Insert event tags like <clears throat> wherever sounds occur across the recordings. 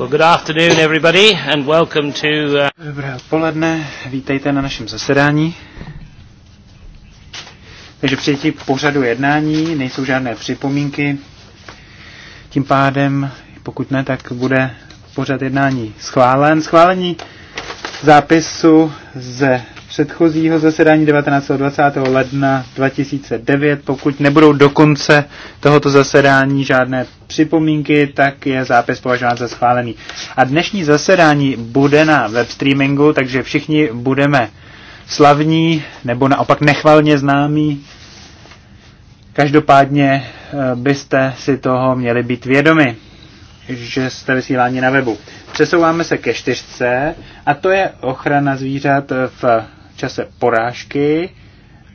Well, good afternoon everybody and welcome to, uh... Dobré odpoledne, vítejte na našem zasedání. Takže přijetí pořadu jednání, nejsou žádné připomínky. Tím pádem, pokud ne, tak bude pořad jednání schválen. Schválení zápisu ze předchozího zasedání 19. 20. ledna 2009. Pokud nebudou do konce tohoto zasedání žádné připomínky, tak je zápis považován za schválený. A dnešní zasedání bude na web streamingu, takže všichni budeme slavní nebo naopak nechvalně známí. Každopádně eh, byste si toho měli být vědomi, že jste vysíláni na webu. Přesouváme se ke čtyřce a to je ochrana zvířat v čase porážky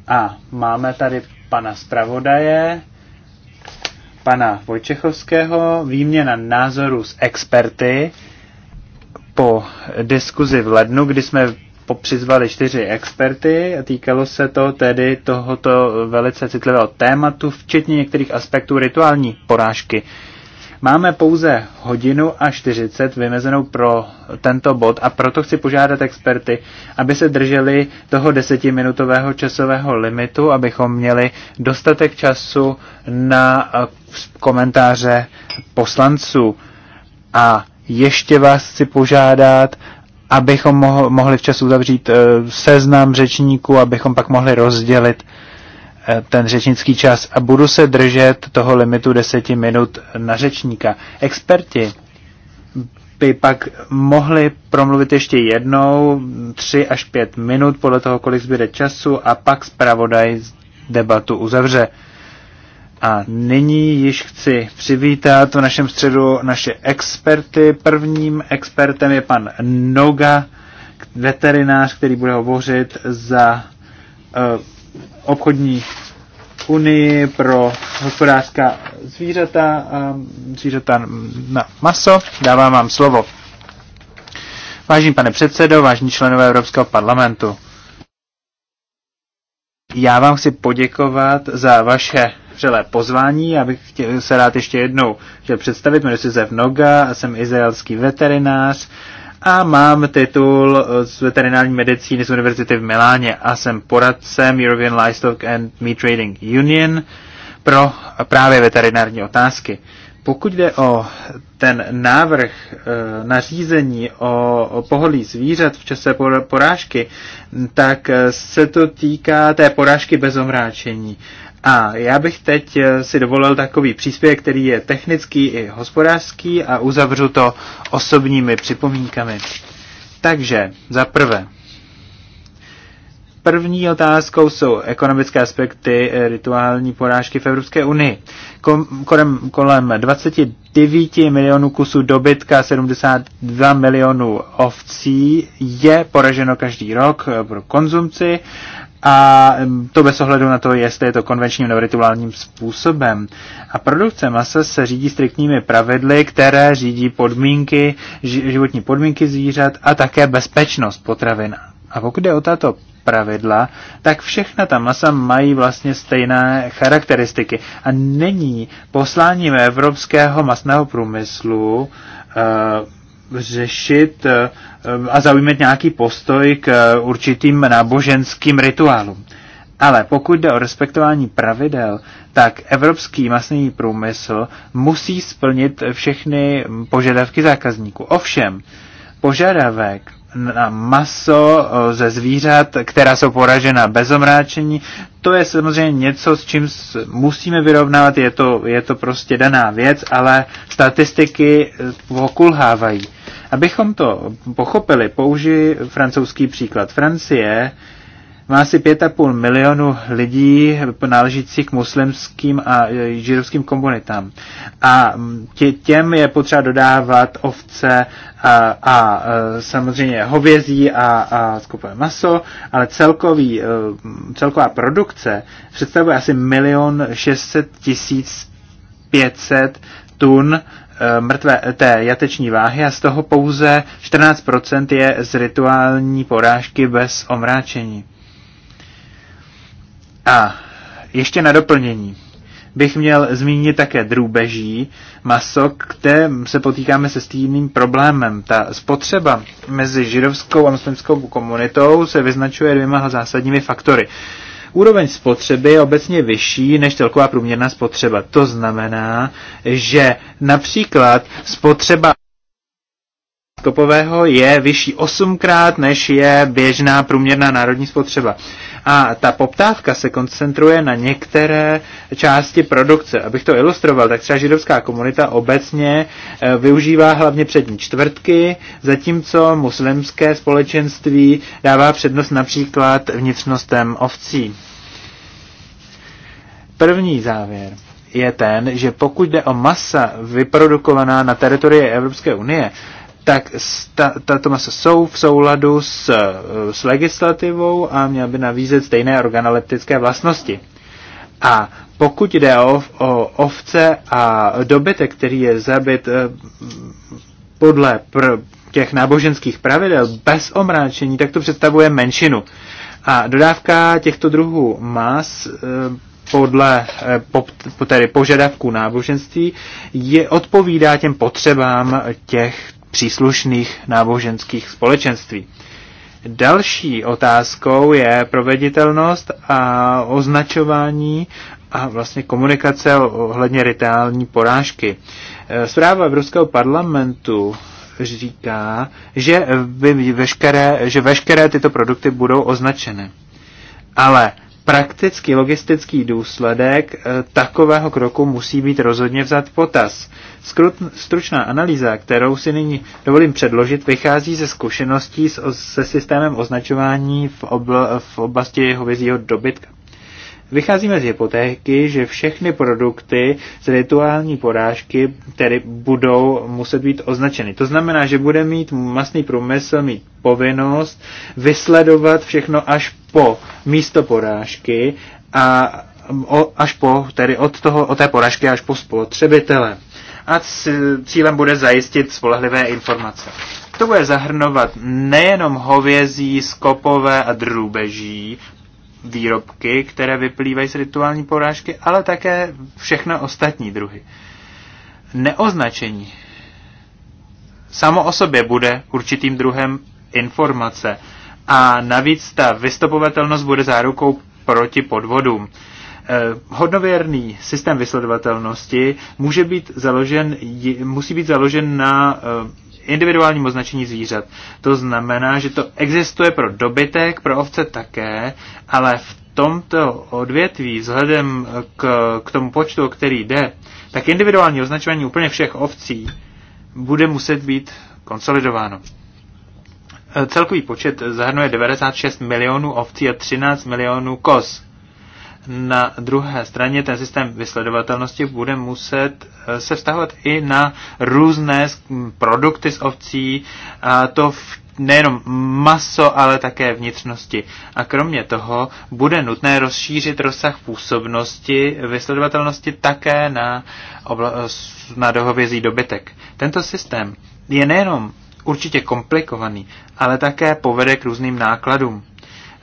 a máme tady pana zpravodaje, pana Vojčechovského, výměna názorů s experty po diskuzi v lednu, kdy jsme popřizvali čtyři experty a týkalo se to tedy tohoto velice citlivého tématu, včetně některých aspektů rituální porážky. Uh, Máme pouze hodinu a 40 vymezenou pro tento bod a proto chci požádat experty, aby se drželi toho desetiminutového časového limitu, abychom měli dostatek času na eh, komentáře poslanců. A ještě vás chci požádat, abychom mohli včas uzavřít eh, seznam řečníků, abychom pak mohli rozdělit Eh, ten řečnický čas a budu se držet toho limitu deseti minut na řečníka. Experti by pak mohli promluvit ještě jednou tři až pět minut podle toho, kolik zbyde času a pak zpravodaj debatu uzavře. A nyní již chci přivítat v našem středu naše experty. Prvním expertem je pan Noga, veterinář, který bude hovořit za uh, obchodní unii pro hospodářská zvířata a zvířata na maso. Dávám vám slovo. Vážený pane předsedo, vážení členové Evropského parlamentu, já vám chci poděkovat za vaše vřelé pozvání. Já bych chtěl se rád ještě jednou chtěl představit. Jmenuji se Zev Noga a jsem izraelský veterinář a mám titul z veterinární medicíny z Univerzity v Miláně a jsem poradcem European Livestock and Meat Trading Union pro právě veterinární otázky. Pokud jde o ten návrh eh, nařízení o poholí zvířat v čase porážky, tak eh, se to týká té porážky bez omráčení. A já bych teď eh, si dovolil takový příspěvek, který je technický i hospodářský a uzavřu to osobními připomínkami. Takže za prvé, První otázkou jsou ekonomické aspekty eh, rituální porážky v Evropské unii. Kolem, kolem 29 milionů kusů dobytka, 72 milionů ovcí je poraženo každý rok eh, pro konzumci a to bez ohledu na to, jestli je to konvenčním nebo rituálním způsobem. A produkce masa se řídí striktními pravidly, které řídí podmínky, životní podmínky zvířat a také bezpečnost potravin. A pokud je o tato pravidla, tak všechna ta masa mají vlastně stejné charakteristiky. A není posláním evropského masného průmyslu eh, řešit eh, eh, a zaujímat nějaký postoj k eh, určitým náboženským rituálům. Ale pokud jde o respektování pravidel, tak evropský masný průmysl musí splnit všechny požadavky zákazníků. Ovšem, požadavek na maso eh, ze zvířat, která jsou poražena bez omráčení. To je samozřejmě něco, s čím musíme vyrovnávat, je to, je to prostě daná věc, ale statistiky pokulhávají. Eh, Abychom to pochopili, použiji francouzský příklad. Francie má asi 5,5 milionu lidí náležících k muslimským a e, židovským komunitám. A tě, těm je potřeba dodávat ovce a, a e, samozřejmě hovězí a, a skupové maso, ale celkový, e, celková produkce představuje asi milion 600 tisíc 500 tun mrtvé té jateční váhy a z toho pouze 14% je z rituální porážky bez omráčení. A ještě na doplnění bych měl zmínit také drůbeží maso, kde se potýkáme se stejným problémem. Ta spotřeba mezi židovskou a muslimskou komunitou se vyznačuje dvěma zásadními faktory. Úroveň spotřeby je obecně vyšší než celková průměrná spotřeba. To znamená, že například spotřeba skopového je vyšší osmkrát, než je běžná průměrná národní spotřeba. A ta poptávka se koncentruje na některé části produkce. Abych to ilustroval, tak třeba židovská komunita obecně eh, využívá hlavně přední čtvrtky, zatímco muslimské společenství dává přednost například vnitřnostem ovcí. První závěr je ten, že pokud jde o masa vyprodukovaná na teritorii Evropské unie, tak ta, tato masa jsou v souladu s, eh, s legislativou a měla by navízet stejné organoleptické vlastnosti. A pokud jde o, o ovce a dobytek, který je zabit eh, podle pr, těch náboženských pravidel bez omráčení, tak to představuje menšinu. A dodávka těchto druhů mas eh, podle tedy požadavků náboženství je, odpovídá těm potřebám těch příslušných náboženských společenství. Další otázkou je proveditelnost a označování a vlastně komunikace ohledně rituální porážky. Eh, zpráva Evropského parlamentu říká, že, by veškeré, že veškeré tyto produkty budou označeny. Ale praktický logistický důsledek eh, takového kroku musí být rozhodně vzat potaz. Stručná analýza, kterou si nyní dovolím předložit, vychází ze zkušeností se systémem označování v, obl- v oblasti hovězího dobytka. Vycházíme z hypotéky, že všechny produkty z rituální porážky tedy budou muset být označeny. To znamená, že bude mít masný průmysl mít povinnost vysledovat všechno až po místo porážky a o, až po, tedy od, toho, od té porážky až po spotřebitele. A cílem bude zajistit spolehlivé informace. To bude zahrnovat nejenom hovězí, skopové a drůbeží výrobky, které vyplývají z rituální porážky, ale také všechno ostatní druhy. Neoznačení samo o sobě bude určitým druhem informace a navíc ta vystupovatelnost bude zárukou proti podvodům. E, hodnověrný systém vysledovatelnosti může být založen, musí být založen na e, individuálním označení zvířat. To znamená, že to existuje pro dobytek, pro ovce také, ale v tomto odvětví, vzhledem k, k tomu počtu, o který jde, tak individuální označování úplně všech ovcí bude muset být konsolidováno. Celkový počet zahrnuje 96 milionů ovcí a 13 milionů koz na druhé straně ten systém vysledovatelnosti bude muset eh, se vztahovat i na různé produkty z ovcí, a to v nejenom maso, ale také vnitřnosti. A kromě toho bude nutné rozšířit rozsah působnosti vysledovatelnosti také na, na dohovězí dobytek. Tento systém je nejenom určitě komplikovaný, ale také povede k různým nákladům.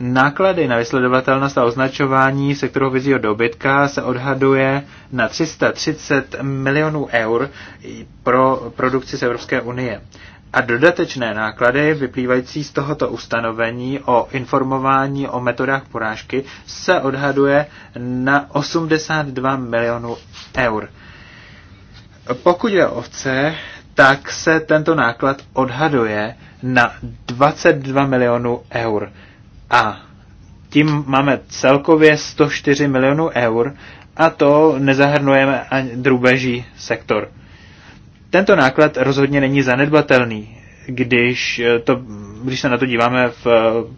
Náklady na vysledovatelnost a označování sektoru vizího dobytka se odhaduje na 330 milionů eur pro produkci z Evropské unie. A dodatečné náklady vyplývající z tohoto ustanovení o informování o metodách porážky se odhaduje na 82 milionů eur. Pokud je ovce, tak se tento náklad odhaduje na 22 milionů eur. A tím máme celkově 104 milionů eur a to nezahrnujeme ani drubeží sektor. Tento náklad rozhodně není zanedbatelný, když, eh, to, když se na to díváme v,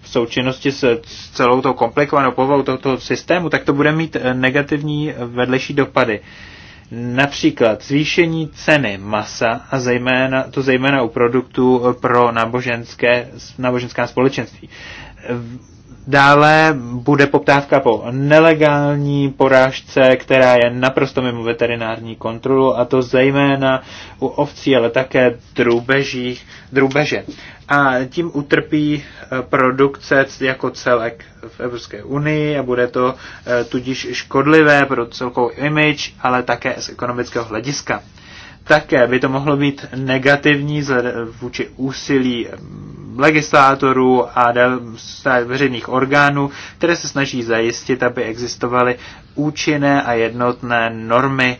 v součinnosti s celou tou komplikovanou povahou tohoto systému, tak to bude mít eh, negativní vedlejší dopady. Například zvýšení ceny masa a zejména, to zejména u produktů eh, pro náboženské, náboženská společenství. Dále bude poptávka po nelegální porážce, která je naprosto mimo veterinární kontrolu, a to zejména u ovcí, ale také drůbežích, drůbeže. A tím utrpí eh, produkce jako celek v Evropské unii a bude to eh, tudíž škodlivé pro celkovou image, ale také z ekonomického hlediska také by to mohlo být negativní vůči úsilí legislátorů a veřejných orgánů, které se snaží zajistit, aby existovaly účinné a jednotné normy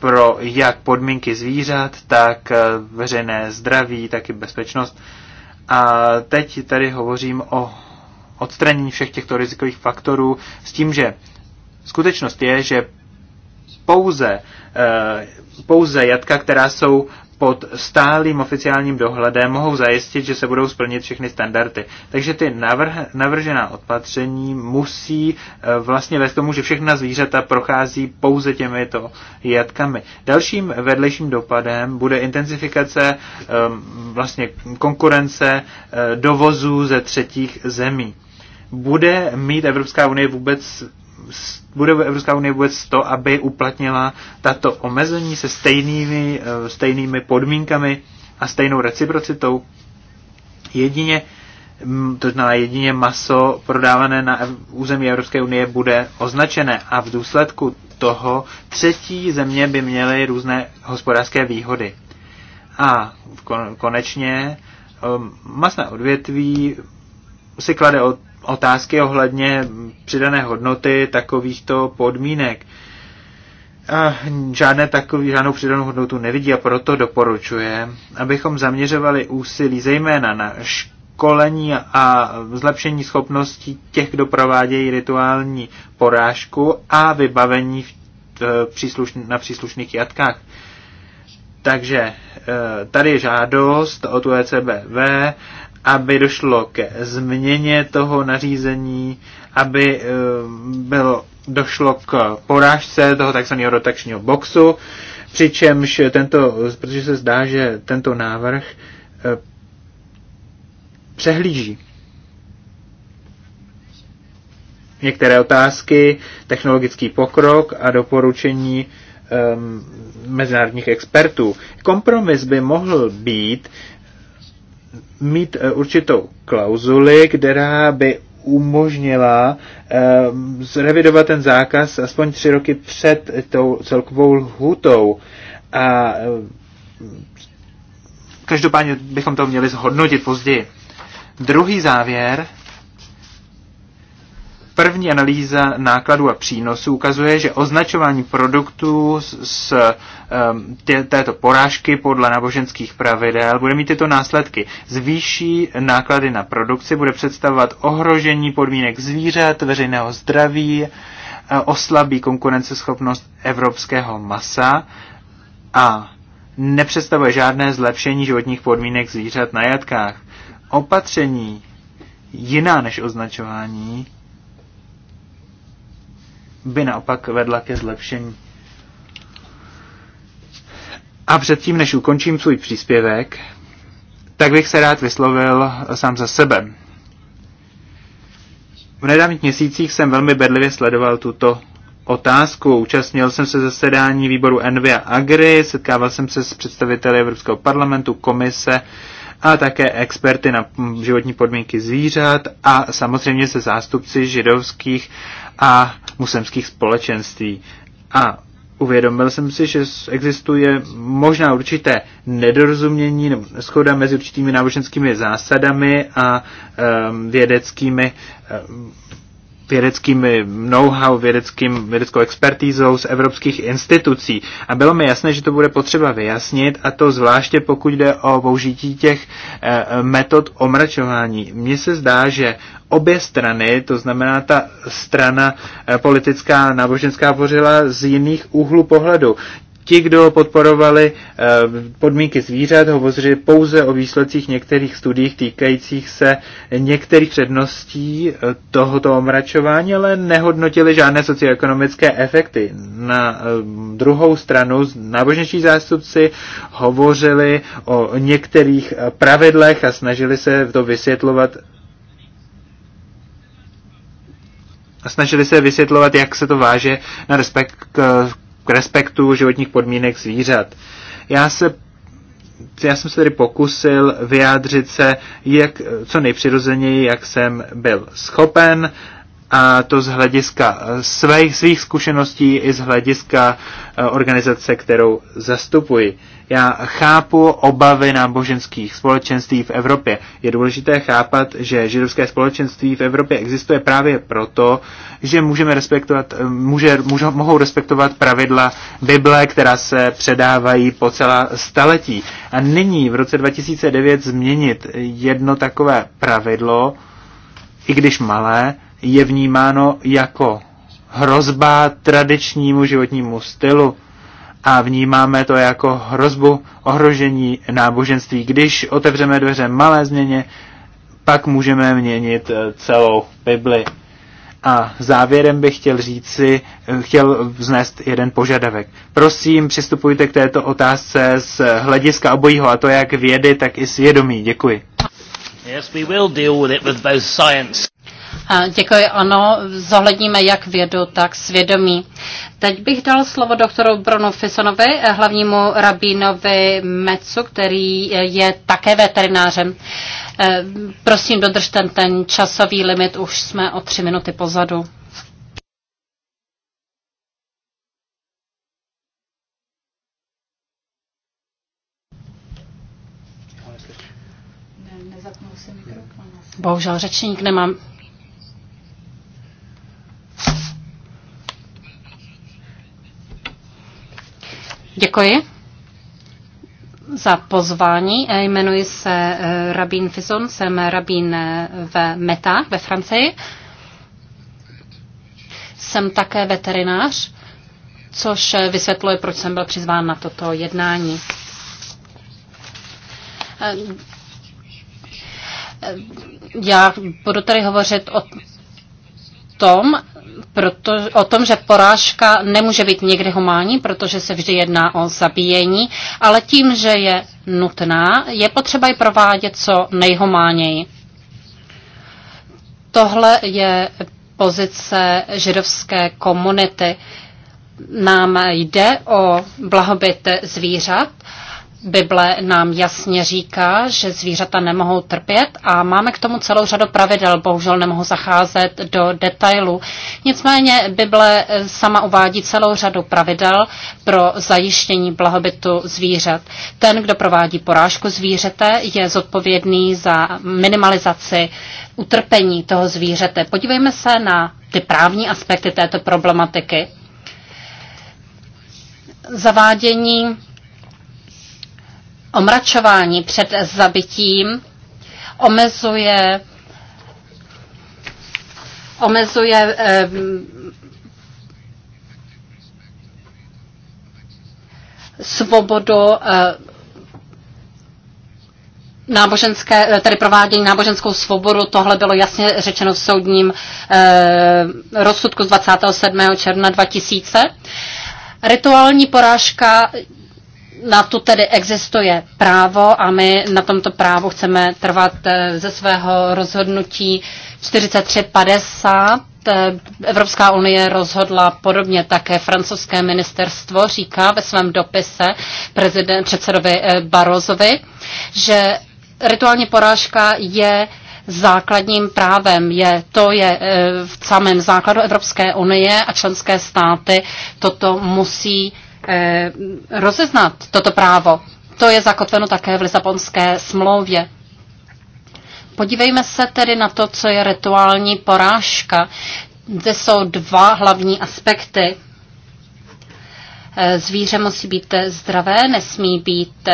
pro jak podmínky zvířat, tak eh, veřejné zdraví, tak i bezpečnost. A teď tady hovořím o odstranění všech těchto rizikových faktorů s tím, že skutečnost je, že pouze Eh, pouze jatka, která jsou pod stálým oficiálním dohledem mohou zajistit, že se budou splnit všechny standardy. Takže ty navrh, navržená opatření musí eh, vlastně vést tomu, že všechna zvířata prochází pouze těmito jatkami. Dalším vedlejším dopadem bude intenzifikace eh, vlastně konkurence dovozů ze třetích zemí bude mít Evropská unie vůbec bude Evropská unie vůbec to, aby uplatnila tato omezení se stejnými, eh, stejnými podmínkami a stejnou reciprocitou. Jedině, mm, to znamená jedině maso prodávané na území Evropské unie bude označené a v důsledku toho třetí země by měly různé hospodářské výhody. A konečně eh, masné odvětví si klade otázky ohledně přidané hodnoty takovýchto podmínek. A žádné takový, žádnou přidanou hodnotu nevidí a proto doporučuje, abychom zaměřovali úsilí zejména na školení a zlepšení schopností těch, kdo provádějí rituální porážku a vybavení v, e, příslušn, na příslušných jatkách. Takže e, tady je žádost od UECBV aby došlo ke změně toho nařízení, aby eh, bylo, došlo k porážce toho takzvaného rotačního boxu, přičemž tento, protože se zdá, že tento návrh eh, přehlíží některé otázky, technologický pokrok a doporučení um, mezinárodních expertů. Kompromis by mohl být, mít eh, určitou klauzuli, která by umožnila eh, zrevidovat ten zákaz aspoň tři roky před tou celkovou lhutou. A eh, každopádně bychom to měli zhodnotit později. Druhý závěr První analýza nákladů a přínosů ukazuje, že označování produktů z tě, této porážky podle náboženských pravidel bude mít tyto následky. Zvýší náklady na produkci, bude představovat ohrožení podmínek zvířat, veřejného zdraví, e, oslabí konkurenceschopnost evropského masa a nepředstavuje žádné zlepšení životních podmínek zvířat na jatkách. Opatření jiná než označování by naopak vedla ke zlepšení. A předtím, než ukončím svůj příspěvek, tak bych se rád vyslovil sám za sebe. V nedávných měsících jsem velmi bedlivě sledoval tuto otázku. Účastnil jsem se zasedání výboru Envy a Agri, setkával jsem se s představiteli Evropského parlamentu, komise a také experty na životní podmínky zvířat a samozřejmě se zástupci židovských a muslimských společenství. A uvědomil jsem si, že existuje možná určité nedorozumění nebo schoda mezi určitými náboženskými zásadami a um, vědeckými um, vědeckým know-how, vědeckým, vědeckou expertízou z evropských institucí. A bylo mi jasné, že to bude potřeba vyjasnit, a to zvláště pokud jde o použití těch eh, metod omračování. Mně se zdá, že obě strany, to znamená ta strana eh, politická náboženská, hovořila z jiných úhlu pohledu. Ti, kdo podporovali eh, podmínky zvířat, hovoří pouze o výsledcích některých studií týkajících se některých předností eh, tohoto omračování, ale nehodnotili žádné socioekonomické efekty. Na eh, druhou stranu náboženští zástupci hovořili o některých pravidlech a snažili se to vysvětlovat a snažili se vysvětlovat, jak se to váže na respekt k, k respektu životních podmínek zvířat. Já se já jsem se tedy pokusil vyjádřit se jak, co nejpřirozeněji, jak jsem byl schopen, a to z hlediska svých, svých zkušeností i z hlediska Eh, organizace, kterou zastupuji. Já chápu obavy náboženských společenství v Evropě. Je důležité chápat, že židovské společenství v Evropě existuje právě proto, že můžeme respektovat, eh, může, můžou, mohou respektovat pravidla Bible, která se předávají po celá staletí. A nyní v roce 2009 změnit jedno takové pravidlo, i když malé, je vnímáno jako hrozba tradičnímu životnímu stylu a vnímáme to jako hrozbu ohrožení náboženství. Když otevřeme dveře malé změně, pak můžeme měnit eh, celou Bibli. A závěrem bych chtěl říci, eh, chtěl vznést jeden požadavek. Prosím, přistupujte k této otázce z hlediska obojího, a to jak vědy, tak i svědomí. Děkuji. Yes, we will deal with it with both science. Děkuji, ano, zohledníme jak vědu, tak svědomí. Teď bych dal slovo doktoru Brunu Fisonovi, hlavnímu rabínovi Mecu, který je také veterinářem. Eh, prosím, dodržte ten, ten časový limit, už jsme o tři minuty pozadu. Bohužel řečník nemám Děkuji za pozvání. E, jmenuji se e, Rabín Fison, jsem rabín e, ve Metách ve Francii. Jsem také veterinář, což vysvětluje, proč jsem byl přizván na toto jednání. Já budu tady hovořit o tom, proto, o tom, že porážka nemůže být někdy humánní, protože se vždy jedná o zabíjení, ale tím, že je nutná, je potřeba ji provádět co nejhumáněji. Tohle je pozice židovské komunity. Nám jde o blahobyt zvířat Bible nám jasně říká, že zvířata nemohou trpět a máme k tomu celou řadu pravidel, bohužel nemohu zacházet do detailu. Nicméně Bible sama uvádí celou řadu pravidel pro zajištění blahobytu zvířat. Ten, kdo provádí porážku zvířete, je zodpovědný za minimalizaci utrpení toho zvířete. Podívejme se na ty právní aspekty této problematiky. Zavádění omračování před zabitím omezuje omezuje eh, svobodu eh, náboženské, tedy provádění náboženskou svobodu, tohle bylo jasně řečeno v soudním eh, rozsudku z 27. června 2000. Rituální porážka na to tedy existuje právo a my na tomto právu chceme trvat eh, ze svého rozhodnutí 4350. Eh, Evropská unie rozhodla podobně také francouzské ministerstvo, říká ve svém dopise prezident, předsedovi eh, Barozovi, že rituální porážka je základním právem je, to je v samém základu Evropské unie a členské státy toto musí Eh, rozeznat toto právo. To je zakotveno také v Lisabonské smlouvě. Podívejme se tedy na to, co je rituální porážka. Zde jsou dva hlavní aspekty. Eh, zvíře musí být eh, zdravé, nesmí být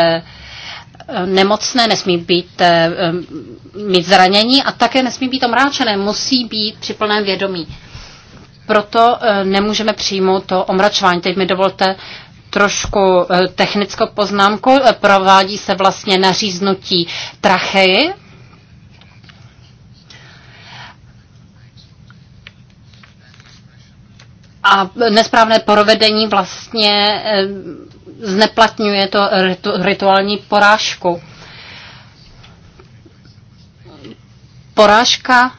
nemocné, nesmí být, mít zranění a také nesmí být omráčené, musí být při plném vědomí proto eh, nemůžeme přijmout to omračování. Teď mi dovolte trošku eh, technickou poznámku. Eh, provádí se vlastně naříznutí tracheji. A nesprávné provedení vlastně zneplatňuje to rituální porážku. Porážka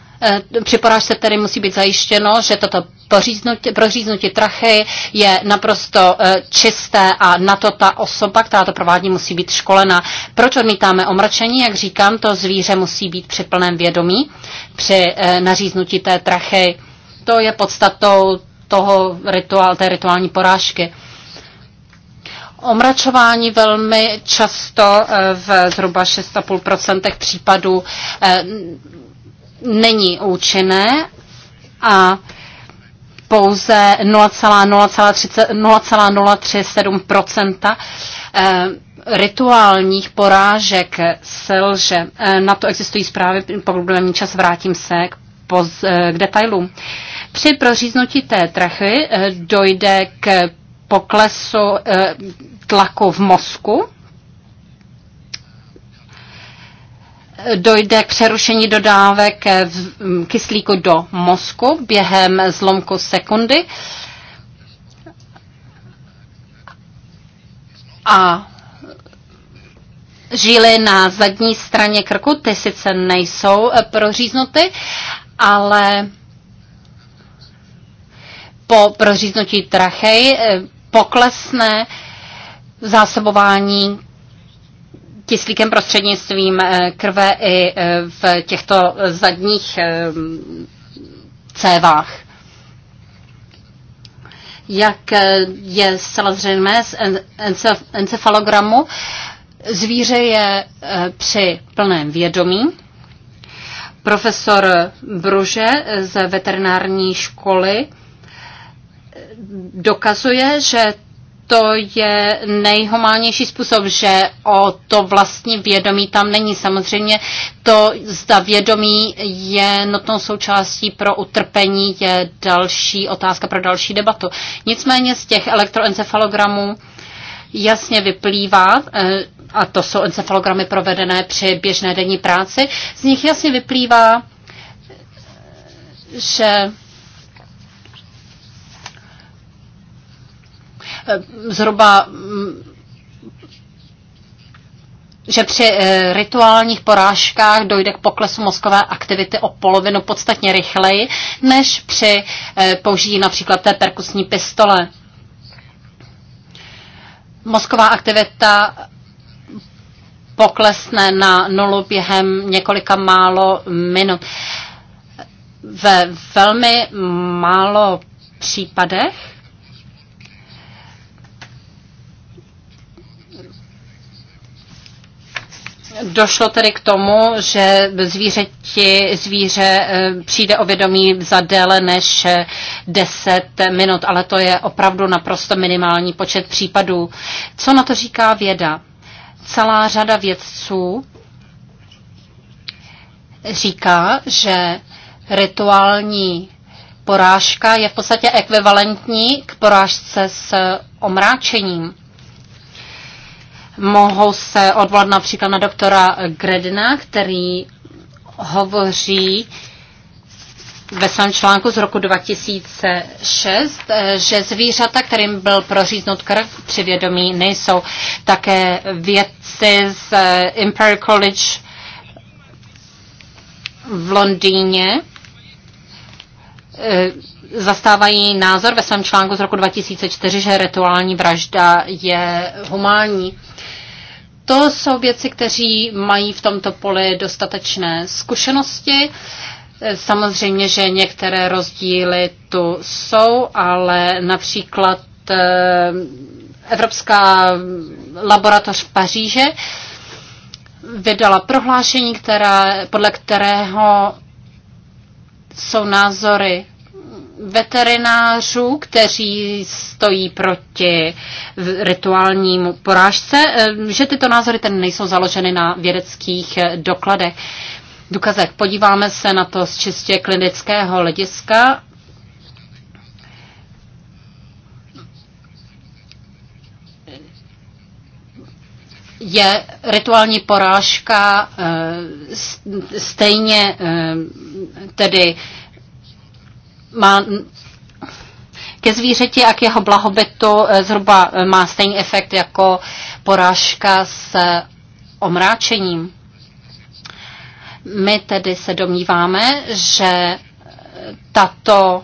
při porážce tedy musí být zajištěno, že tato proříznutí trachy je naprosto eh, čisté a na to ta osoba, která to provádí, musí být školena. Proč odmítáme omračení? Jak říkám, to zvíře musí být při plném vědomí při eh, naříznutí té trachy. To je podstatou toho rituál, té rituální porážky. Omračování velmi často eh, v zhruba 6,5% případů není účinné a pouze 0,037 eh, rituálních porážek selže. Eh, na to existují zprávy, pokud budeme mít čas, vrátím se k, poz, eh, k detailům. Při proříznutí té trachy dojde k poklesu tlaku v mozku dojde k přerušení dodávek mm, kyslíku do mozku během zlomku sekundy. A žíly na zadní straně krku, ty sice nejsou eh, proříznuty, ale po proříznutí trachej eh, poklesne zásobování kyslíkem prostřednictvím eh, krve i eh, v těchto zadních eh, cévách. Jak je zcela zřejmé z encefalogramu, zvíře je při plném vědomí. Profesor Bruže z veterinární školy dokazuje, že to je nejhumánější způsob, že o to vlastní vědomí tam není. Samozřejmě to, zda vědomí je notnou součástí pro utrpení, je další otázka pro další debatu. Nicméně z těch elektroencefalogramů jasně vyplývá, eh, a to jsou encefalogramy provedené při běžné denní práci, z nich jasně vyplývá, že zhruba mm, že při eh, rituálních porážkách dojde k poklesu mozkové aktivity o polovinu podstatně rychleji, než při eh, použití například té perkusní pistole. Mozková aktivita poklesne na nulu během několika málo minut. Ve velmi málo případech Došlo tedy k tomu, že zvířeti, zvíře eh, přijde o vědomí za déle než 10 eh, minut, ale to je opravdu naprosto minimální počet případů. Co na to říká věda? Celá řada vědců říká, že rituální porážka je v podstatě ekvivalentní k porážce s omráčením. Mohou se odvolat například na doktora Gredna, který hovoří ve svém článku z roku 2006, eh, že zvířata, kterým byl proříznut krv při vědomí, nejsou také vědci z eh, Imperial College v Londýně eh, zastávají názor ve svém článku z roku 2004, že rituální vražda je humánní. To jsou věci, kteří mají v tomto poli dostatečné zkušenosti. Samozřejmě, že některé rozdíly tu jsou, ale například eh, Evropská laboratoř v Paříže vydala prohlášení, které, podle kterého jsou názory veterinářů, kteří stojí proti rituálnímu porážce, eh, že tyto názory ten nejsou založeny na vědeckých eh, dokladech. Důkazek, Podíváme se na to z čistě klinického hlediska je rituální porážka eh, stejně tedy má ke zvířeti a k jeho blahobytu eh, zhruba eh, má stejný efekt jako porážka s eh, omráčením. My tedy se domníváme, že tato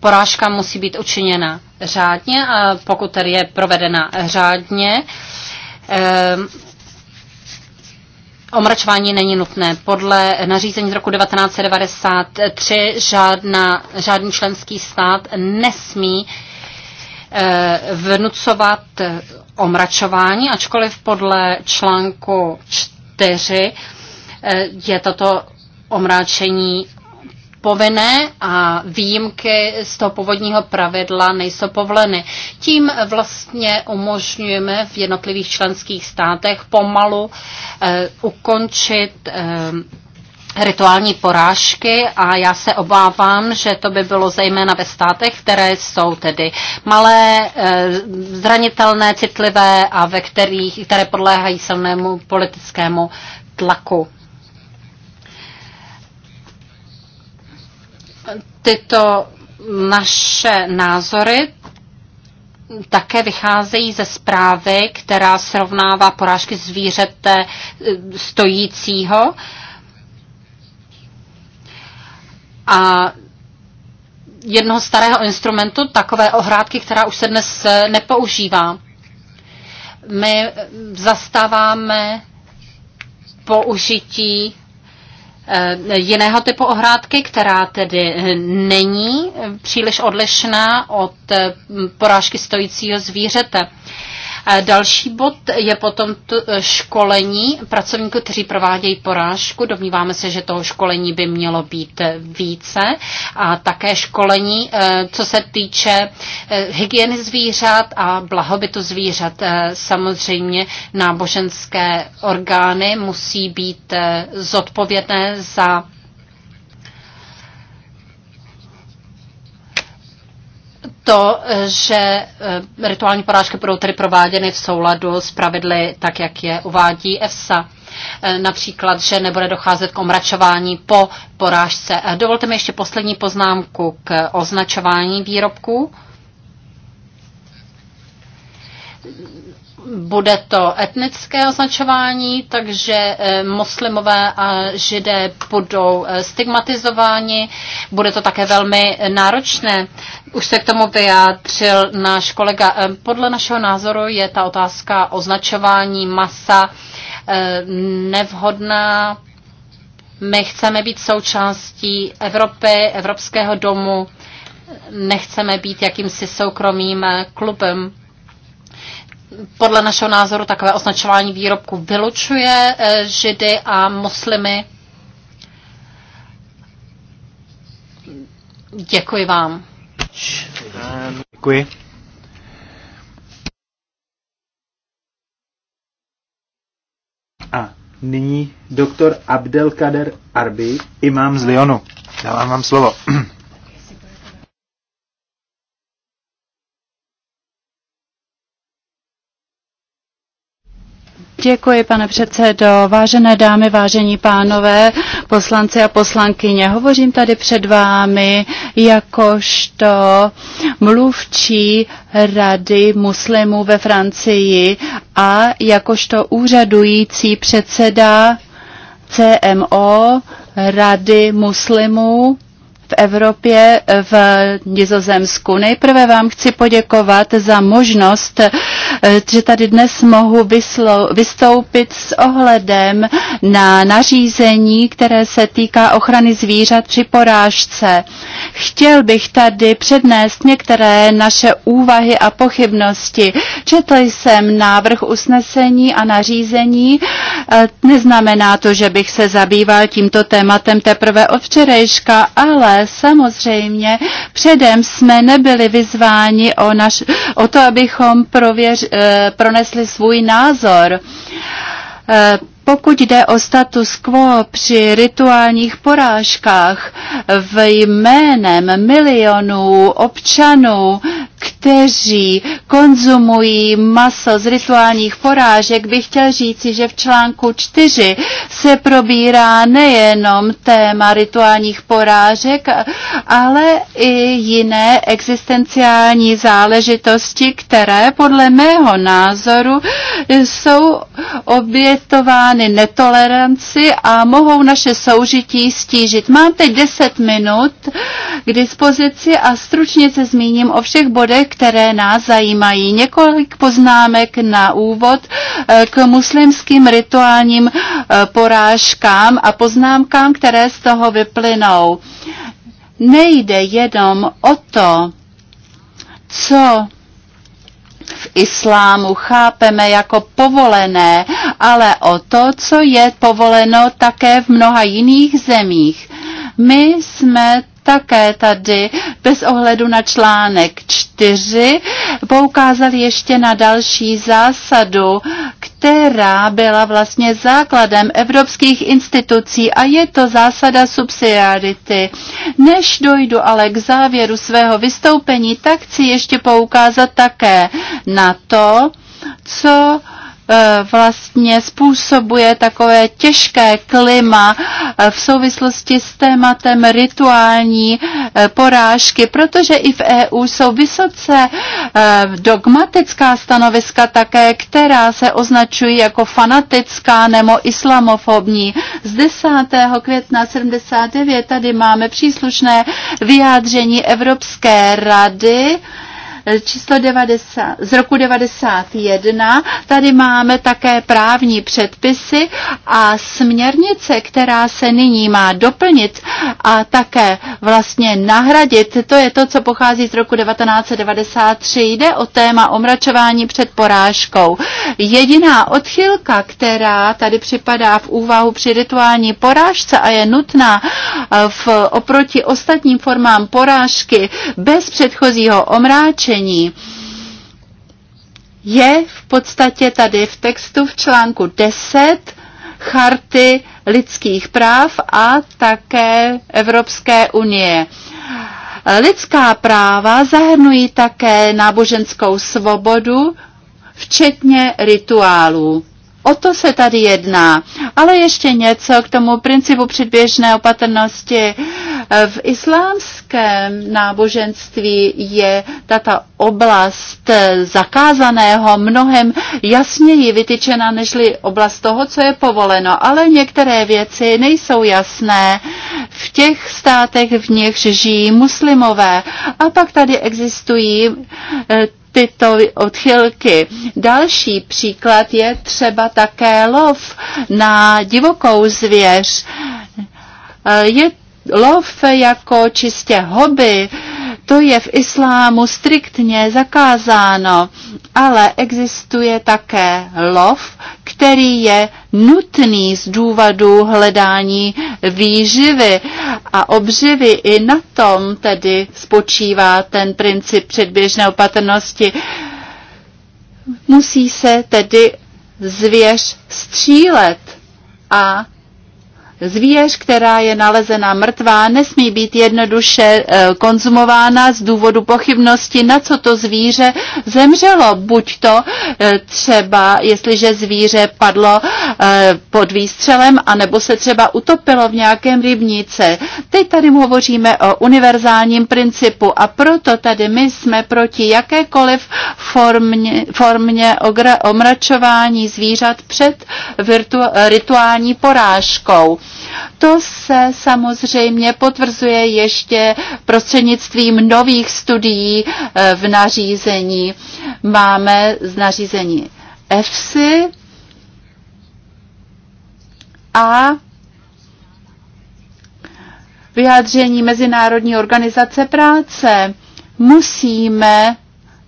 porážka musí být učiněna řádně a pokud tedy je provedena řádně, Omračování není nutné. Podle nařízení z roku 1993 žádná, žádný členský stát nesmí eh, vnucovat eh, omračování, ačkoliv podle článku 4 eh, je toto omráčení povinné a výjimky z toho původního pravidla nejsou povoleny. Tím vlastně umožňujeme v jednotlivých členských státech pomalu eh, ukončit eh, rituální porážky a já se obávám, že to by bylo zejména ve státech, které jsou tedy malé, eh, zranitelné, citlivé a ve kterých, které podléhají silnému politickému tlaku. tyto naše názory také vycházejí ze zprávy, která srovnává porážky zvířete eh, stojícího. A jednoho starého instrumentu, takové ohrádky, která už se dnes eh, nepoužívá. My zastáváme použití Eh, jiného typu ohrádky, která tedy eh, není příliš odlišná od eh, porážky stojícího zvířete. Další bod je potom školení pracovníků, kteří provádějí porážku. Domníváme se, že toho školení by mělo být více a také školení, eh, co se týče eh, hygieny zvířat a blahobytu zvířat. Eh, samozřejmě náboženské orgány musí být zodpovědné za to, že eh, rituální porážky budou tedy prováděny v souladu s pravidly, tak jak je uvádí EFSA. Eh, například, že nebude docházet k omračování po porážce. Dovolte mi ještě poslední poznámku k označování výrobků bude to etnické označování, takže eh, muslimové a židé budou eh, stigmatizováni. Bude to také velmi náročné. Už se k tomu vyjádřil náš kolega. Eh, podle našeho názoru je ta otázka označování masa nevhodná. My chceme být součástí Evropy, Evropského domu. Nechceme být jakýmsi soukromým klubem podle našeho názoru takové označování výrobku vylučuje eh, židy a muslimy. Děkuji vám. Děkuji. A nyní doktor Abdelkader Arbi, imám z Lyonu. Dávám vám slovo. Děkuji, pane předsedo. Vážené dámy, vážení pánové, poslanci a poslankyně, hovořím tady před vámi jakožto mluvčí Rady muslimů ve Francii a jakožto úřadující předseda CMO Rady muslimů v Evropě, eh, v Nizozemsku. Nejprve vám chci poděkovat za možnost, eh, že tady dnes mohu vystoupit s ohledem na nařízení, které se týká ochrany zvířat při porážce. Chtěl bych tady přednést některé naše úvahy a pochybnosti. Četl jsem návrh usnesení a nařízení. Eh, neznamená to, že bych se zabýval tímto tématem teprve od včerejška, ale ale samozřejmě předem jsme nebyli vyzváni o, naš, o to, abychom prověř, eh, pronesli svůj názor. Eh, pokud jde o status quo při rituálních porážkách v jménem milionů občanů kteří konzumují maso z rituálních porážek, bych chtěl říci, že v článku 4 se probírá nejenom téma rituálních porážek, ale i jiné existenciální záležitosti, které podle mého názoru jsou obětovány netoleranci a mohou naše soužití stížit. Mám teď 10 minut k dispozici a stručně se zmíním o všech bodech, bodech, které nás zajímají. Několik poznámek na úvod eh, k muslimským rituálním eh, porážkám a poznámkám, které z toho vyplynou. Nejde jenom o to, co v islámu chápeme jako povolené, ale o to, co je povoleno také v mnoha jiných zemích. My jsme také tady bez ohledu na článek 4 poukázal ještě na další zásadu, která byla vlastně základem evropských institucí a je to zásada subsidiarity. Než dojdu ale k závěru svého vystoupení, tak chci ještě poukázat také na to, co uh, Eh, vlastně způsobuje takové těžké klima eh, v souvislosti s tématem rituální eh, porážky, protože i v EU jsou vysoce dogmatická stanoviska také, která se označují jako fanatická nebo islamofobní. Z 10. května 79 tady máme příslušné vyjádření Evropské rady, číslo 90, z roku 91. Tady máme také právní předpisy a směrnice, která se nyní má doplnit a také vlastně nahradit. To je to, co pochází z roku 1993. Jde o téma omračování před porážkou. Jediná odchylka, která tady připadá v úvahu při rituální porážce a je nutná eh, v, oproti ostatním formám porážky bez předchozího omráčení, vyjádření je v podstatě tady v textu v článku 10 charty lidských práv a také Evropské unie. Lidská práva zahrnují také náboženskou svobodu, včetně rituálů. O to se tady jedná. Ale ještě něco k tomu principu předběžné opatrnosti. V islámském náboženství je tato oblast zakázaného mnohem jasněji vytyčena nežli oblast toho, co je povoleno. Ale některé věci nejsou jasné v těch státech, v nichž žijí muslimové. A pak tady existují eh, tyto odchylky. Další příklad je třeba také lov na divokou zvěř. Eh, je lov jako čistě hobby to je v islámu striktně zakázáno, ale existuje také lov, který je nutný z důvodu hledání výživy a obživy. I na tom tedy spočívá ten princip předběžné opatrnosti. Musí se tedy zvěř střílet a Zvěř, která je nalezena mrtvá, nesmí být jednoduše eh, konzumována z důvodu pochybnosti, na co to zvíře zemřelo. Buď to eh, třeba, jestliže zvíře padlo eh, pod výstřelem, anebo se třeba utopilo v nějakém rybníce. Teď tady hovoříme o univerzálním principu a proto tady my jsme proti jakékoliv formě, formě omračování zvířat před virtu, rituální porážkou. To se samozřejmě potvrzuje ještě prostřednictvím nových studií eh, v nařízení. Máme z nařízení EFSI a vyjádření Mezinárodní organizace práce. Musíme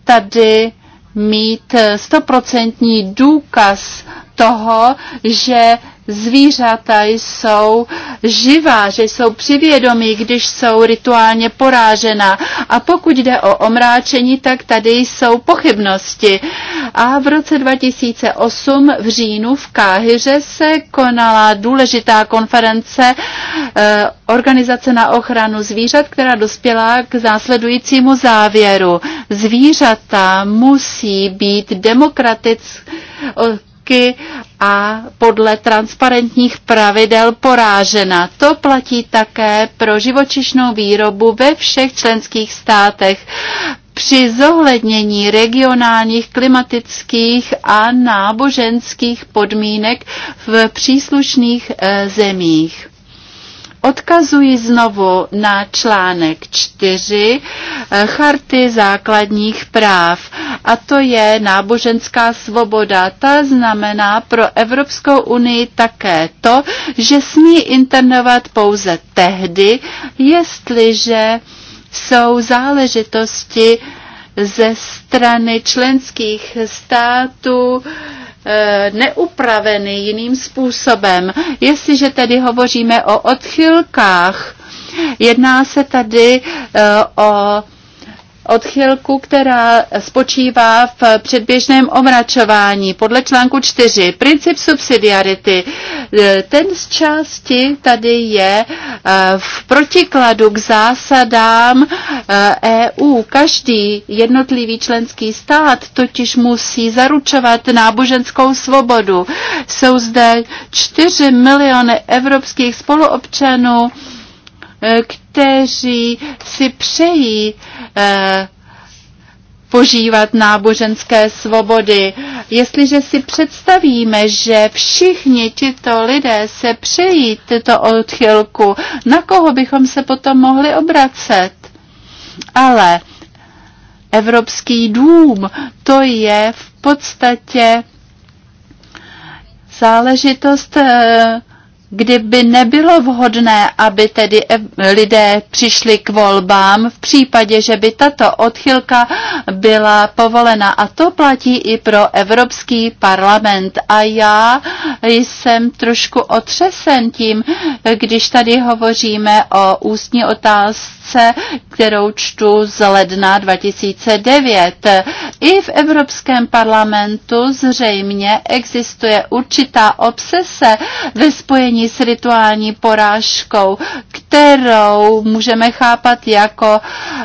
tady mít stoprocentní důkaz toho, že zvířata jsou živá, že jsou přivědomí, když jsou rituálně porážena. A pokud jde o omráčení, tak tady jsou pochybnosti. A v roce 2008 v říjnu v Káhyře se konala důležitá konference eh, Organizace na ochranu zvířat, která dospěla k následujícímu závěru. Zvířata musí být demokratické výrobky a podle transparentních pravidel porážena. To platí také pro živočišnou výrobu ve všech členských státech při zohlednění regionálních, klimatických a náboženských podmínek v příslušných eh, zemích. Odkazuji znovu na článek 4 eh, Charty základních práv a to je náboženská svoboda. Ta znamená pro Evropskou unii také to, že smí internovat pouze tehdy, jestliže jsou záležitosti ze strany členských států E, neupraveny jiným způsobem. Jestliže tedy hovoříme o odchylkách, jedná se tady e, o odchylku, která spočívá v předběžném omračování podle článku 4. Princip subsidiarity. E, ten z části tady je e, v protikladu k zásadám EU. E Každý jednotlivý členský stát totiž musí zaručovat náboženskou svobodu. Jsou zde 4 miliony evropských spoluobčanů, Eh, kteří si přejí eh, požívat náboženské svobody. Jestliže si představíme, že všichni tito lidé se přejí tyto odchylku, na koho bychom se potom mohli obracet? Ale Evropský dům, to je v podstatě záležitost eh, kdyby nebylo vhodné, aby tedy lidé přišli k volbám v případě, že by tato odchylka byla povolena. A to platí i pro Evropský parlament. A já jsem trošku otřesen tím, když tady hovoříme o ústní otázce práce, kterou čtu z ledna 2009. I v Evropském parlamentu zřejmě existuje určitá obsese ve spojení s rituální porážkou, kterou můžeme chápat jako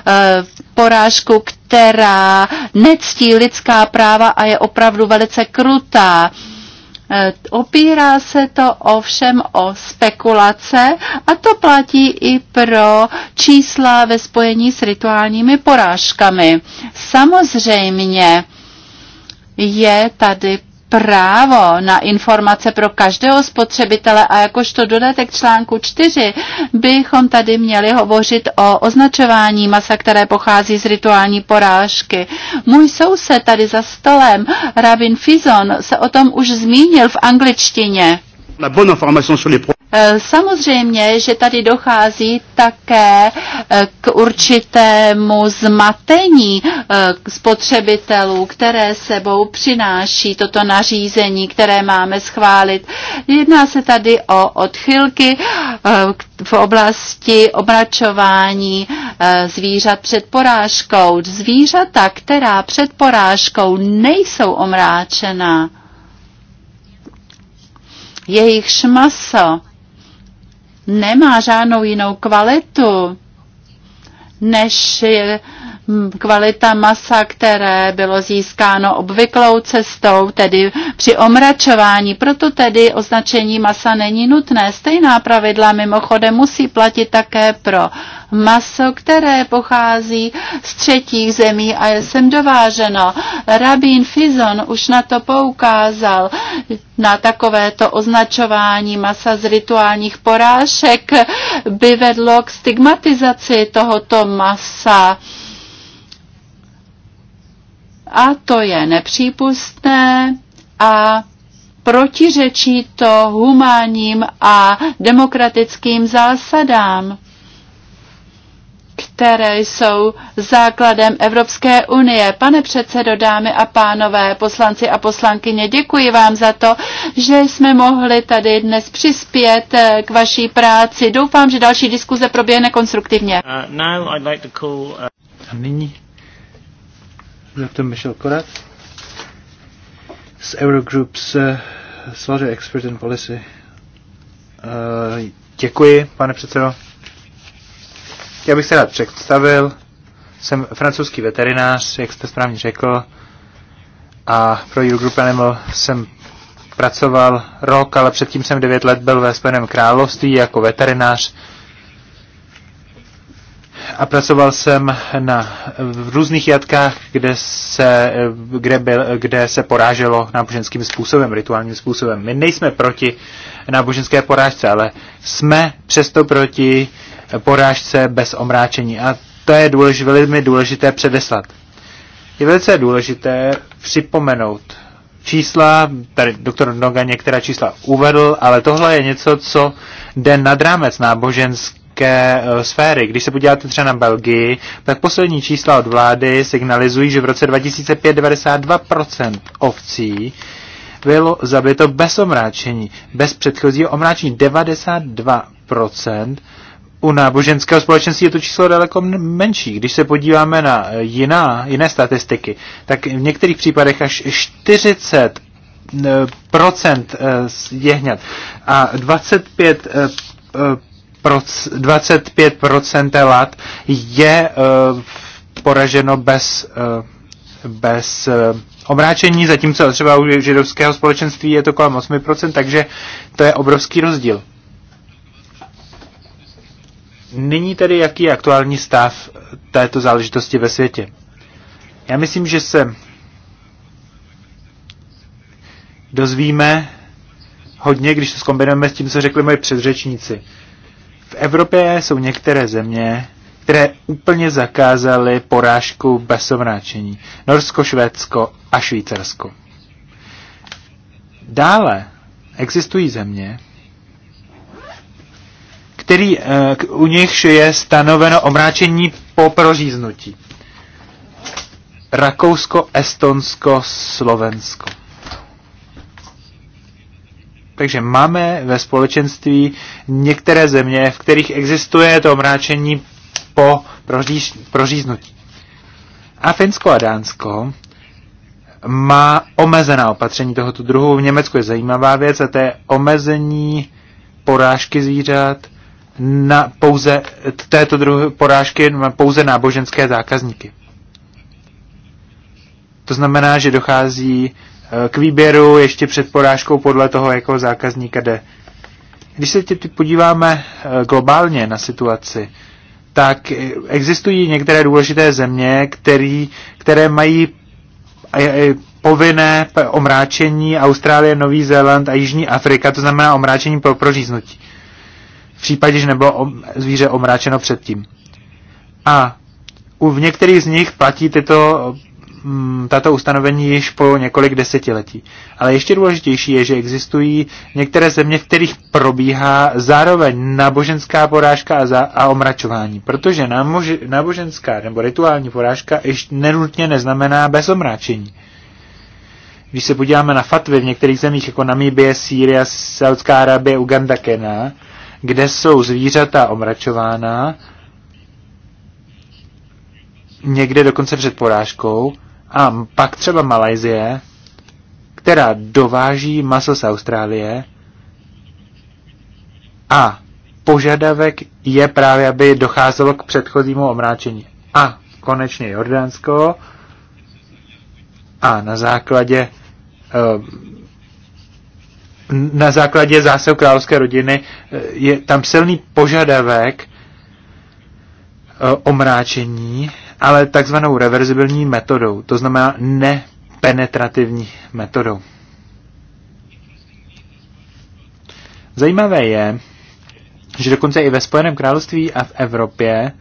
eh, porážku, která nectí lidská práva a je opravdu velice krutá. Eh, opírá se to ovšem o spekulace a to platí i pro čísla ve spojení s rituálními porážkami. Samozřejmě je tady právo na informace pro každého spotřebitele a jakožto dodatek článku 4 bychom tady měli hovořit o označování masa, které pochází z rituální porážky. Můj soused tady za stolem, Rabin Fizon, se o tom už zmínil v angličtině. La bonne information sur les Eh, samozřejmě, že tady dochází také eh, k určitému zmatení eh, spotřebitelů, které sebou přináší toto nařízení, které máme schválit. Jedná se tady o odchylky v oblasti obračování zvířat před porážkou. Zvířata, která před porážkou nejsou omráčená, jejich šmaso, nemá žádnou jinou kvalitu, než Hmm, kvalita masa, které bylo získáno obvyklou cestou, tedy při omračování. Proto tedy označení masa není nutné. Stejná pravidla mimochodem musí platit také pro maso, které pochází z třetích zemí a je sem dováženo. Rabín Fizon už na to poukázal, na takovéto označování masa z rituálních porážek by vedlo k stigmatizaci tohoto masa a to je nepřípustné a protiřečí to humánním a demokratickým zásadám, které jsou základem Evropské unie. Pane předsedo, dámy a pánové, poslanci a poslankyně, děkuji vám za to, že jsme mohli tady dnes přispět eh, k vaší práci. Doufám, že další diskuze proběhne konstruktivně. Uh, like to call, uh... A nyní Dr. Michel Korat z Eurogroup's eh, Svaře Expert in Policy. Eh, děkuji, pane předsedo. Já bych se rád představil. Jsem francouzský veterinář, jak jste správně řekl, a pro Eurogroup Animal jsem pracoval rok, ale předtím jsem devět let byl ve Spojeném království jako veterinář a pracoval jsem na v různých jatkách, kde se, kde byl, kde se poráželo náboženským způsobem, rituálním způsobem. My nejsme proti náboženské porážce, ale jsme přesto proti porážce bez omráčení. A to je důlež, velmi důležité předeslat. Je velice důležité připomenout čísla, tady doktor Noga některá čísla uvedl, ale tohle je něco, co jde nad rámec náboženský uh, sféry. Když se podíváte třeba na Belgii, tak poslední čísla od vlády signalizují, že v roce 2005 92% ovcí bylo zabito bez omráčení, bez předchozího omráčení 92%. U náboženského společenství je to číslo daleko menší. Když se podíváme na eh, jiná, jiné statistiky, tak v některých případech až 40 eh, jehňat a 25 25% lat je eh, poraženo bez, eh, bez eh, omráčení, zatímco třeba u židovského společenství je to kolem 8%, takže to je obrovský rozdíl. Nyní tedy, jaký je aktuální stav této záležitosti ve světě? Já myslím, že se dozvíme hodně, když to zkombinujeme s tím, co řekli moji předřečníci. Evropě jsou některé země, které úplně zakázaly porážku bez basovnáčení. Norsko, Švédsko a Švýcarsko. Dále existují země, který, eh, u nichž je stanoveno omráčení po proříznutí. Rakousko, Estonsko, Slovensko. Takže máme ve společenství některé země, v kterých existuje to omráčení po proříž, proříznutí. A Finsko a Dánsko má omezená opatření tohoto druhu. V Německu je zajímavá věc a to je omezení porážky zvířat na pouze této druhé porážky na pouze náboženské zákazníky. To znamená, že dochází k výběru ještě před porážkou podle toho, jakého zákazníka jde. Když se teď podíváme eh, globálně na situaci, tak eh, existují některé důležité země, který, které mají eh, povinné omráčení Austrálie, Nový Zéland a Jižní Afrika, to znamená omráčení pro proříznutí. V případě, že nebylo zvíře omráčeno předtím. A u v některých z nich platí tyto Mm, tato ustanovení již po několik desetiletí. Ale ještě důležitější je, že existují některé země, v kterých probíhá zároveň náboženská porážka a, za, a omračování, protože námož, náboženská nebo rituální porážka ještě nenutně neznamená bez omračení. Když se podíváme na fatvy v některých zemích, jako Namíbie, Sýria, Saudská Arábie, Uganda, Kena, kde jsou zvířata omračována, někde dokonce před porážkou, a pak třeba Malajzie, která dováží maso z Austrálie a požadavek je právě, aby docházelo k předchozímu omráčení. A konečně Jordánsko a na základě ehm, na základě zásahu královské rodiny eh, je tam silný požadavek eh, omráčení ale takzvanou reverzibilní metodou, to znamená nepenetrativní metodou. Zajímavé je, že dokonce i ve Spojeném království a v Evropě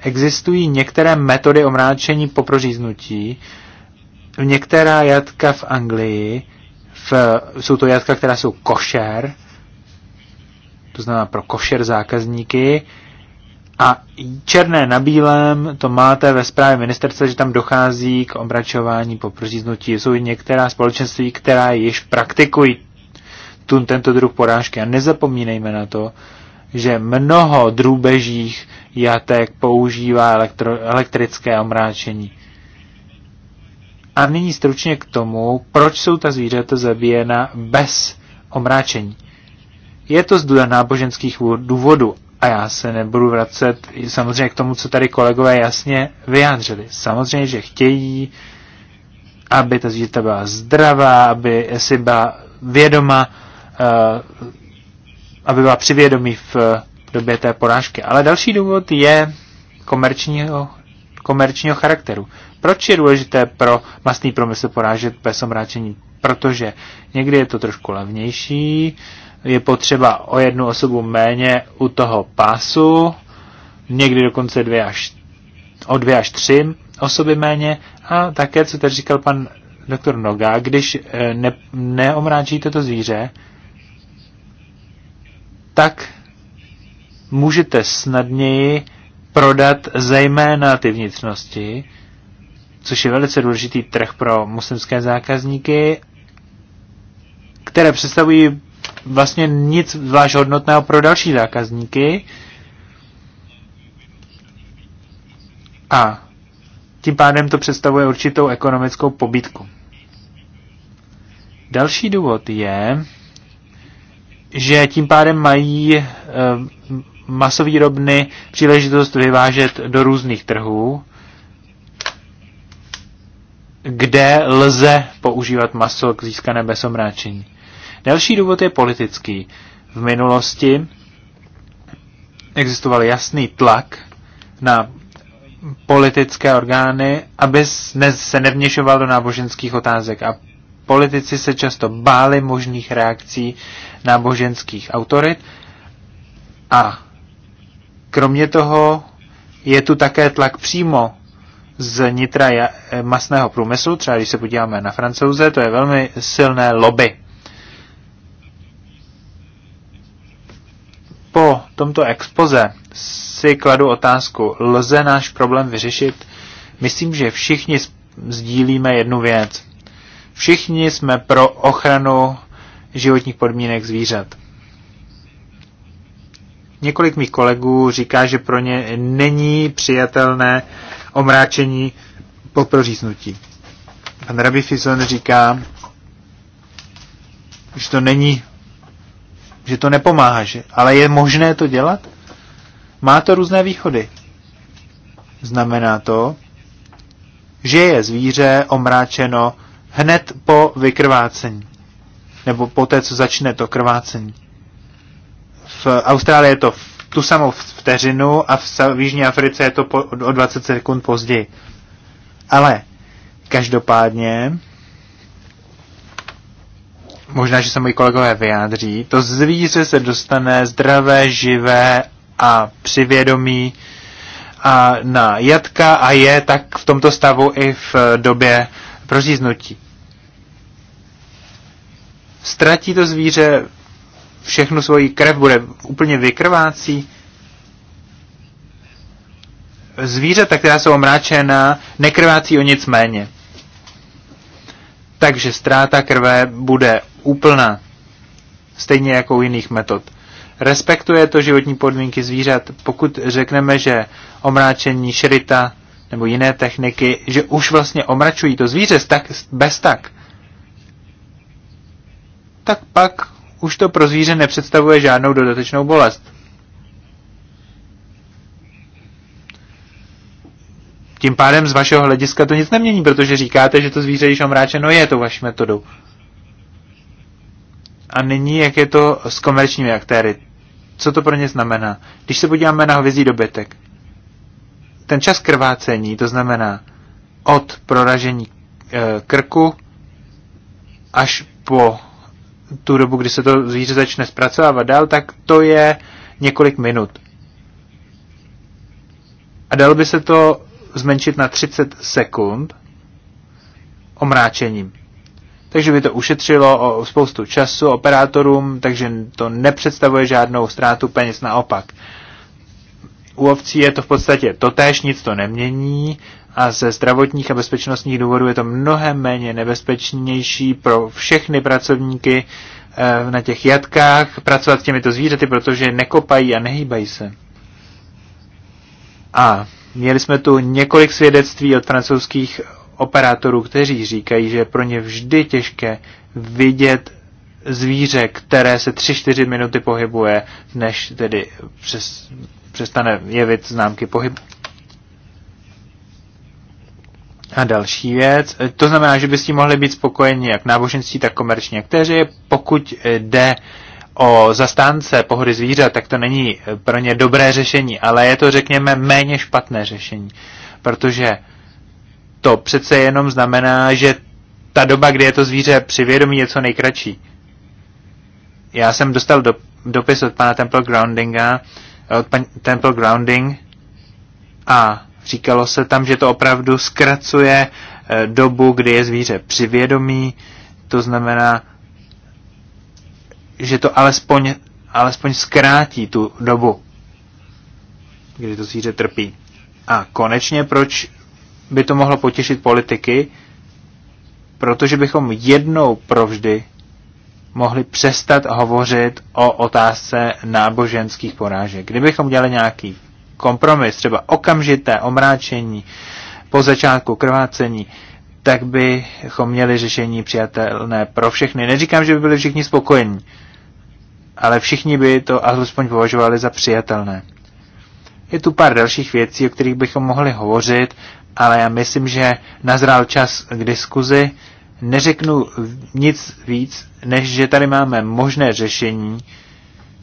existují některé metody omráčení po proříznutí. Některá jatka v Anglii, v, jsou to jatka, která jsou košer, to znamená pro košer zákazníky, a černé na bílém to máte ve zprávě ministerstva, že tam dochází k obračování po proříznutí. Jsou i některá společenství, která již praktikují tun, tento druh porážky. A nezapomínejme na to, že mnoho drůbežích jatek používá elektro, elektrické omráčení. A nyní stručně k tomu, proč jsou ta zvířata zabíjena bez omráčení. Je to z náboženských důvodů, a já se nebudu vracet samozřejmě k tomu, co tady kolegové jasně vyjádřili. Samozřejmě, že chtějí, aby ta zvířata byla zdravá, aby si byla vědoma, eh, aby byla přivědomí v době té porážky. Ale další důvod je komerčního, komerčního charakteru. Proč je důležité pro masný promysl porážet bez omráčení? Protože někdy je to trošku levnější, uh, je potřeba o jednu osobu méně u toho pásu, někdy dokonce dvě až, o dvě až tři osoby méně. A také, co tady říkal pan doktor Noga, když eh, ne, neomráčíte to zvíře, tak můžete snadněji prodat zejména ty vnitřnosti, což je velice důležitý trh pro muslimské zákazníky, které představují vlastně nic zvlášť hodnotného pro další zákazníky. A tím pádem to představuje určitou ekonomickou pobídku. Další důvod je, že tím pádem mají e, eh, robny příležitost vyvážet do různých trhů, kde lze používat maso k získané bez omráčení. Další důvod je politický. V minulosti existoval jasný tlak na politické orgány, aby se nevněšoval do náboženských otázek. A politici se často báli možných reakcí náboženských autorit. A kromě toho je tu také tlak přímo z nitra masného průmyslu, třeba když se podíváme na francouze, to je velmi silné lobby. po tomto expoze si kladu otázku, lze náš problém vyřešit? Myslím, že všichni sdílíme jednu věc. Všichni jsme pro ochranu životních podmínek zvířat. Několik mých kolegů říká, že pro ně není přijatelné omráčení po proříznutí. Pan Rabbi Fison říká, že to není že to nepomáhá, že, ale je možné to dělat? Má to různé východy. Znamená to, že je zvíře omráčeno hned po vykrvácení, nebo po té, co začne to krvácení. V Austrálii je to v tu samou vteřinu a v Jižní Africe je to po, o 20 sekund později. Ale každopádně možná, že se moji kolegové vyjádří, to zvíře se dostane zdravé, živé a přivědomí a na jatka a je tak v tomto stavu i v době proříznutí. Ztratí to zvíře všechnu svoji krev, bude úplně vykrvácí. Zvířata, která jsou omráčená, nekrvácí o nic méně. Takže ztráta krve bude úplná, stejně jako u jiných metod. Respektuje to životní podmínky zvířat, pokud řekneme, že omráčení šrita nebo jiné techniky, že už vlastně omračují to zvíře tak, bez tak, tak pak už to pro zvíře nepředstavuje žádnou dodatečnou bolest. tím pádem z vašeho hlediska to nic nemění, protože říkáte, že to zvíře již omráčeno je to vaší metodou. A nyní, jak je to s komerčními aktéry? Co to pro ně znamená? Když se podíváme na hovězí dobytek, ten čas krvácení, to znamená od proražení e, krku až po tu dobu, kdy se to zvíře začne zpracovávat dál, tak to je několik minut. A dalo by se to zmenšit na 30 sekund omráčením. Takže by to ušetřilo o spoustu času operátorům, takže to nepředstavuje žádnou ztrátu peněz, naopak. U ovcí je to v podstatě totéž, nic to nemění a ze zdravotních a bezpečnostních důvodů je to mnohem méně nebezpečnější pro všechny pracovníky eh, na těch jatkách pracovat s těmito zvířaty, protože nekopají a nehýbají se. A Měli jsme tu několik svědectví od francouzských operátorů, kteří říkají, že je pro ně vždy těžké vidět zvíře, které se 3-4 minuty pohybuje, než tedy přes, přestane jevit známky pohybu. A další věc, to znamená, že by s tím mohli být spokojeni jak náboženství, tak komerční aktéři, pokud jde o zastánce pohody zvířat, tak to není pro ně dobré řešení, ale je to, řekněme, méně špatné řešení, protože to přece jenom znamená, že ta doba, kdy je to zvíře při vědomí, je co nejkratší. Já jsem dostal do, dopis od pana Temple Groundinga, od pan, Temple Grounding a říkalo se tam, že to opravdu zkracuje eh, dobu, kdy je zvíře při vědomí, to znamená, že to alespoň, alespoň zkrátí tu dobu, kdy to zvíře trpí. A konečně, proč by to mohlo potěšit politiky? Protože bychom jednou provždy mohli přestat hovořit o otázce náboženských porážek. Kdybychom dělali nějaký kompromis, třeba okamžité omráčení po začátku krvácení, tak bychom měli řešení přijatelné pro všechny. Neříkám, že by byli všichni spokojení, ale všichni by to alespoň považovali za přijatelné. Je tu pár dalších věcí, o kterých bychom mohli hovořit, ale já myslím, že nazrál čas k diskuzi. Neřeknu nic víc, než že tady máme možné řešení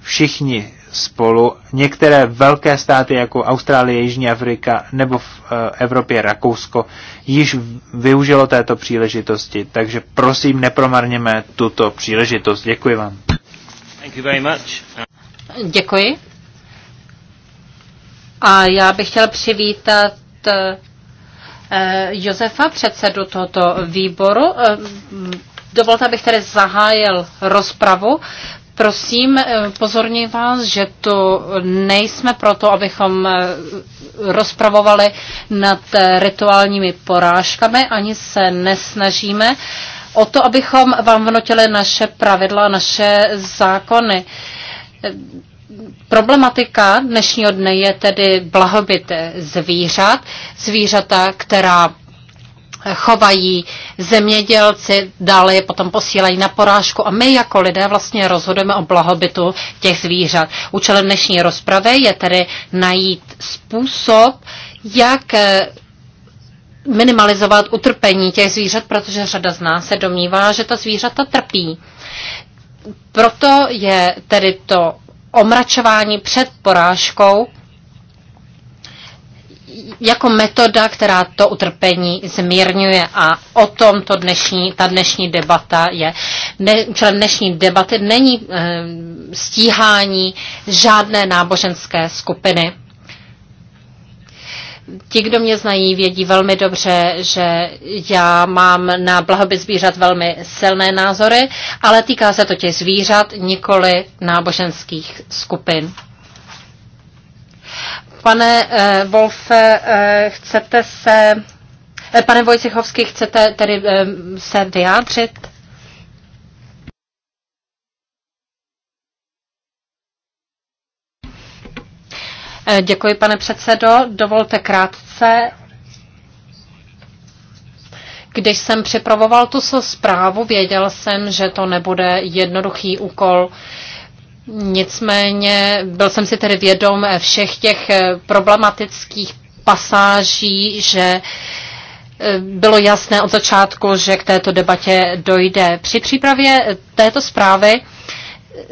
všichni spolu. Některé velké státy jako Austrálie, Jižní Afrika nebo v eh, Evropě Rakousko již využilo této příležitosti, takže prosím nepromarněme tuto příležitost. Děkuji vám. Děkuji. A já bych chtěl přivítat eh, eh, Josefa, předsedu tohoto výboru. Eh, dovolte, abych tedy zahájil rozpravu. Prosím, pozorně vás, že tu nejsme proto, abychom rozpravovali nad rituálními porážkami, ani se nesnažíme o to, abychom vám vnotili naše pravidla, naše zákony. Problematika dnešního dne je tedy blahobyt zvířat, zvířata, která chovají zemědělci, dále je potom posílají na porážku a my jako lidé vlastně rozhodujeme o blahobytu těch zvířat. Účelem dnešní rozpravy je tedy najít způsob, jak minimalizovat utrpení těch zvířat, protože řada z nás se domnívá, že ta zvířata trpí. Proto je tedy to omračování před porážkou jako metoda, která to utrpení zmírňuje a o tom to dnešní, ta dnešní debata je. Ne, dnešní debaty není e, stíhání žádné náboženské skupiny ti, kdo mě znají, vědí velmi dobře, že já mám na blahobyt zvířat velmi silné názory, ale týká se to těch zvířat, nikoli náboženských skupin. Pane eh, Wolfe, eh, chcete se, eh, pane Vojcichovský, chcete tedy eh, se vyjádřit? Eh, děkuji, pane předsedo. Dovolte krátce když jsem připravoval tu zprávu, věděl jsem, že to nebude jednoduchý úkol. Nicméně byl jsem si tedy vědom eh, všech těch eh, problematických pasáží, že bylo jasné od začátku, že k této debatě dojde. Při přípravě této zprávy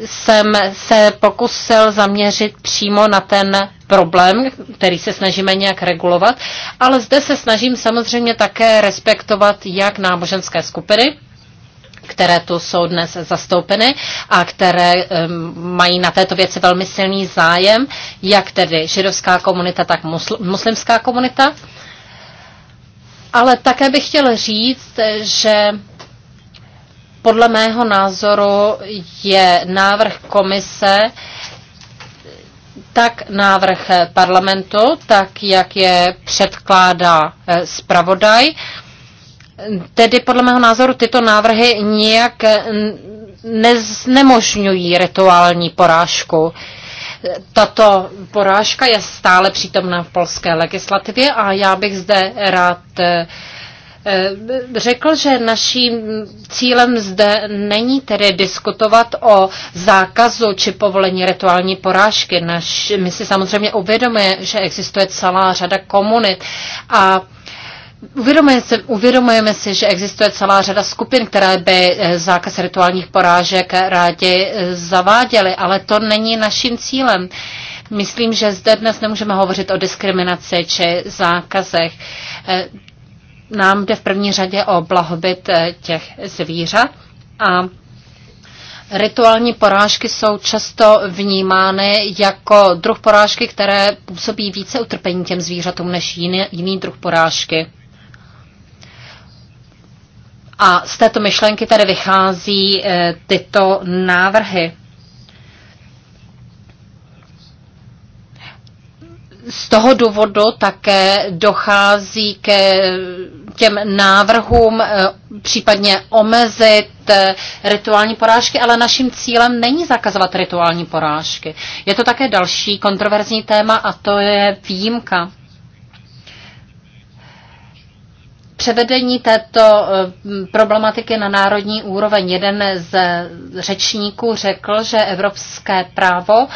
jsem se pokusil zaměřit přímo na ten problém, který se snažíme nějak regulovat, ale zde se snažím samozřejmě také respektovat jak náboženské skupiny, které tu jsou dnes zastoupeny a které um, mají na této věci velmi silný zájem, jak tedy židovská komunita, tak musl- muslimská komunita. Ale také bych chtěl říct, že podle mého názoru je návrh komise tak návrh parlamentu, tak jak je předkládá eh, zpravodaj. Tedy podle mého názoru tyto návrhy nijak eh, neznemožňují rituální porážku. Tato porážka je stále přítomná v polské legislativě a já bych zde rád eh, Eh, řekl, že naším cílem zde není tedy diskutovat o zákazu či povolení rituální porážky. Naš, my si samozřejmě uvědomujeme, že existuje celá řada komunit a Uvědomujeme si, uvědomujeme si, že existuje celá řada skupin, které by eh, zákaz rituálních porážek rádi eh, zaváděly, ale to není naším cílem. Myslím, že zde dnes nemůžeme hovořit o diskriminaci či zákazech nám jde v první řadě o blahobyt eh, těch zvířat a Rituální porážky jsou často vnímány jako druh porážky, které působí více utrpení těm zvířatům než jiný, jiný druh porážky. A z této myšlenky tady vychází e, tyto návrhy. z toho důvodu také dochází k těm návrhům eh, případně omezit eh, rituální porážky, ale naším cílem není zakazovat rituální porážky. Je to také další kontroverzní téma a to je výjimka. Převedení této eh, problematiky na národní úroveň. Jeden z řečníků řekl, že evropské právo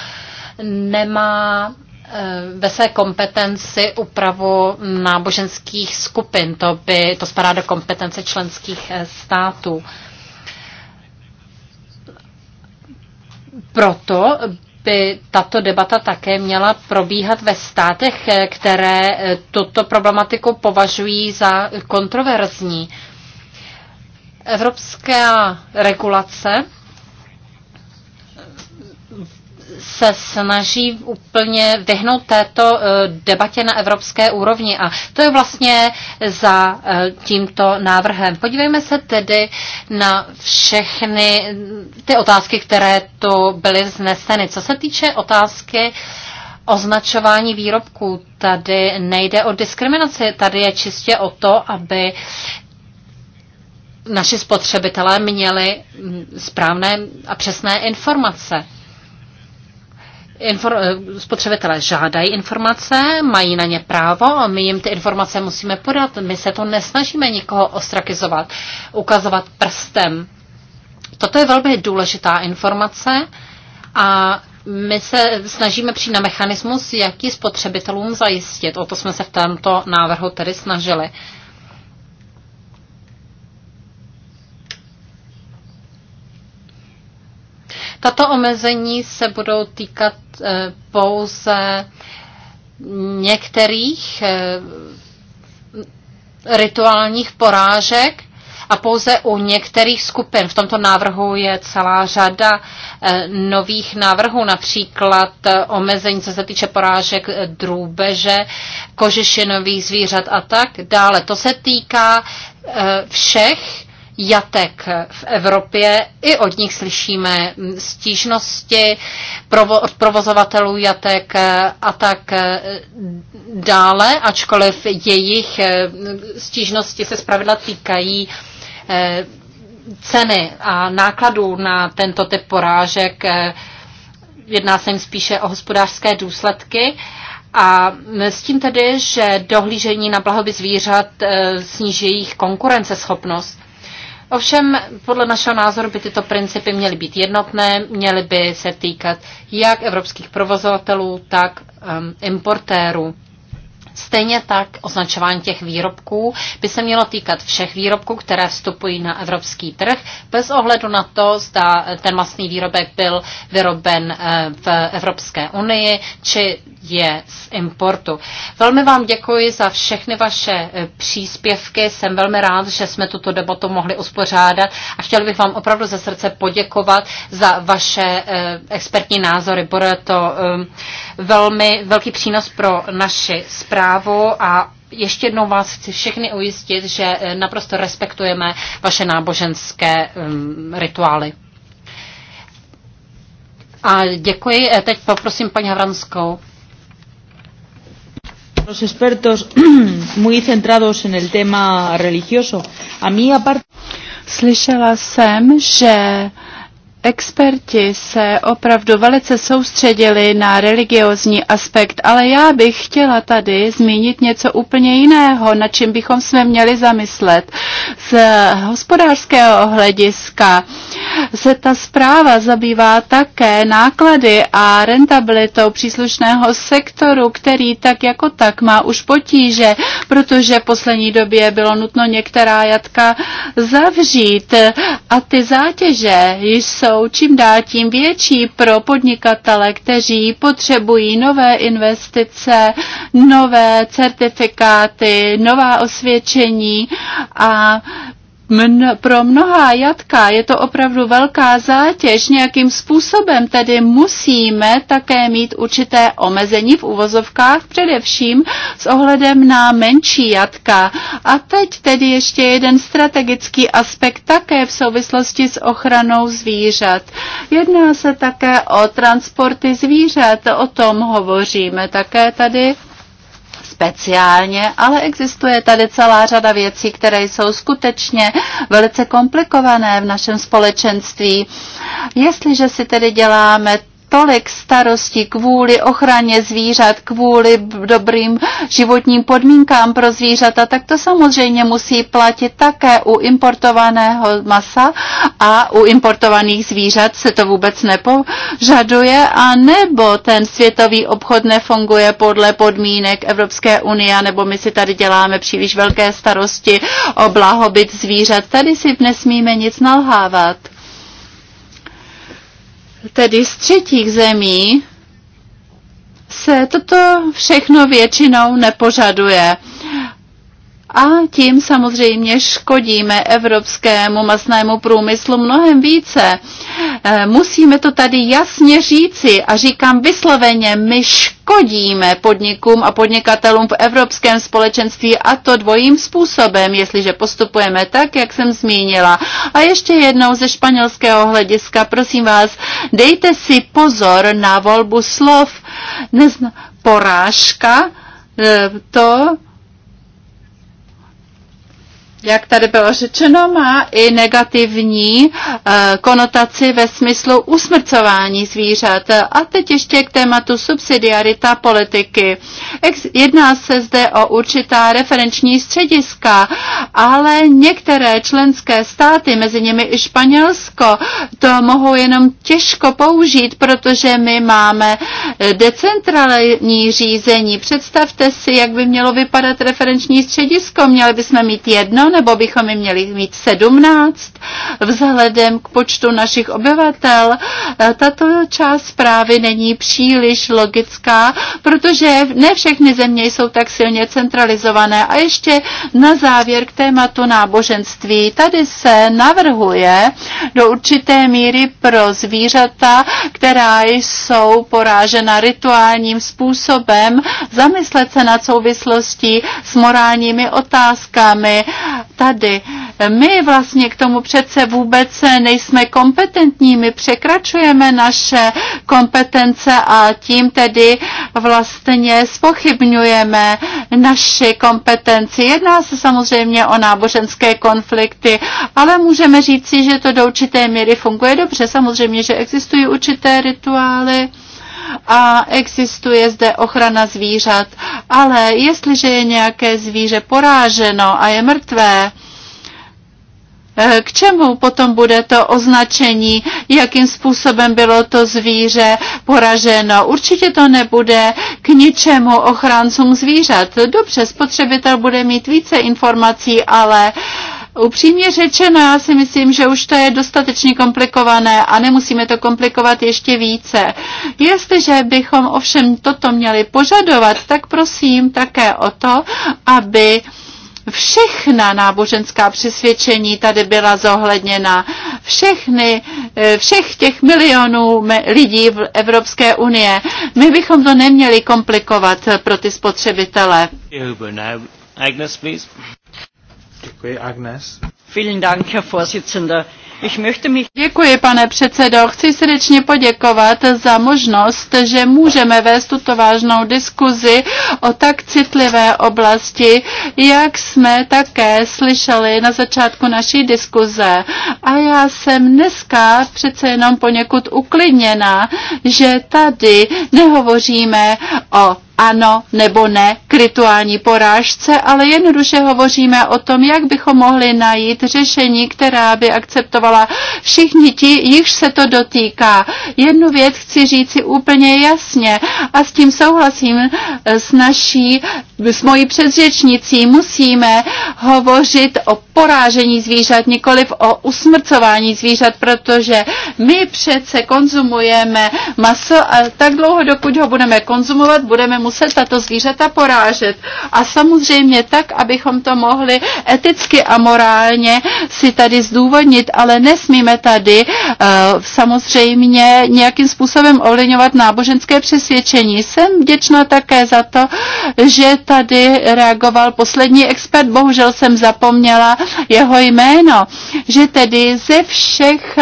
nemá Eh, ve své kompetenci upravu náboženských skupin. To, by, to spadá do kompetence členských eh, států. Proto by tato debata také měla probíhat ve státech, eh, které tuto problematiku považují za kontroverzní. Evropská regulace se snaží úplně vyhnout této eh, debatě na evropské úrovni. A to je vlastně za eh, tímto návrhem. Podívejme se tedy na všechny mm, ty otázky, které tu byly vzneseny. Co se týče otázky označování výrobků, tady nejde o diskriminaci, tady je čistě o to, aby naši spotřebitelé měli mm, správné a přesné informace. Eh, spotřebitelé žádají informace, mají na ně právo a my jim ty informace musíme podat. My se to nesnažíme nikoho ostrakizovat, ukazovat prstem. Toto je velmi důležitá informace a my se snažíme přijít na mechanismus, jaký spotřebitelům zajistit. O to jsme se v tomto návrhu tedy snažili. Uh, Tato omezení se budou týkat eh, pouze některých eh, rituálních porážek a pouze u některých skupin. V tomto návrhu je celá řada eh, nových návrhů, například omezení, co se týče porážek drůbeže, kožešinových zvířat a tak dále. To se týká všech jatek v Evropě. I od nich slyšíme stížnosti provo- od provozovatelů jatek eh, a tak eh, dále, ačkoliv jejich eh, stížnosti se zpravidla týkají ceny a nákladů na tento typ porážek. Jedná se jim spíše o hospodářské důsledky. A s tím tedy, že dohlížení na blahoby zvířat sníží jejich konkurenceschopnost. Ovšem, podle našeho názoru by tyto principy měly být jednotné, měly by se týkat jak evropských provozovatelů, tak um, importérů. Stejně tak označování těch výrobků by se mělo týkat všech výrobků, které vstupují na evropský trh, bez ohledu na to, zda ten masný výrobek byl vyroben eh, v Evropské unii, či je z importu. Velmi vám děkuji za všechny vaše eh, příspěvky. Jsem velmi rád, že jsme tuto debatu mohli uspořádat a chtěl bych vám opravdu ze srdce poděkovat za vaše eh, expertní názory. Bude to eh, velmi velký přínos pro naši zprávu a ještě jednou vás chci všechny ujistit, že naprosto respektujeme vaše náboženské mm, rituály. A děkuji. Teď poprosím paní Havranskou. Los expertos <clears throat> muy centrados en el tema religioso. A mí aparte... Slyšela jsem, že experti se opravdu velice soustředili na religiozní aspekt, ale já bych chtěla tady zmínit něco úplně jiného, na čím bychom jsme měli zamyslet. Z hospodářského hlediska se ta zpráva zabývá také náklady a rentabilitou příslušného sektoru, který tak jako tak má už potíže, protože v poslední době bylo nutno některá jatka zavřít a ty zátěže jsou jsou čím dál tím větší pro podnikatele, kteří potřebují nové investice, nové certifikáty, nová osvědčení a mn, pro mnohá jatka je to opravdu velká zátěž. Nějakým způsobem tedy musíme také mít určité omezení v uvozovkách, především s ohledem na menší jatka. A teď tedy ještě jeden strategický aspekt také v souvislosti s ochranou zvířat. Jedná se také o transporty zvířat, o tom hovoříme také tady speciálně, ale existuje tady celá řada věcí, které jsou skutečně velice komplikované v našem společenství. Jestliže si tedy děláme tolik starostí kvůli ochraně zvířat, kvůli dobrým životním podmínkám pro zvířata, tak to samozřejmě musí platit také u importovaného masa a u importovaných zvířat se to vůbec nepožaduje, a nebo ten světový obchod nefunguje podle podmínek Evropské unie, nebo my si tady děláme příliš velké starosti o blahobyt zvířat. Tady si nesmíme nic nalhávat tedy z třetích zemí, se toto všechno většinou nepožaduje a tím samozřejmě škodíme evropskému masnému průmyslu mnohem více. Eh, musíme to tady jasně říci a říkám vysloveně, my škodíme podnikům a podnikatelům v evropském společenství a to dvojím způsobem, jestliže postupujeme tak, jak jsem zmínila. A ještě jednou ze španělského hlediska, prosím vás, dejte si pozor na volbu slov. Nezna- porážka, eh, to jak tady bylo řečeno, má i negativní eh, konotaci ve smyslu usmrcování zvířat. A teď ještě k tématu subsidiarita politiky. Jedná se zde o určitá referenční střediska, ale některé členské státy, mezi nimi i Španělsko, to mohou jenom těžko použít, protože my máme eh, decentrální řízení. Představte si, jak by mělo vypadat referenční středisko. Měli bychom mít jedno nebo bychom jim měli mít 17 vzhledem k počtu našich obyvatel. E, tato část zprávy není příliš logická, protože ne všechny země jsou tak silně centralizované. A ještě na závěr k tématu náboženství. Tady se navrhuje do určité míry pro zvířata, která jsou porážena rituálním způsobem, zamyslet se nad souvislostí s morálními otázkami, tady. My vlastně k tomu přece vůbec nejsme kompetentní, my překračujeme naše kompetence a tím tedy vlastně spochybňujeme naši kompetenci. Jedná se samozřejmě o náboženské konflikty, ale můžeme říci, že to do určité míry funguje dobře. Samozřejmě, že existují určité rituály, a existuje zde ochrana zvířat. Ale jestliže je nějaké zvíře poráženo a je mrtvé, eh, k čemu potom bude to označení, jakým způsobem bylo to zvíře poraženo. Určitě to nebude k ničemu ochráncům zvířat. Dobře, spotřebitel bude mít více informací, ale uh, Upřímně řečeno, já si myslím, že už to je dostatečně komplikované a nemusíme to komplikovat ještě více. Jestliže bychom ovšem toto měli požadovat, tak prosím také o to, aby všechna náboženská přesvědčení tady byla zohledněna. Všechny, eh, všech těch milionů lidí v Evropské unie. My bychom to neměli komplikovat pro ty spotřebitele. Agnes, please. Děkuji, Agnes. Děkuji, pane předsedo. Chci srdečně poděkovat za možnost, že můžeme vést tuto vážnou diskuzi o tak citlivé oblasti, jak jsme také slyšeli na začátku naší diskuze. A já jsem dneska přece jenom poněkud uklidněna, že tady nehovoříme o ano nebo ne k rituální porážce, ale jednoduše hovoříme o tom, jak bychom mohli najít řešení, která by akceptovala všichni ti, jichž se to dotýká. Jednu věc chci říci úplně jasně a s tím souhlasím s naší, s mojí předřečnicí. Musíme hovořit o porážení zvířat, nikoliv o usmrcování zvířat, protože my přece konzumujeme maso a tak dlouho, dokud ho budeme konzumovat, budeme muset muset tato zvířata porážet. A samozřejmě tak, abychom to mohli eticky a morálně si tady zdůvodnit, ale nesmíme tady uh, samozřejmě nějakým způsobem ovlivňovat náboženské přesvědčení. Jsem vděčná také za to, že tady reagoval poslední expert, bohužel jsem zapomněla jeho jméno, že tedy ze všech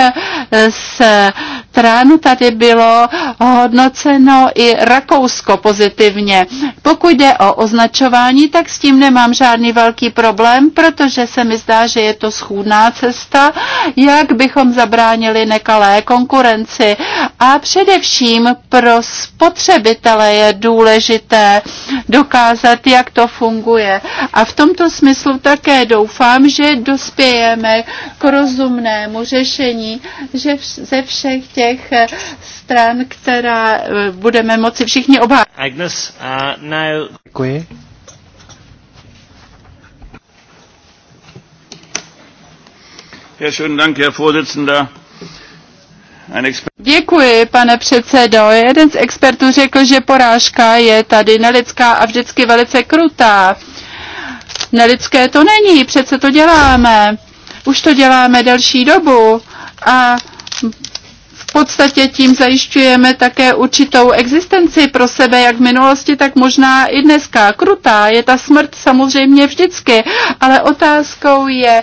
stran eh, tady bylo hodnoceno i Rakousko pozitivně pozitivně. Pokud jde o označování, tak s tím nemám žádný velký problém, protože se mi zdá, že je to schůdná cesta, jak bychom zabránili nekalé konkurenci. A především pro spotřebitele je důležité dokázat, jak to funguje. A v tomto smyslu také doufám, že dospějeme k rozumnému řešení, že ze všech těch stran, která eh, budeme moci všichni obhájit. Agnes Uh, now... Děkuji. Děkuji, pane předsedo. Jeden z expertů řekl, že porážka je tady nelidská a vždycky velice krutá. Nelidské to není, přece to děláme. Už to děláme delší dobu a podstatě tím zajišťujeme také určitou existenci pro sebe, jak v minulosti, tak možná i dneska. Krutá je ta smrt samozřejmě vždycky, ale otázkou je,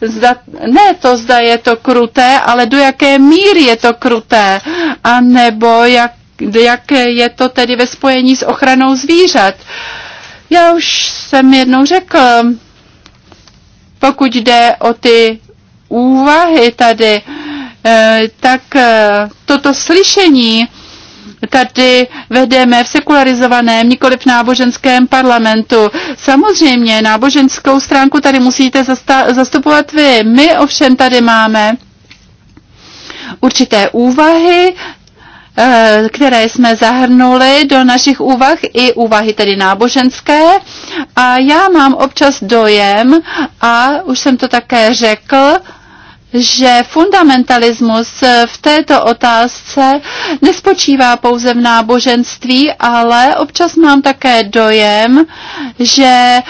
zda, ne to, zda je to kruté, ale do jaké míry je to kruté, a nebo jak, jak je to tedy ve spojení s ochranou zvířat. Já už jsem jednou řekl, pokud jde o ty úvahy tady, Eh, tak eh, toto slyšení tady vedeme v sekularizovaném, nikoli v náboženském parlamentu. Samozřejmě náboženskou stránku tady musíte zastupovat vy. My ovšem tady máme určité úvahy, eh, které jsme zahrnuli do našich úvah, i úvahy tedy náboženské. A já mám občas dojem, a už jsem to také řekl, že fundamentalismus eh, v této otázce nespočívá pouze v náboženství, ale občas mám také dojem, že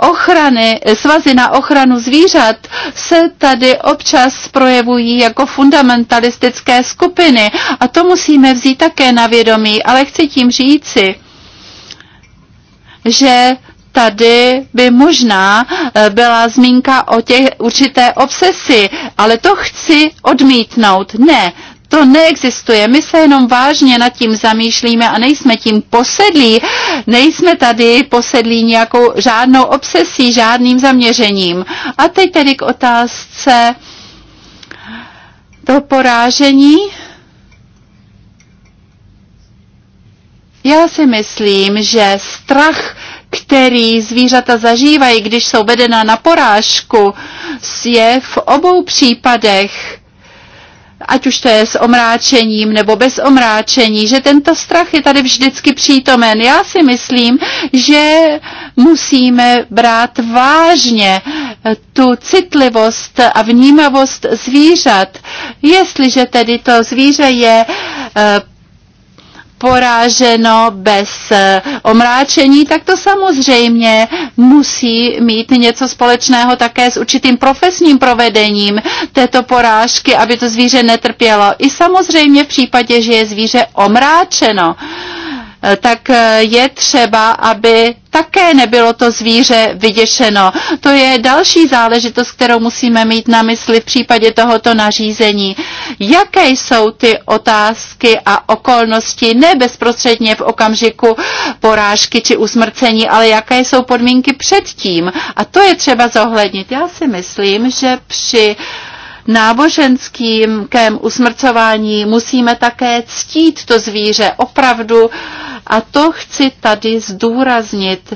ochrany, svazy na ochranu zvířat se tady občas projevují jako fundamentalistické skupiny a to musíme vzít také na vědomí, ale chci tím říci, že tady by možná eh, byla zmínka o těch určité obsesi, ale to chci odmítnout. Ne, to neexistuje. My se jenom vážně nad tím zamýšlíme a nejsme tím posedlí. Nejsme tady posedlí nějakou žádnou obsesí, žádným zaměřením. A teď tedy k otázce to porážení. Já si myslím, že strach který zvířata zažívají, když jsou vedena na porážku, je v obou případech ať už to je s omráčením nebo bez omráčení, že tento strach je tady vždycky přítomen. Já si myslím, že musíme brát vážně tu citlivost a vnímavost zvířat. Jestliže tedy to zvíře je eh, poráženo bez eh, omráčení, tak to samozřejmě musí mít něco společného také s určitým profesním provedením této porážky, aby to zvíře netrpělo. I samozřejmě v případě, že je zvíře omráčeno. Uh, Eh, tak eh, je třeba, aby také nebylo to zvíře vyděšeno. To je další záležitost, kterou musíme mít na mysli v případě tohoto nařízení. Jaké jsou ty otázky a okolnosti ne bezprostředně v okamžiku porážky či usmrcení, ale jaké jsou podmínky předtím? A to je třeba zohlednit. Já si myslím, že při uh, náboženským kem usmrcování musíme také ctít to zvíře opravdu a to chci tady zdůraznit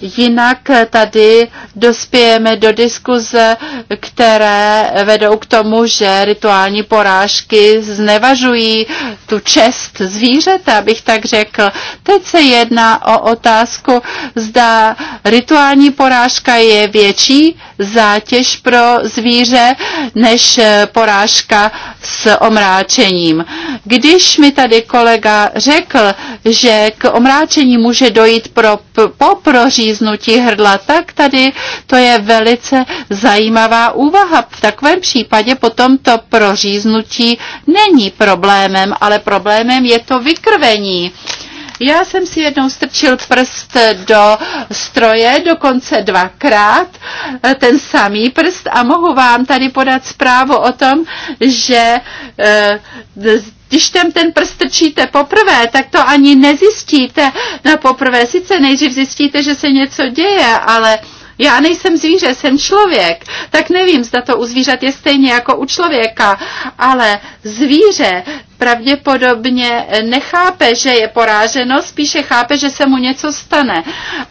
Jinak tady dospějeme do diskuze, které vedou k tomu, že rituální porážky znevažují tu čest zvířete, abych tak řekl. Teď se jedná o otázku, zda rituální porážka je větší zátěž pro zvíře než porážka s omráčením. Když mi tady kolega řekl, že k omráčení může dojít pro po proříznutí hrdla, tak tady to je velice zajímavá úvaha. V takovém případě potom to proříznutí není problémem, ale problémem je to vykrvení. Já jsem si jednou strčil prst do stroje, dokonce dvakrát, eh, ten samý prst a mohu vám tady podat zprávu o tom, že eh, když tam ten prst trčíte poprvé, tak to ani nezjistíte na no, poprvé. Sice nejdřív zjistíte, že se něco děje, ale já nejsem zvíře, jsem člověk, tak nevím, zda to u zvířat je stejně jako u člověka, ale zvíře pravděpodobně nechápe, že je poráženo, spíše chápe, že se mu něco stane.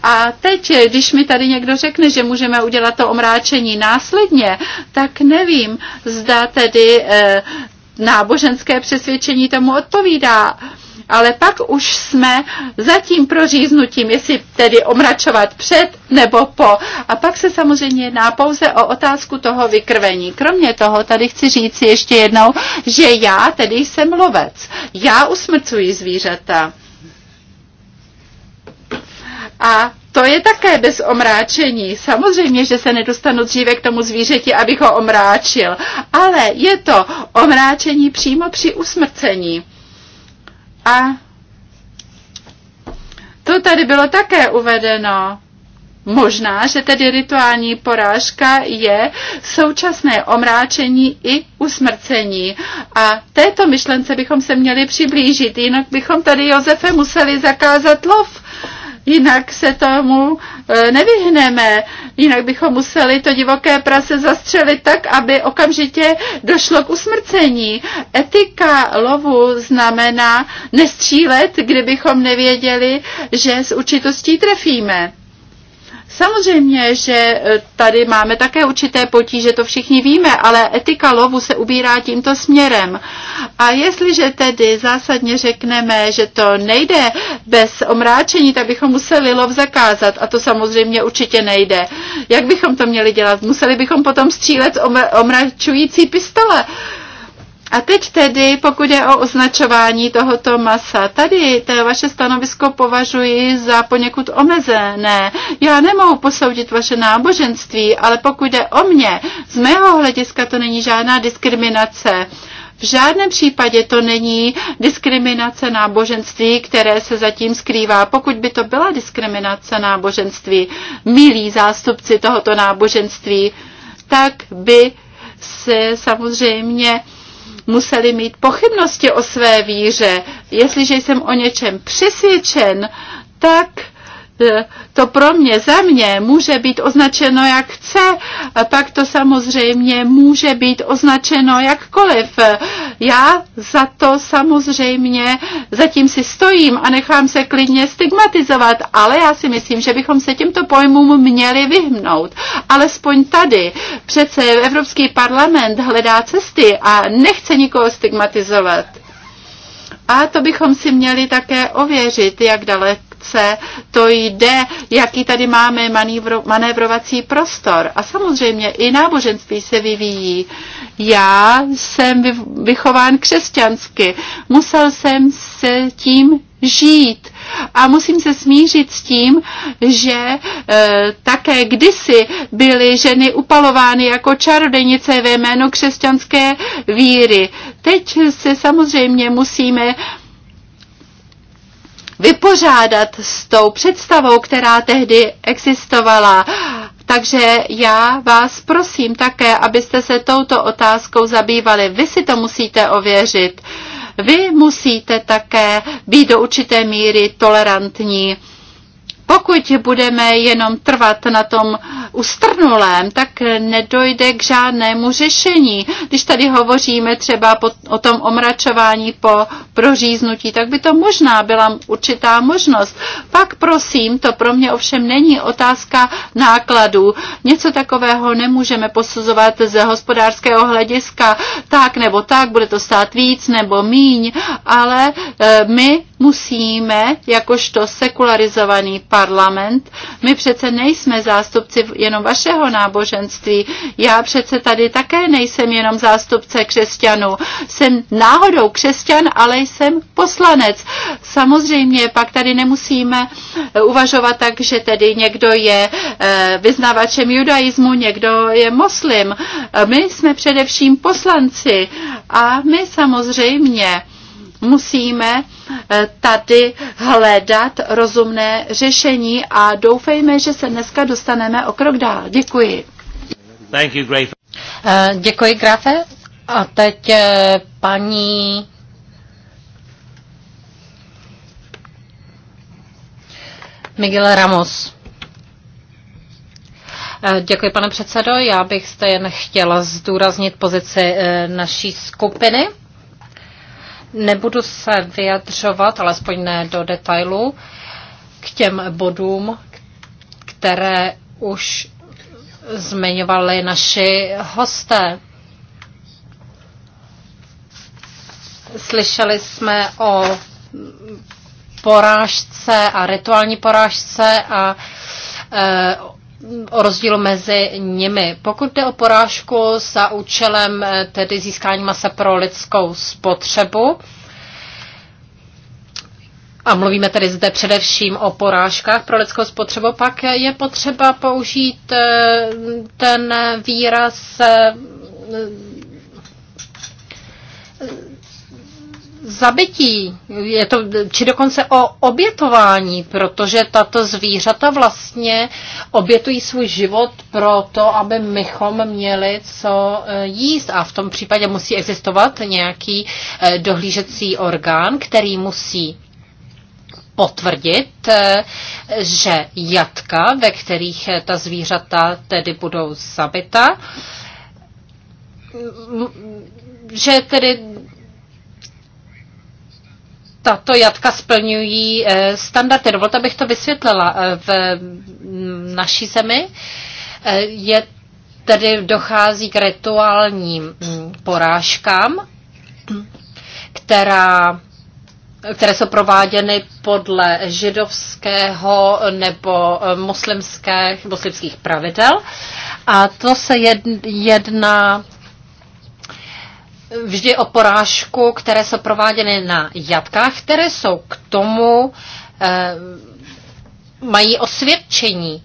A teď, když mi tady někdo řekne, že můžeme udělat to omráčení následně, tak nevím, zda tedy eh, náboženské přesvědčení tomu odpovídá. Ale pak už jsme za tím proříznutím, jestli tedy omračovat před nebo po. A pak se samozřejmě jedná pouze o otázku toho vykrvení. Kromě toho tady chci říct ještě jednou, že já tedy jsem lovec. Já usmrcuji zvířata. A to je také bez omráčení. Samozřejmě, že se nedostanu dříve k tomu zvířeti, abych ho omráčil, ale je to omráčení přímo při usmrcení. A to tady bylo také uvedeno. Možná, že tedy rituální porážka je současné omráčení i usmrcení. A této myšlence bychom se měli přiblížit, jinak bychom tady Josefe museli zakázat lov. Uh, Jinak se tomu e, nevyhneme. Jinak bychom museli to divoké prase zastřelit tak, aby okamžitě došlo k usmrcení. Etika lovu znamená nestřílet, kdybychom nevěděli, že s určitostí trefíme. Samozřejmě, že eh, tady máme také určité potíže, to všichni víme, ale etika lovu se ubírá tímto směrem. A jestliže tedy zásadně řekneme, že to nejde bez omráčení, tak bychom museli lov zakázat a to samozřejmě určitě nejde. Jak bychom to měli dělat? Museli bychom potom střílet omračující pistole a teď tedy, pokud je o označování tohoto masa, tady to vaše stanovisko považuji za poněkud omezené. Já nemohu posoudit vaše náboženství, ale pokud je o mě, z mého hlediska to není žádná diskriminace. V žádném případě to není diskriminace náboženství, které se zatím skrývá. Pokud by to byla diskriminace náboženství, milí zástupci tohoto náboženství, tak by se samozřejmě museli mít pochybnosti o své víře. Jestliže jsem o něčem přesvědčen, tak E, to pro mě, za mě může být označeno jak chce, pak to samozřejmě může být označeno jakkoliv. E, já za to samozřejmě zatím si stojím a nechám se klidně stigmatizovat, ale já si myslím, že bychom se těmto pojmům měli vyhnout. Alespoň tady. Přece Evropský parlament hledá cesty a nechce nikoho stigmatizovat. A to bychom si měli také ověřit, jak daleko ruce, to jde, jaký tady máme manévro, manévrovací prostor. A samozřejmě i náboženství se vyvíjí. Já jsem vychován křesťansky. Musel jsem se tím žít. A musím se smířit s tím, že e, také kdysi byly ženy upalovány jako čarodejnice ve jménu křesťanské víry. Teď se samozřejmě musíme vypořádat s tou představou, která tehdy existovala. Takže já vás prosím také, abyste se touto otázkou zabývali. Vy si to musíte ověřit. Vy musíte také být do určité míry tolerantní pokud budeme jenom trvat na tom ustrnulém, tak nedojde k žádnému řešení. Když tady hovoříme třeba o tom omračování po proříznutí, tak by to možná byla určitá možnost. Pak prosím, to pro mě ovšem není otázka nákladů. Něco takového nemůžeme posuzovat ze hospodářského hlediska tak nebo tak, bude to stát víc nebo míň, ale eh, my musíme, jakožto sekularizovaný parlament, my přece nejsme zástupci jenom vašeho náboženství, já přece tady také nejsem jenom zástupce křesťanů, jsem náhodou křesťan, ale jsem poslanec. Samozřejmě pak tady nemusíme eh, uvažovat tak, že tedy někdo je eh, vyznavačem judaismu, někdo je moslim. Eh, my jsme především poslanci a my samozřejmě musíme eh, tady hledat rozumné řešení a doufejme, že se dneska dostaneme o krok dál. Děkuji. Thank you, Uh, děkuji, Grafe. A teď uh, paní Miguel Ramos. Děkuji, pane předsedo. Já bych jste jen chtěla zdůraznit pozici naší skupiny. Nebudu se vyjadřovat, alespoň ne do detailu, k těm bodům, které už zmiňovali naši hosté. Slyšeli jsme o porážce a rituální porážce a e, o rozdíl mezi nimi. Pokud jde o porážku za účelem eh, tedy získání masa pro lidskou spotřebu, a mluvíme tedy zde především o porážkách pro lidskou spotřebu, pak je potřeba použít eh, ten výraz eh, zabití, je to, či dokonce o obětování, protože tato zvířata vlastně obětují svůj život pro to, aby mychom měli co e, jíst. A v tom případě musí existovat nějaký e, dohlížecí orgán, který musí potvrdit, e, že jatka, ve kterých ta zvířata tedy budou zabita, že tedy tato jatka splňují eh, standardy. Dovolte, abych to vysvětlila. Eh, v mm, naší zemi eh, je tedy dochází k rituálním mm, porážkám, která, které jsou prováděny podle židovského nebo muslimských, muslimských pravidel. A to se jedná vždy o porážku, které jsou prováděny na jatkách, které jsou k tomu, eh, mají osvědčení.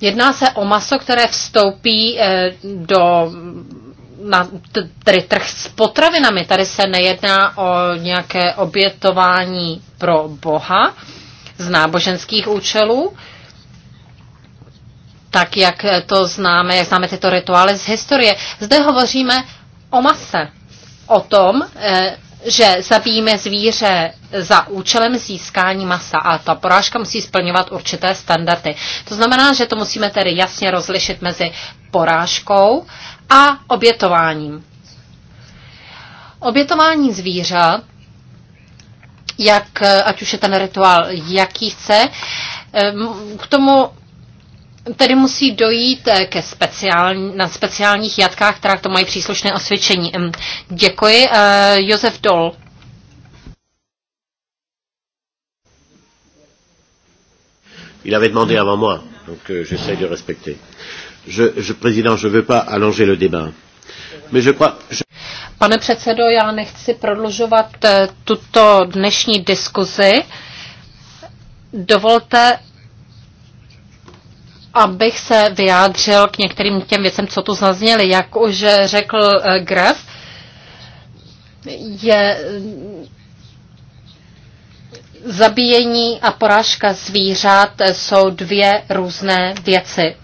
Jedná se o maso, které vstoupí eh, do na tedy trh s potravinami. Tady se nejedná o nějaké obětování pro Boha z náboženských účelů, tak jak to známe, jak známe tyto rituály z historie. Zde hovoříme o mase, o tom, eh, že zabijíme zvíře za účelem získání masa a ta porážka musí splňovat určité standardy. To znamená, že to musíme tedy jasně rozlišit mezi porážkou a obětováním. Obětování zvířat, jak, eh, ať už je ten rituál jaký chce, eh, k tomu Tedy musí dojít eh, ke speciální, na speciálních jatkách, která to mají příslušné osvědčení. Děkuji. Eh, Josef Dol. Il avait demandé avant moi, donc euh, j'essaie de respecter. Je, je, président, je ne veux pas allonger le débat. Mais je crois, je... Pane předsedo, já nechci prodlužovat eh, tuto dnešní diskuzi. Dovolte, abych se vyjádřil k některým těm věcem, co tu zazněly. Jak už řekl eh, Graf, je mm, zabíjení a porážka zvířat jsou dvě různé věci.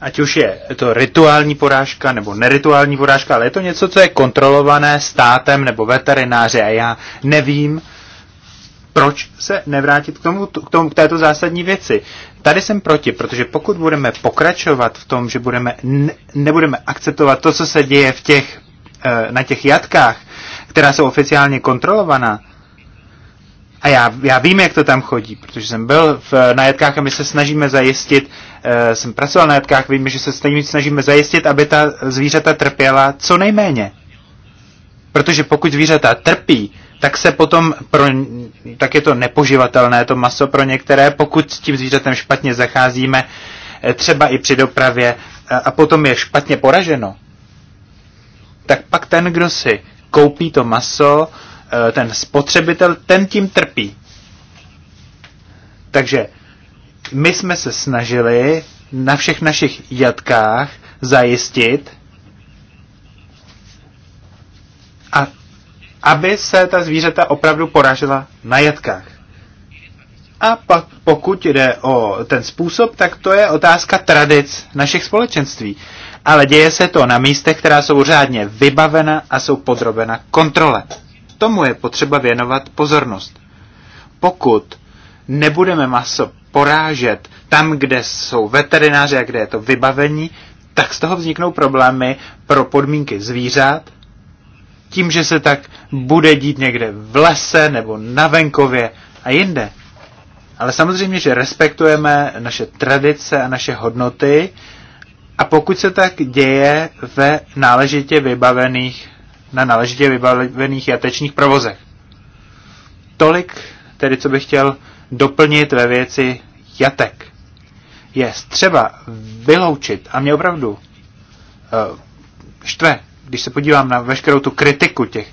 Ať už je to rituální porážka nebo nerituální porážka, ale je to něco, co je kontrolované státem nebo veterináři a já nevím, proč se nevrátit k, tomu, k, tomu, k této zásadní věci? Tady jsem proti, protože pokud budeme pokračovat v tom, že budeme, ne, nebudeme akceptovat to, co se děje v těch, eh, na těch jatkách, která jsou oficiálně kontrolovaná, a já, já vím, jak to tam chodí, protože jsem byl v, na jatkách a my se snažíme zajistit, eh, jsem pracoval na jatkách, vím, že se snažíme zajistit, aby ta zvířata trpěla co nejméně. Protože pokud zvířata trpí, tak se potom pro, tak je to nepoživatelné to maso pro některé, pokud s tím zvířatem špatně zacházíme, eh, třeba i při dopravě, a potom je špatně poraženo, tak pak ten, kdo si koupí to maso, eh, ten spotřebitel, ten tím trpí. Takže my jsme se snažili na všech našich jatkách zajistit, aby se ta zvířata opravdu poražila na jatkách. A pak, pokud jde o ten způsob, tak to je otázka tradic našich společenství. Ale děje se to na místech, která jsou řádně vybavena a jsou podrobena kontrole. Tomu je potřeba věnovat pozornost. Pokud nebudeme maso porážet tam, kde jsou veterináři a kde je to vybavení, tak z toho vzniknou problémy pro podmínky zvířat, tím, že se tak bude dít někde v lese nebo na venkově a jinde. Ale samozřejmě, že respektujeme naše tradice a naše hodnoty a pokud se tak děje ve náležitě vybavených, na náležitě vybavených jatečních provozech. Tolik tedy, co bych chtěl doplnit ve věci jatek. Je třeba vyloučit, a mě opravdu eh, štve, když se podívám na veškerou tu kritiku těch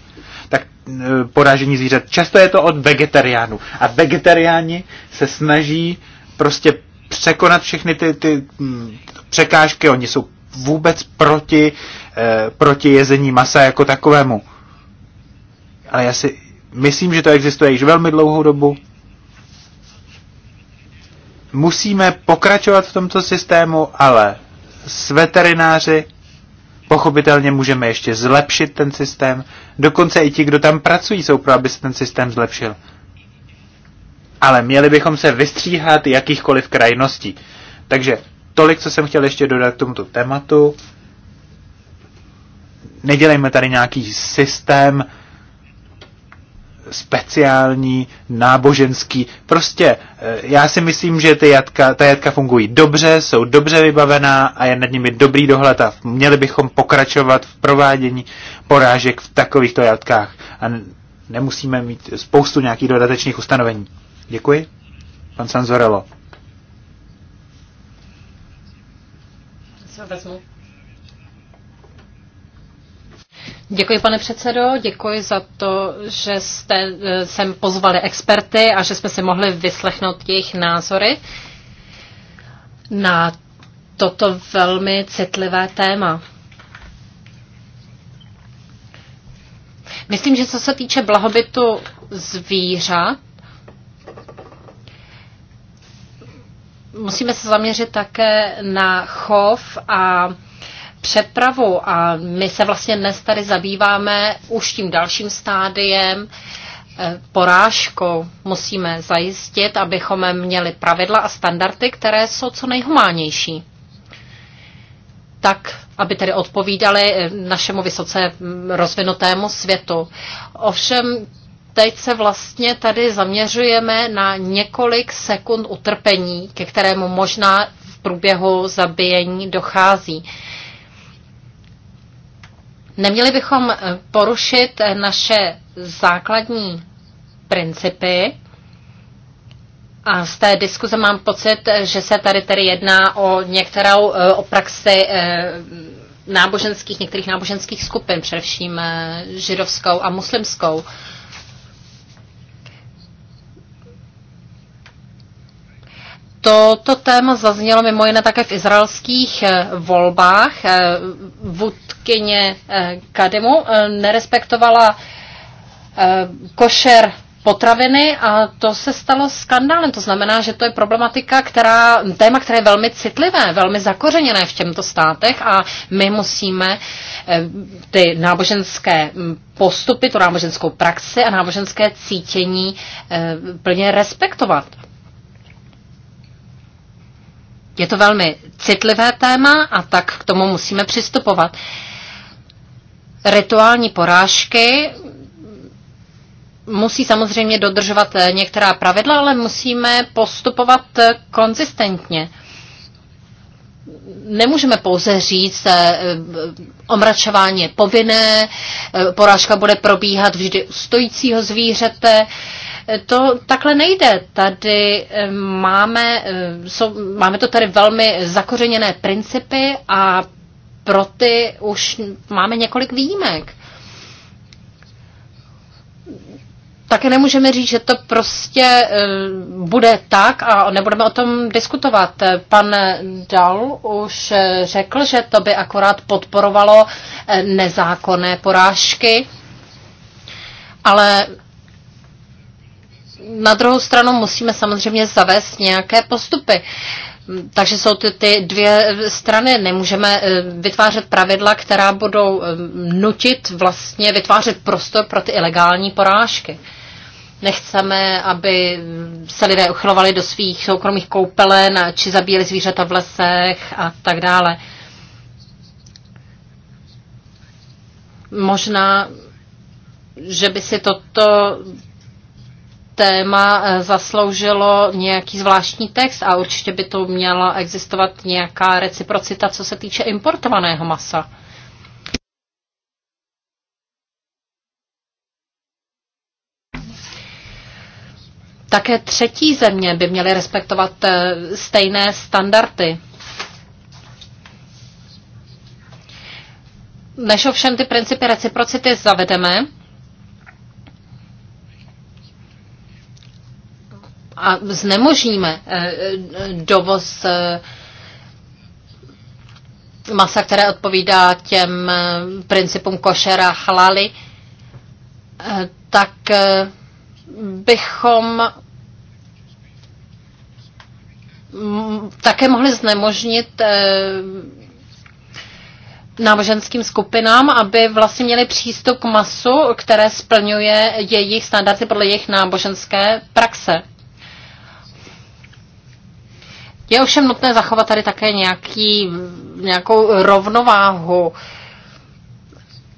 tak e, porážení zvířat. Často je to od vegetariánů. A vegetariáni se snaží prostě překonat všechny ty, ty mm, překážky. Oni jsou vůbec proti, e, proti jezení masa jako takovému. Ale já si myslím, že to existuje již velmi dlouhou dobu. Musíme pokračovat v tomto systému, ale s veterináři Pochopitelně můžeme ještě zlepšit ten systém. Dokonce i ti, kdo tam pracují, jsou pro, aby se ten systém zlepšil. Ale měli bychom se vystříhat jakýchkoliv krajností. Takže tolik, co jsem chtěl ještě dodat k tomuto tématu. Nedělejme tady nějaký systém, speciální, náboženský. Prostě eh, já si myslím, že ty jatka, ta jatka fungují dobře, jsou dobře vybavená a je nad nimi dobrý dohled a měli bychom pokračovat v provádění porážek v takovýchto jatkách a nemusíme mít spoustu nějakých dodatečných ustanovení. Děkuji. Pan Sanzorello. vezmu Děkuji, pane předsedo, děkuji za to, že jste eh, sem pozvali experty a že jsme si mohli vyslechnout jejich názory na toto velmi citlivé téma. Myslím, že co se týče blahobytu zvířat, musíme se zaměřit také na chov a přepravu a my se vlastně dnes tady zabýváme už tím dalším stádiem, eh, porážkou musíme zajistit, abychom měli pravidla a standardy, které jsou co nejhumánější. Tak, aby tedy odpovídali eh, našemu vysoce mm, rozvinutému světu. Ovšem, teď se vlastně tady zaměřujeme na několik sekund utrpení, ke kterému možná v průběhu zabíjení dochází. Neměli bychom eh, porušit eh, naše základní principy. A z té diskuze mám pocit, eh, že se tady tedy jedná o některou o praxi náboženských, některých náboženských skupin, především židovskou a muslimskou. Toto téma zaznělo mimo jiné také v izraelských eh, volbách. Eh, vůdkyně eh, Kademu nerespektovala košer potraviny a to se stalo skandálem. To znamená, že to je problematika, která, téma, které je velmi citlivé, velmi zakořeněné v těmto státech a my musíme ty náboženské hm, postupy, tu náboženskou praxi a náboženské cítění plně respektovat. Je to velmi citlivé téma a tak k tomu musíme přistupovat. Rituální porážky musí samozřejmě dodržovat eh, některá pravidla, ale musíme postupovat eh, konzistentně nemůžeme pouze říct, že eh, eh, omračování je povinné, eh, porážka bude probíhat vždy u stojícího zvířete. To takhle nejde. Tady máme, jsou, máme to tady velmi zakořeněné principy a pro ty už máme několik výjimek. také nemůžeme říct, že to prostě eh, bude tak a nebudeme o tom diskutovat. Pan Dal už eh, řekl, že to by akorát podporovalo eh, nezákonné porážky, ale na druhou stranu musíme samozřejmě zavést nějaké postupy. Takže jsou ty, ty dvě strany. Nemůžeme eh, vytvářet pravidla, která budou eh, nutit vlastně vytvářet prostor pro ty ilegální porážky. Nechceme, aby se lidé uchylovali do svých soukromých koupelen či zabíjeli zvířata v lesech a tak dále. Možná, že by si toto téma eh, zasloužilo nějaký zvláštní text a určitě by to měla existovat nějaká reciprocita, co se týče importovaného masa. Také třetí země by měly respektovat eh, stejné standardy. Než ovšem ty principy reciprocity zavedeme, a znemožníme eh, eh, dovoz eh, masa, které odpovídá těm principům košera chlali, tak bychom také mohli znemožnit náboženským skupinám, aby vlastně měli přístup k masu, které splňuje jejich standardy podle jejich náboženské praxe. Je ovšem nutné zachovat tady také nějaký, nějakou rovnováhu.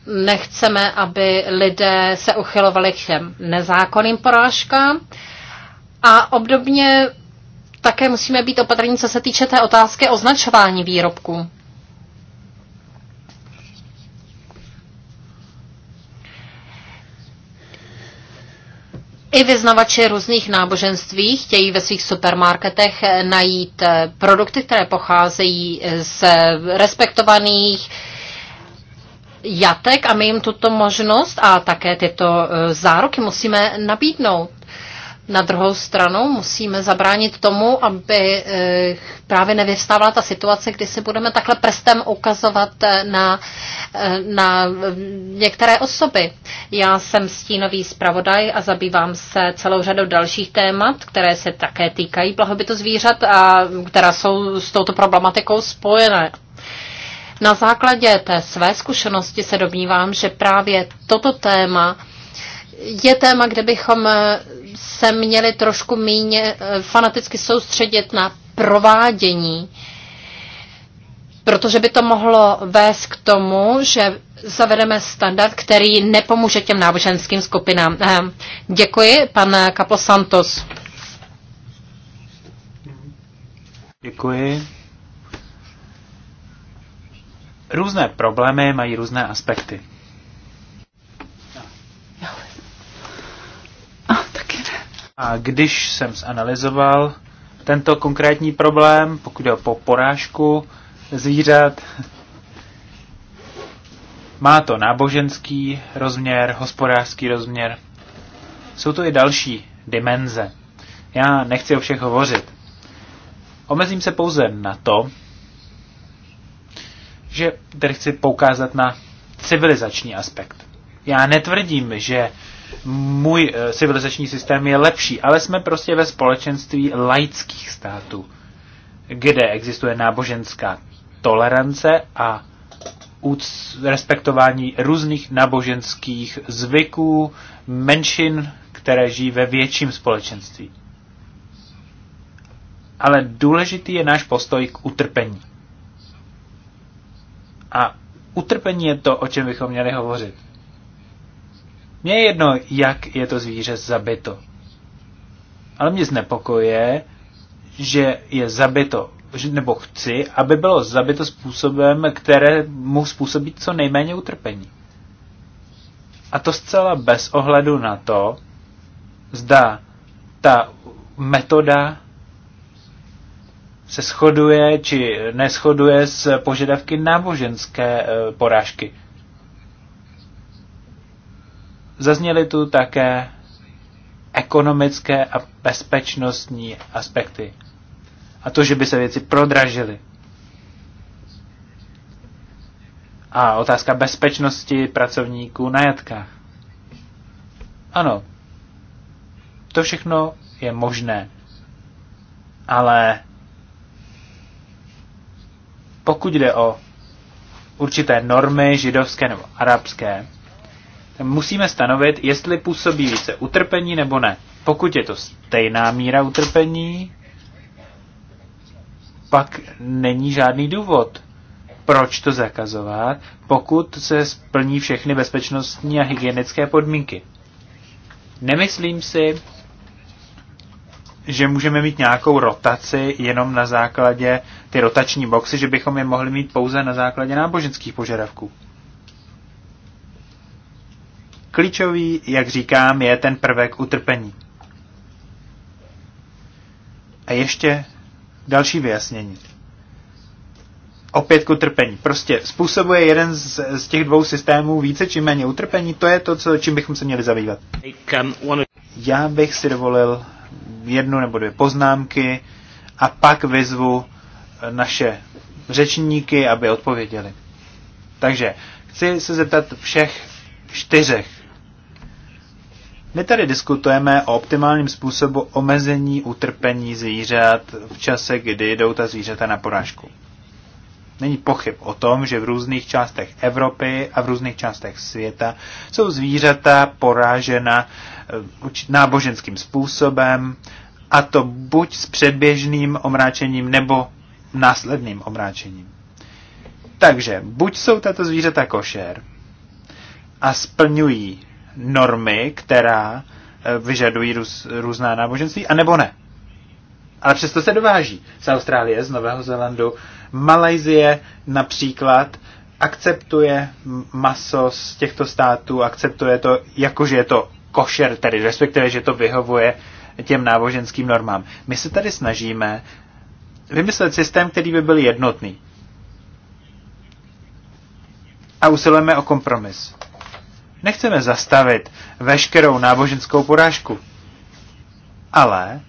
Nechceme, aby lidé se uchylovali k těm nezákonným porážkám. A obdobně také musíme být opatrní, co se týče té otázky označování výrobků. I vyznavači různých náboženství chtějí ve svých supermarketech najít eh, produkty, které pocházejí eh, z respektovaných jatek a my jim tuto možnost a také tyto eh, záruky musíme nabídnout. Na druhou stranu musíme zabránit tomu, aby eh, právě nevystávala ta situace, kdy si budeme takhle prstem ukazovat eh, na, eh, na některé osoby. Já jsem stínový zpravodaj a zabývám se celou řadou dalších témat, které se také týkají blahobytu zvířat a která jsou s touto problematikou spojené. Na základě té své zkušenosti se domnívám, že právě toto téma je téma, kde bychom se měli trošku méně eh, fanaticky soustředit na provádění, protože by to mohlo vést k tomu, že zavedeme standard, který nepomůže těm náboženským skupinám. Eh, děkuji, pan Kaposantos. Děkuji. Různé problémy mají různé aspekty. A když jsem zanalizoval tento konkrétní problém, pokud jde po porážku zvířat, <laughs> má to náboženský rozměr, hospodářský rozměr. Jsou to i další dimenze. Já nechci o všech hovořit. Omezím se pouze na to, že tady chci poukázat na civilizační aspekt. Já netvrdím, že můj eh, civilizační systém je lepší, ale jsme prostě ve společenství laických států, kde existuje náboženská tolerance a respektování různých náboženských zvyků, menšin, které žijí ve větším společenství. Ale důležitý je náš postoj k utrpení. A utrpení je to, o čem bychom měli hovořit mně je jedno, jak je to zvíře zabito. Ale mě znepokoje, že je zabito, nebo chci, aby bylo zabito způsobem, které mu způsobí co nejméně utrpení. A to zcela bez ohledu na to, zda ta metoda se shoduje či neschoduje s požadavky náboženské eh, porážky. Zazněly tu také ekonomické a bezpečnostní aspekty. A to, že by se věci prodražily. A otázka bezpečnosti pracovníků na jatkách. Ano, to všechno je možné. Ale pokud jde o určité normy židovské nebo arabské, musíme stanovit, jestli působí více utrpení nebo ne. Pokud je to stejná míra utrpení, pak není žádný důvod, proč to zakazovat, pokud se splní všechny bezpečnostní a hygienické podmínky. Nemyslím si, že můžeme mít nějakou rotaci jenom na základě ty rotační boxy, že bychom je mohli mít pouze na základě náboženských požadavků. Klíčový, jak říkám, je ten prvek utrpení. A ještě další vyjasnění. Opět k utrpení. Prostě způsobuje jeden z, z těch dvou systémů více či méně utrpení, to je to, co, čím bychom se měli zabývat. Já bych si dovolil jednu nebo dvě poznámky a pak vyzvu eh, naše řečníky, aby odpověděli. Takže chci se zeptat všech čtyřech my tady diskutujeme o optimálním způsobu omezení utrpení zvířat v čase, kdy jdou ta zvířata na porážku. Není pochyb o tom, že v různých částech Evropy a v různých částech světa jsou zvířata porážena eh, náboženským způsobem, a to buď s předběžným omráčením nebo následným omráčením. Takže buď jsou tato zvířata košer a splňují normy, která eh, vyžadují růz, různá náboženství, anebo ne. Ale přesto se dováží z Austrálie, z Nového Zélandu. Malajzie například akceptuje maso z těchto států, akceptuje to, jakože je to košer, tedy respektive, že to vyhovuje těm náboženským normám. My se tady snažíme vymyslet systém, který by byl jednotný. A usilujeme o kompromis. Nechceme zastavit veškerou náboženskou porážku, ale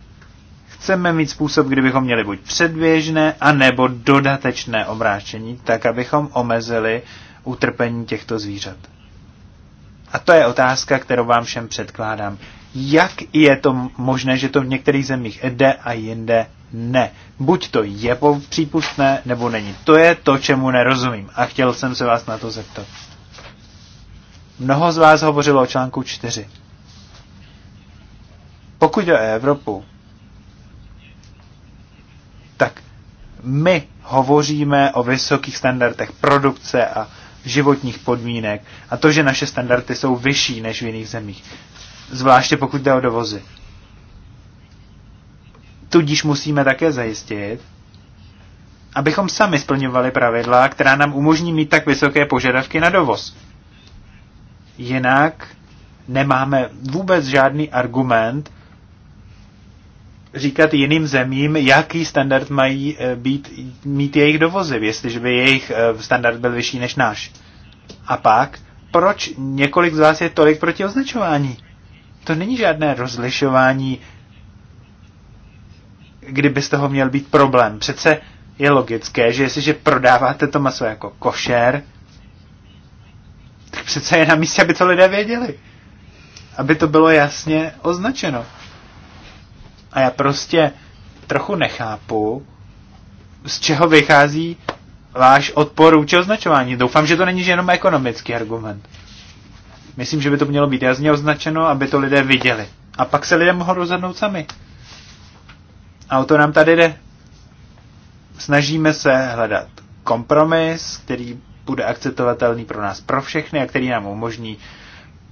chceme mít způsob, kdybychom měli buď předběžné, anebo dodatečné obráčení, tak abychom omezili utrpení těchto zvířat. A to je otázka, kterou vám všem předkládám. Jak je to možné, že to v některých zemích jde a jinde ne? Buď to je přípustné, nebo není. To je to, čemu nerozumím a chtěl jsem se vás na to zeptat. Mnoho z vás hovořilo o článku 4. Pokud jde o Evropu, tak my hovoříme o vysokých standardech produkce a životních podmínek a to, že naše standardy jsou vyšší než v jiných zemích, zvláště pokud jde o dovozy. Tudíž musíme také zajistit, abychom sami splňovali pravidla, která nám umožní mít tak vysoké požadavky na dovoz. Jinak nemáme vůbec žádný argument říkat jiným zemím, jaký standard mají eh, být, mít jejich dovozy, jestliže by jejich eh, standard byl vyšší než náš. A pak, proč několik z vás je tolik proti označování? To není žádné rozlišování, kdyby z toho měl být problém. Přece je logické, že jestliže prodáváte to maso jako košer, přece je na místě, aby to lidé věděli. Aby to bylo jasně označeno. A já prostě trochu nechápu, z čeho vychází váš odpor vůči označování. Doufám, že to není jenom ekonomický argument. Myslím, že by to mělo být jasně označeno, aby to lidé viděli. A pak se lidé mohou rozhodnout sami. A o to nám tady jde. Snažíme se hledat kompromis, který bude akceptovatelný pro nás, pro všechny a který nám umožní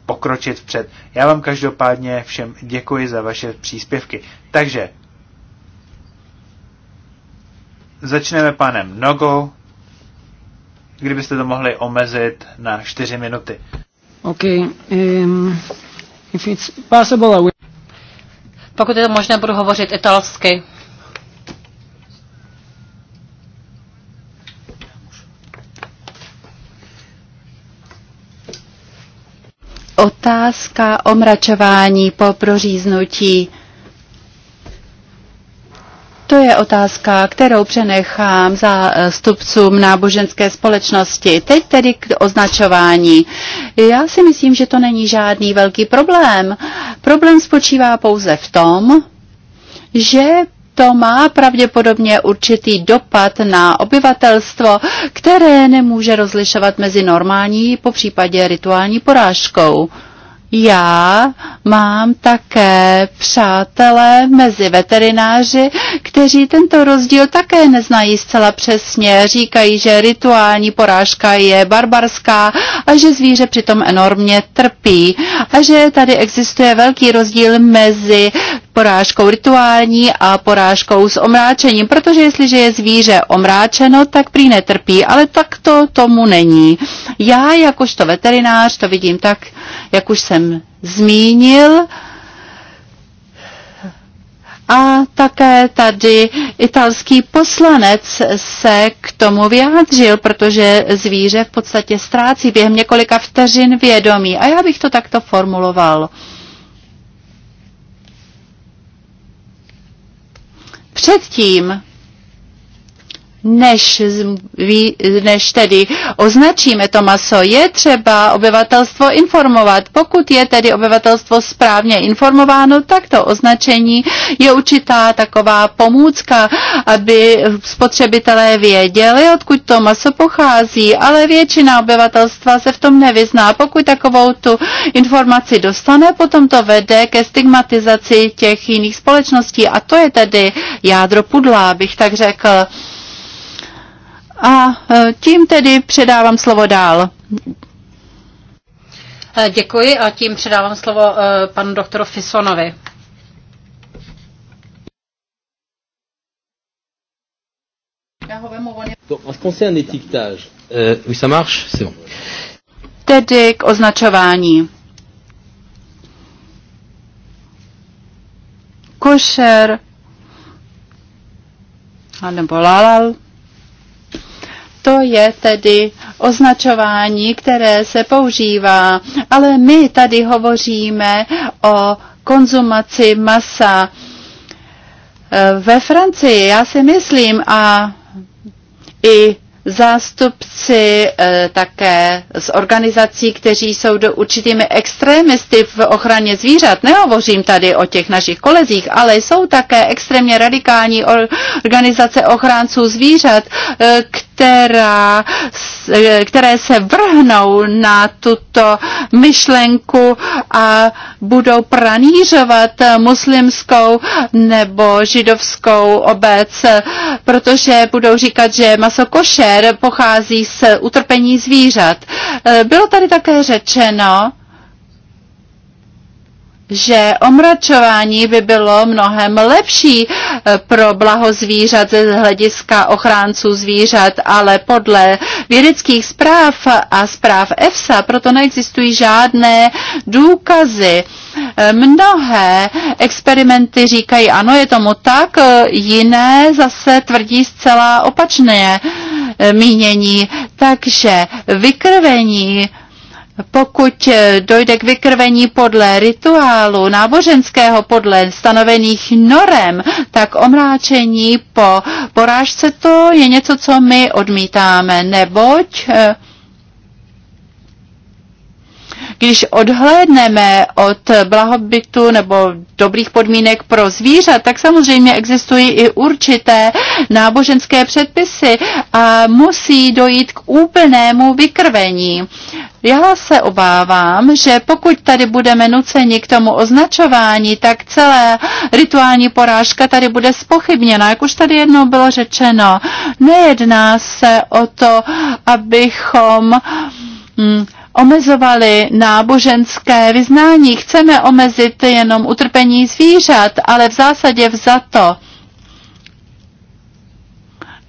pokročit vpřed. Já vám každopádně všem děkuji za vaše příspěvky. Takže začneme panem Nogo, kdybyste to mohli omezit na čtyři minuty. OK. um, if it's possible, I will... Pokud je to možné, budu hovořit italsky. otázka omračování po proříznutí. To je otázka, kterou přenechám zástupcům náboženské společnosti. Teď tedy k označování. Já si myslím, že to není žádný velký problém. Problém spočívá pouze v tom, že to má pravděpodobně určitý dopad na obyvatelstvo, které nemůže rozlišovat mezi normální, po případě rituální porážkou. Já mám také přátelé mezi veterináři, kteří tento rozdíl také neznají zcela přesně. Říkají, že rituální porážka je barbarská a že zvíře přitom enormně trpí a že tady existuje velký rozdíl mezi porážkou rituální a porážkou s omráčením, protože jestliže je zvíře omráčeno, tak prý netrpí, ale tak to tomu není. Já jakožto veterinář to vidím tak, jak už jsem zmínil, a také tady italský poslanec se k tomu vyjádřil, protože zvíře v podstatě ztrácí během několika vteřin vědomí. A já bych to takto formuloval. Předtím než, než tedy označíme to maso, je třeba obyvatelstvo informovat. Pokud je tedy obyvatelstvo správně informováno, tak to označení je určitá taková pomůcka, aby spotřebitelé věděli, odkud to maso pochází, ale většina obyvatelstva se v tom nevyzná. Pokud takovou tu informaci dostane, potom to vede ke stigmatizaci těch jiných společností a to je tedy jádro pudla, bych tak řekl a e, tím tedy předávám slovo dál. E, děkuji a tím předávám slovo e, panu doktoru Fisonovi. Euh, tedy k označování. Košer, nebo lalal, to je tedy označování, které se používá, ale my tady hovoříme o konzumaci masa. Eh, ve Francii, já si myslím, a i zástupci eh, také z organizací, kteří jsou do určitými extrémisty v ochraně zvířat. Nehovořím tady o těch našich kolezích, ale jsou také extrémně radikální organizace ochránců zvířat, které eh, která, eh, které se vrhnou na tuto myšlenku a budou pranířovat muslimskou nebo židovskou obec, protože budou říkat, že maso košer pochází z utrpení zvířat. Eh, bylo tady také řečeno, že omračování by bylo mnohem lepší eh, pro blaho zvířat ze hlediska ochránců zvířat, ale podle vědeckých zpráv a zpráv EFSA proto neexistují žádné důkazy. Eh, mnohé experimenty říkají, ano, je tomu tak, eh, jiné zase tvrdí zcela opačné mínění. Takže vykrvení pokud eh, dojde k vykrvení podle rituálu náboženského, podle stanovených norem, tak omráčení po porážce to je něco, co my odmítáme, neboť eh, když odhlédneme od blahobytu nebo dobrých podmínek pro zvířat, tak samozřejmě existují i určité náboženské předpisy a musí dojít k úplnému vykrvení. Já se obávám, že pokud tady budeme nuceni k tomu označování, tak celá rituální porážka tady bude spochybněna. Jak už tady jednou bylo řečeno, nejedná se o to, abychom Hmm, omezovali náboženské vyznání. Chceme omezit jenom utrpení zvířat, ale v zásadě vzato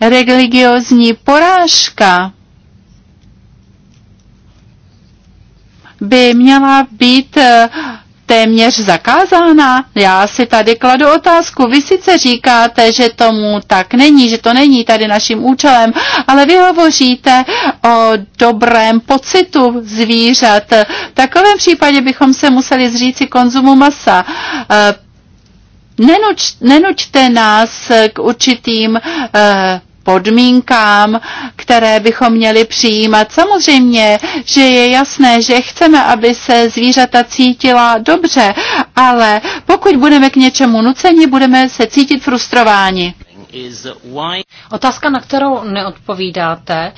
religiozní porážka by měla být eh, téměř zakázána? Já si tady kladu otázku. Vy sice říkáte, že tomu tak není, že to není tady naším účelem, ale vy hovoříte o dobrém pocitu zvířat. V takovém případě bychom se museli zříci konzumu masa. Eh, nenuč, nenučte nás k určitým eh, podmínkám, které bychom měli přijímat. Samozřejmě, že je jasné, že chceme, aby se zvířata cítila dobře, ale pokud budeme k něčemu nuceni, budeme se cítit frustrováni. Otázka, na kterou neodpovídáte,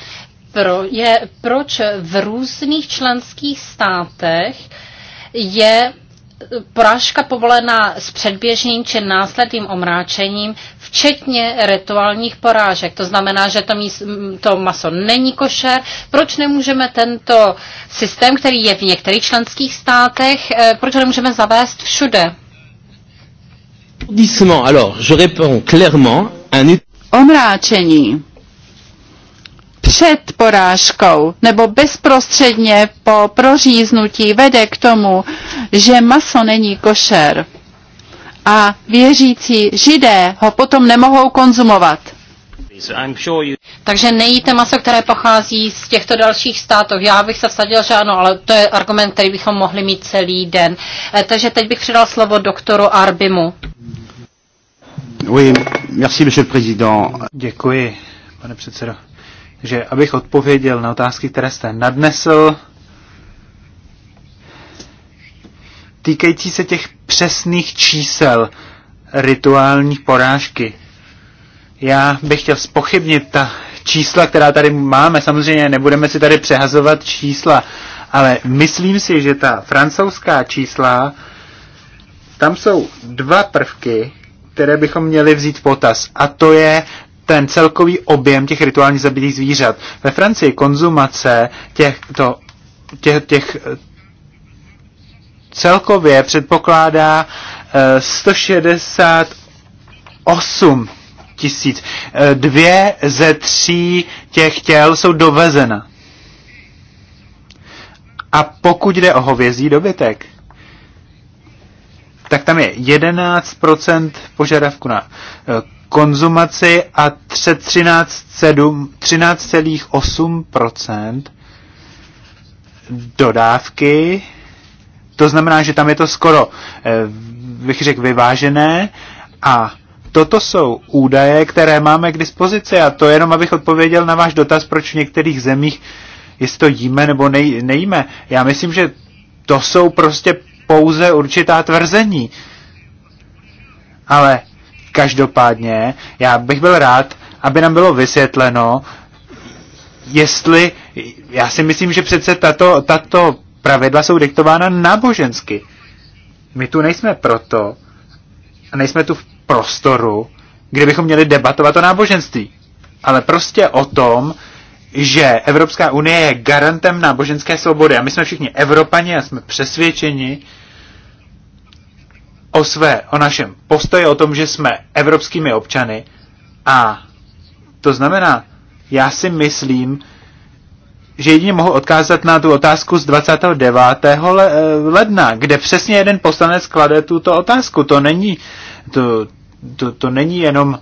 pro, je, proč v různých členských státech je porážka povolená s předběžným či následným omráčením, včetně rituálních porážek. To znamená, že to, mís, to maso není košer. Proč nemůžeme tento systém, který je v některých členských státech, eh, proč ho nemůžeme zavést všude? Omráčení před porážkou nebo bezprostředně po proříznutí vede k tomu, že maso není košer a věřící židé ho potom nemohou konzumovat. Takže nejíte maso, které pochází z těchto dalších států. Já bych se vsadil, že ano, ale to je argument, který bychom mohli mít celý den. Eh, takže teď bych předal slovo doktoru Arbimu. Oui, merci, monsieur le président. Děkuji, pane předsedo že abych odpověděl na otázky, které jste nadnesl, týkající se těch přesných čísel rituální porážky. Já bych chtěl spochybnit ta čísla, která tady máme. Samozřejmě nebudeme si tady přehazovat čísla, ale myslím si, že ta francouzská čísla, tam jsou dva prvky, které bychom měli vzít potaz. A to je ten celkový objem těch rituálně zabitých zvířat. Ve Francii konzumace těchto, těch, těch eh, celkově předpokládá 168 eh, tisíc. Eh, dvě ze tří těch těl jsou dovezena. A pokud jde o hovězí dobytek, tak tam je 11% požadavku na konzumaci a 13,8 dodávky. To znamená, že tam je to skoro, eh, bych řekl, vyvážené a Toto jsou údaje, které máme k dispozici a to jenom, abych odpověděl na váš dotaz, proč v některých zemích, jestli to jíme nebo nej, nejíme. Já myslím, že to jsou prostě pouze určitá tvrzení. Ale Každopádně já bych byl rád, aby nám bylo vysvětleno, jestli, já si myslím, že přece tato, tato pravidla jsou diktována nábožensky. My tu nejsme proto, a nejsme tu v prostoru, kde bychom měli debatovat o náboženství, ale prostě o tom, že Evropská unie je garantem náboženské svobody a my jsme všichni Evropani a jsme přesvědčeni, o své, o našem postoji, o tom, že jsme evropskými občany. A to znamená, já si myslím, že jedině mohu odkázat na tu otázku z 29. Eh, ledna, kde přesně jeden poslanec klade tuto otázku. To není, to, to, to není jenom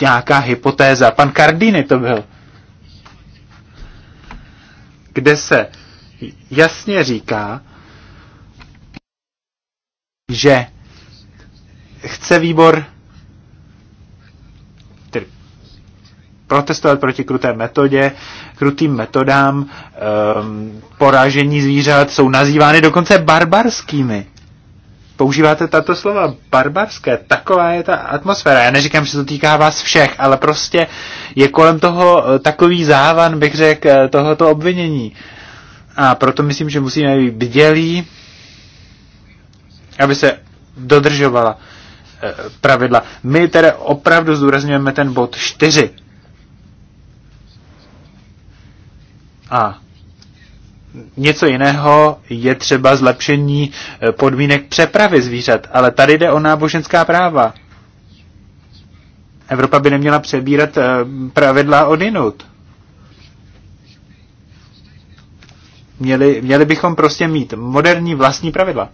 nějaká hypotéza. Pan Cardini to byl. Kde se jasně říká, že chce výbor tedy protestovat proti kruté metodě, krutým metodám, um, porážení zvířat jsou nazývány dokonce barbarskými. Používáte tato slova barbarské, taková je ta atmosféra. Já neříkám, že se to týká vás všech, ale prostě je kolem toho eh, takový závan, bych řekl, eh, tohoto obvinění. A proto myslím, že musíme být bdělí, aby se dodržovala eh, pravidla. My tedy opravdu zdůrazňujeme ten bod 4. A něco jiného je třeba zlepšení eh, podmínek přepravy zvířat, ale tady jde o náboženská práva. Evropa by neměla přebírat eh, pravidla od jinut. Měli, měli bychom prostě mít moderní vlastní pravidla.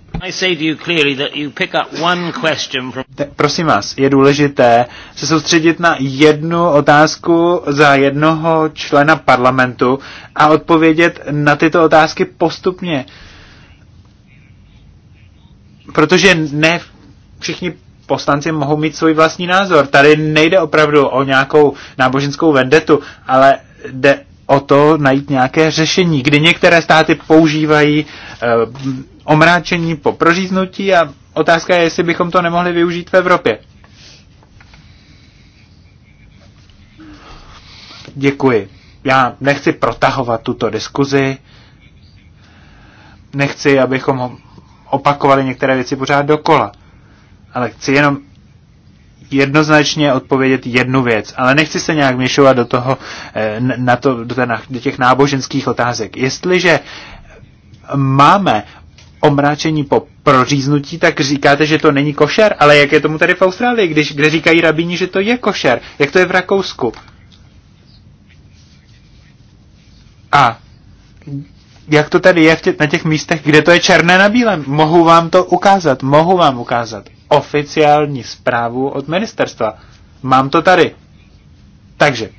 prosím vás, je důležité se soustředit na jednu otázku za jednoho člena parlamentu a odpovědět na tyto otázky postupně. Protože ne všichni poslanci mohou mít svůj vlastní názor. Tady nejde opravdu o nějakou náboženskou vendetu, ale jde o to najít nějaké řešení, kdy některé státy používají eh, omráčení po proříznutí a otázka je, jestli bychom to nemohli využít v Evropě. Děkuji. Já nechci protahovat tuto diskuzi, nechci, abychom opakovali některé věci pořád dokola, ale chci jenom jednoznačně odpovědět jednu věc, ale nechci se nějak měšovat do toho, eh, na to, do, do těch náboženských otázek. Jestliže máme omráčení po proříznutí, tak říkáte, že to není košer, ale jak je tomu tady v Austrálii, když, kde říkají rabíni, že to je košer, jak to je v Rakousku. A jak to tady je tě, na těch místech, kde to je černé na bílém. Mohu vám to ukázat, mohu vám ukázat oficiální zprávu od ministerstva. Mám to tady. Takže,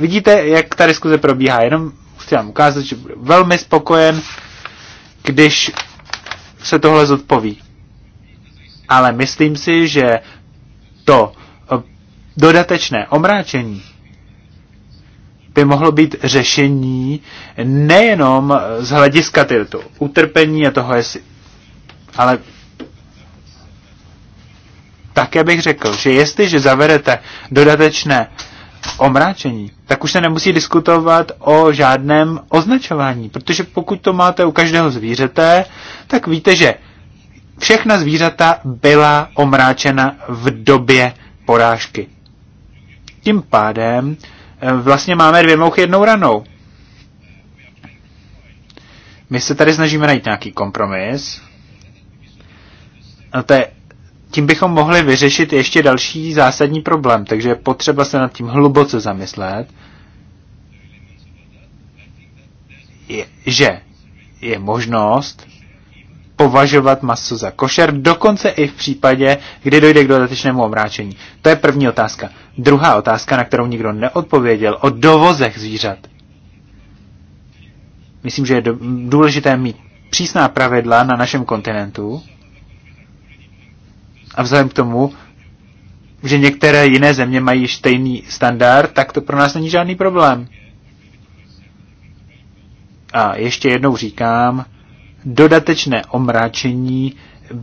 vidíte, jak ta diskuze probíhá. Jenom chci vám ukázat, že budu velmi spokojen, když se tohle zodpoví. Ale myslím si, že to eh, dodatečné omráčení by mohlo být řešení nejenom z hlediska tyto utrpení a toho, jestli, ale také bych řekl, že jestliže zavedete dodatečné omráčení, tak už se nemusí diskutovat o žádném označování, protože pokud to máte u každého zvířete, tak víte, že všechna zvířata byla omráčena v době porážky. Tím pádem eh, vlastně máme dvě mouchy jednou ranou. My se tady snažíme najít nějaký kompromis. A to je tím bychom mohli vyřešit ještě další zásadní problém, takže je potřeba se nad tím hluboce zamyslet, je, že je možnost považovat maso za košer, dokonce i v případě, kdy dojde k dodatečnému omráčení. To je první otázka. Druhá otázka, na kterou nikdo neodpověděl, o dovozech zvířat. Myslím, že je důležité mít přísná pravidla na našem kontinentu, a vzhledem k tomu, že některé jiné země mají stejný standard, tak to pro nás není žádný problém. A ještě jednou říkám, dodatečné omráčení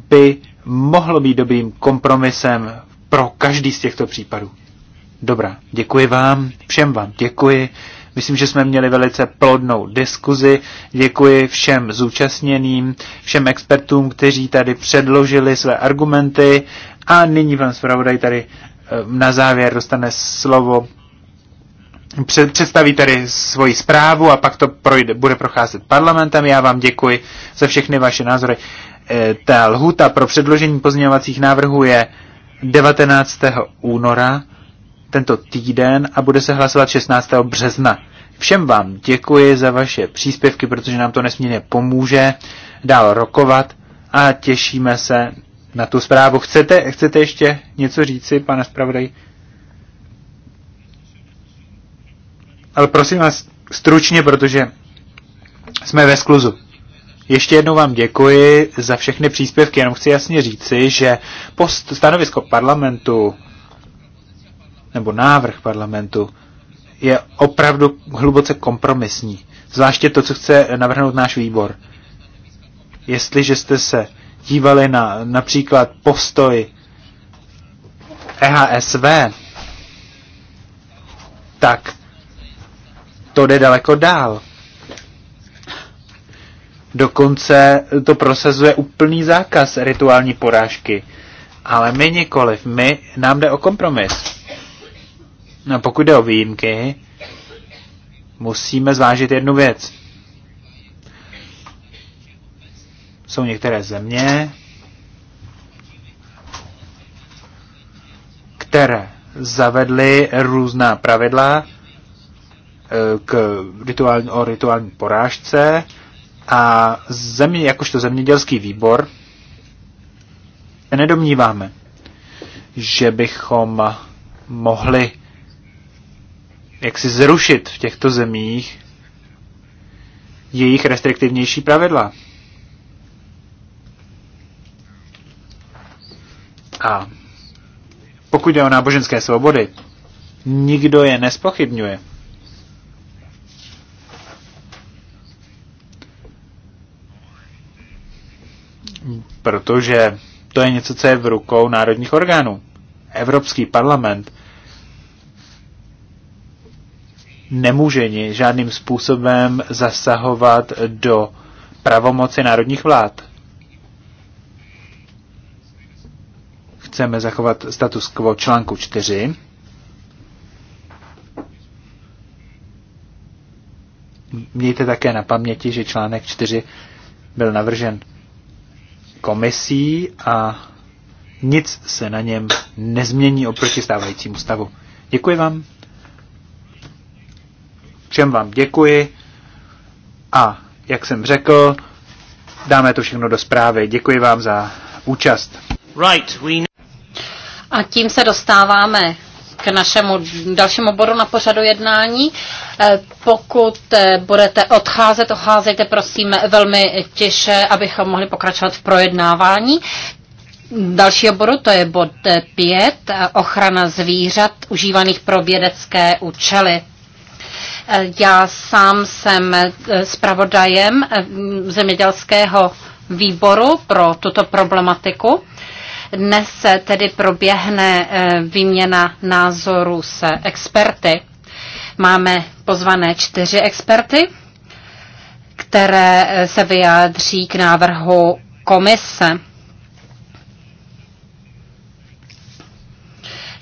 by mohlo být dobrým kompromisem pro každý z těchto případů. Dobrá, děkuji vám, všem vám děkuji Myslím, že jsme měli velice plodnou diskuzi. Děkuji všem zúčastněným, všem expertům, kteří tady předložili své argumenty. A nyní pan zpravodaj tady eh, na závěr dostane slovo. Představí tady svoji zprávu a pak to projde, bude procházet parlamentem. Já vám děkuji za všechny vaše názory. Eh, ta lhuta pro předložení pozměňovacích návrhů je 19. února tento týden a bude se hlasovat 16. března. Všem vám děkuji za vaše příspěvky, protože nám to nesmírně pomůže dál rokovat a těšíme se na tu zprávu. Chcete, chcete ještě něco říci, pane zpravodaj? Ale prosím vás stručně, protože jsme ve skluzu. Ještě jednou vám děkuji za všechny příspěvky, jenom chci jasně říci, že post, stanovisko parlamentu nebo návrh parlamentu je opravdu hluboce kompromisní. Zvláště to, co chce navrhnout náš výbor. Jestliže jste se dívali na například postoj EHSV, tak to jde daleko dál. Dokonce to prosazuje úplný zákaz rituální porážky. Ale my nikoliv, my, nám jde o kompromis. No, pokud jde o výjimky, musíme zvážit jednu věc. Jsou některé země, které zavedly různá pravidla eh, k rituální, o rituální porážce a země, jakožto zemědělský výbor nedomníváme, že bychom mohli jak si zrušit v těchto zemích jejich restriktivnější pravidla. A pokud jde o náboženské svobody, nikdo je nespochybňuje. Protože to je něco, co je v rukou národních orgánů. Evropský parlament nemůže žádným způsobem zasahovat do pravomoci národních vlád. Chceme zachovat status quo článku 4, mějte také na paměti, že článek 4 byl navržen komisí a nic se na něm nezmění oproti stávajícímu stavu. Děkuji vám. Všem vám děkuji a jak jsem řekl, dáme to všechno do zprávy. Děkuji vám za účast. Right, we... A tím se dostáváme k našemu dalšímu bodu na pořadu jednání. Eh, pokud eh, budete odcházet, odcházejte prosím velmi těše, abychom mohli pokračovat v projednávání. Další bodu to je bod 5, eh, ochrana zvířat užívaných pro vědecké účely. Já sám jsem eh, zpravodajem eh, zemědělského výboru pro tuto problematiku. Dnes tedy proběhne eh, výměna názorů se experty. Máme pozvané čtyři experty, které se vyjádří k návrhu komise.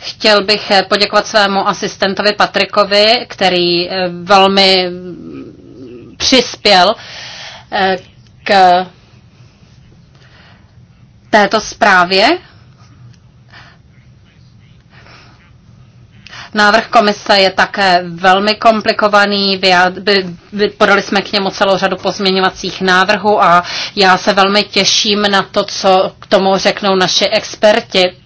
Chtěl bych eh, poděkovat svému asistentovi Patrikovi, který eh, velmi mm, přispěl eh, k této zprávě. Návrh komise je také velmi komplikovaný, podali jsme k němu celou řadu pozměňovacích návrhů a já se velmi těším na to, co k tomu řeknou naši experti.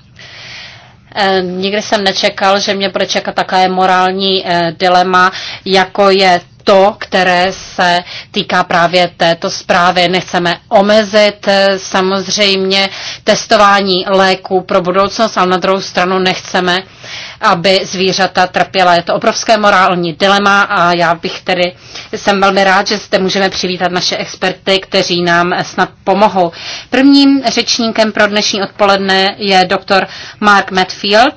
Ehm, nikdy jsem nečekal, že mě bude čekat také morální eh, dilema, jako je to, které se týká právě této zprávy. Nechceme omezit eh, samozřejmě testování léků pro budoucnost, ale na druhou stranu nechceme, aby zvířata trpěla. Je to obrovské morální dilema a já bych tedy, jsem velmi rád, že zde můžeme přivítat naše experty, kteří nám snad pomohou. Prvním řečníkem pro dnešní odpoledne je doktor Mark Medfield,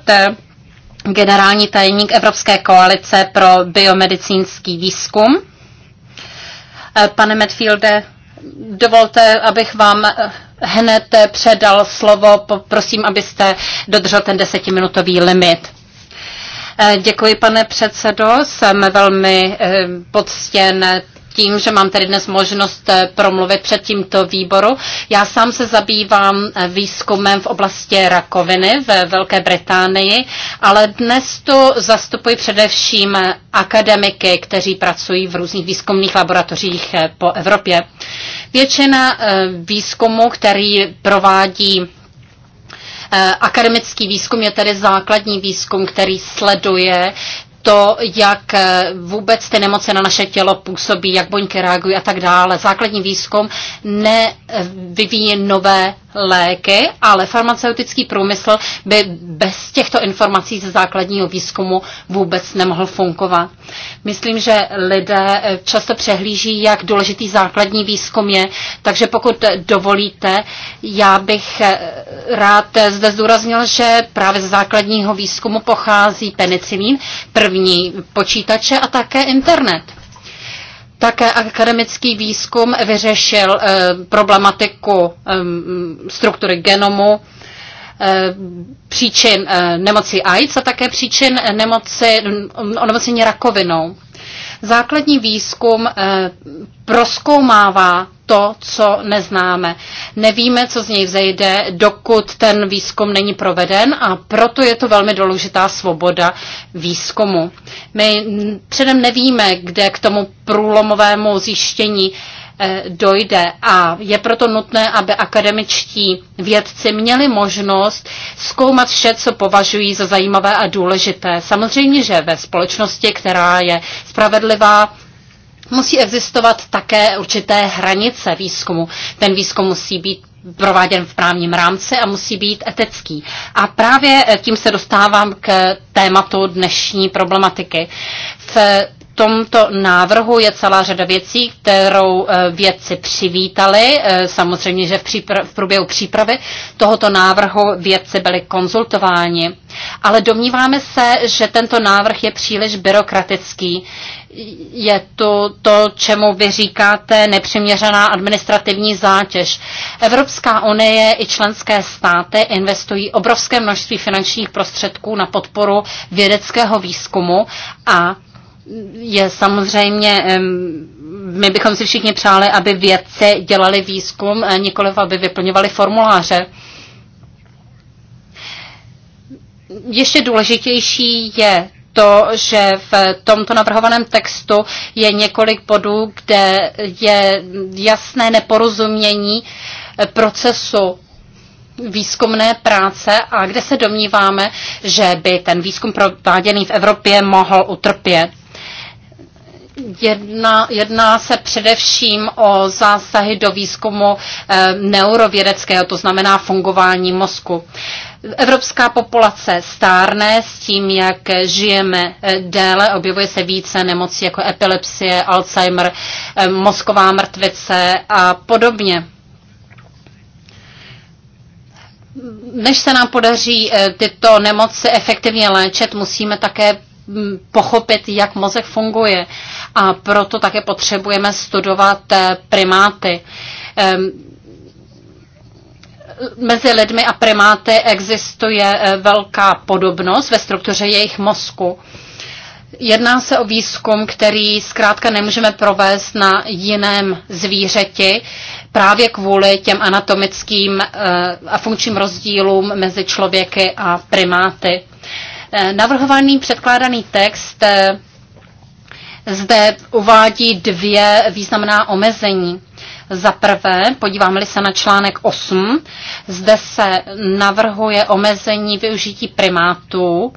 generální tajemník Evropské koalice pro biomedicínský výzkum. Eh, pane Medfielde, dovolte, abych vám eh, hned předal slovo. Prosím, abyste dodržel ten desetiminutový limit. Eh, děkuji, pane předsedo. Jsem velmi poctěn tím, že mám tady dnes možnost eh, promluvit před tímto výboru. Já sám se zabývám eh, výzkumem v oblasti rakoviny ve Velké Británii, ale dnes tu zastupuji především eh, akademiky, kteří pracují v různých výzkumných laboratořích po Evropě. Většina výzkumu, který provádí Akademický výzkum je tedy základní výzkum, který sleduje to, jak eh, vůbec ty nemoce na naše tělo působí, jak buňky reagují a tak dále. Základní výzkum nevyvíjí nové léky, ale farmaceutický průmysl by bez těchto informací ze základního výzkumu vůbec nemohl fungovat. Myslím, že lidé eh, často přehlíží, jak důležitý základní výzkum je, takže pokud dovolíte, já bych eh, rád zde zdůraznil, že právě ze základního výzkumu pochází penicilín, první počítače a také internet. Také akademický výzkum vyřešil eh, problematiku ehm, struktury genomu, eh, příčin eh, nemoci AIDS a také příčin nemoci, onemocnění rakovinou. Základní výzkum eh, proskoumává to, co neznáme. Nevíme, co z něj vzejde, dokud ten výzkum není proveden a proto je to velmi důležitá svoboda výzkumu. My předem nevíme, kde k tomu průlomovému zjištění Eh, dojde a je proto nutné, aby akademičtí vědci měli možnost zkoumat vše, co považují za zajímavé a důležité. Samozřejmě, že ve společnosti, která je spravedlivá, musí existovat také určité hranice výzkumu. Ten výzkum musí být prováděn v právním rámci a musí být etický. A právě eh, tím se dostávám k tématu dnešní problematiky. V tomto návrhu je celá řada věcí, kterou eh, vědci přivítali. Eh, samozřejmě, že v, přípr- v průběhu přípravy tohoto návrhu vědci byli konzultováni. Ale domníváme se, že tento návrh je příliš byrokratický. Je to to, čemu vy říkáte, nepřiměřená administrativní zátěž. Evropská unie i členské státy investují obrovské množství finančních prostředků na podporu vědeckého výzkumu a je samozřejmě, my bychom si všichni přáli, aby vědci dělali výzkum, eh, nikoliv aby vyplňovali formuláře. Ještě důležitější je to, že v tomto navrhovaném textu je několik bodů, kde je jasné neporozumění eh, procesu výzkumné práce a kde se domníváme, že by ten výzkum prováděný v Evropě mohl utrpět. Jedna, jedná se především o zásahy do výzkumu e, neurovědeckého, to znamená fungování mozku. Evropská populace stárne s tím, jak žijeme eh, déle, objevuje se více nemocí jako epilepsie, Alzheimer, e, mozková mrtvice a podobně než se nám podaří tyto nemoci efektivně léčet, musíme také Mm, pochopit, jak mozek funguje. A proto také potřebujeme studovat eh, primáty. Mezi lidmi a primáty existuje eh, velká podobnost ve struktuře jejich mozku. Jedná se o výzkum, který zkrátka nemůžeme provést na jiném zvířeti, právě kvůli těm anatomickým eh, a funkčním rozdílům mezi člověky a primáty. Eh, navrhovaný předkládaný text eh, zde uvádí dvě významná omezení. Za prvé, podíváme-li se na článek 8, zde se navrhuje omezení využití primátů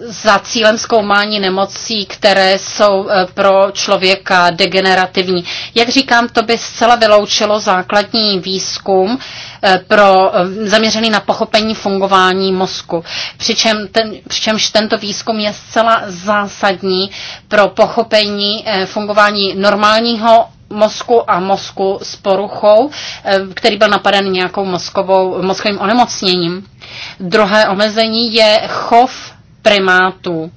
za cílem zkoumání nemocí, které jsou eh, pro člověka degenerativní. Jak říkám, to by zcela vyloučilo základní výzkum eh, pro, eh, zaměřený na pochopení fungování mozku. Přičem ten, přičemž tento výzkum je zcela zásadní pro pochopení fungování normálního mozku a mozku s poruchou, který byl napaden nějakou mozkovou, mozkovým onemocněním. Druhé omezení je chov primátů.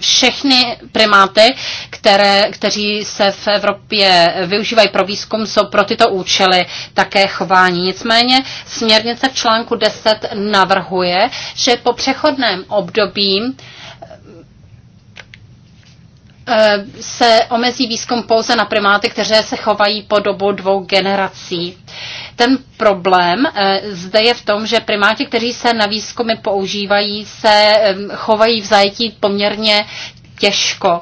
Všechny primáty, které, kteří se v Evropě využívají pro výzkum, jsou pro tyto účely také chování. Nicméně směrnice v článku 10 navrhuje, že po přechodném období eh, se omezí výzkum pouze na primáty, kteří se chovají po dobu dvou generací. Ten problém eh, zde je v tom, že primáti, kteří se na výzkumy používají, se chovají v zajetí poměrně těžko.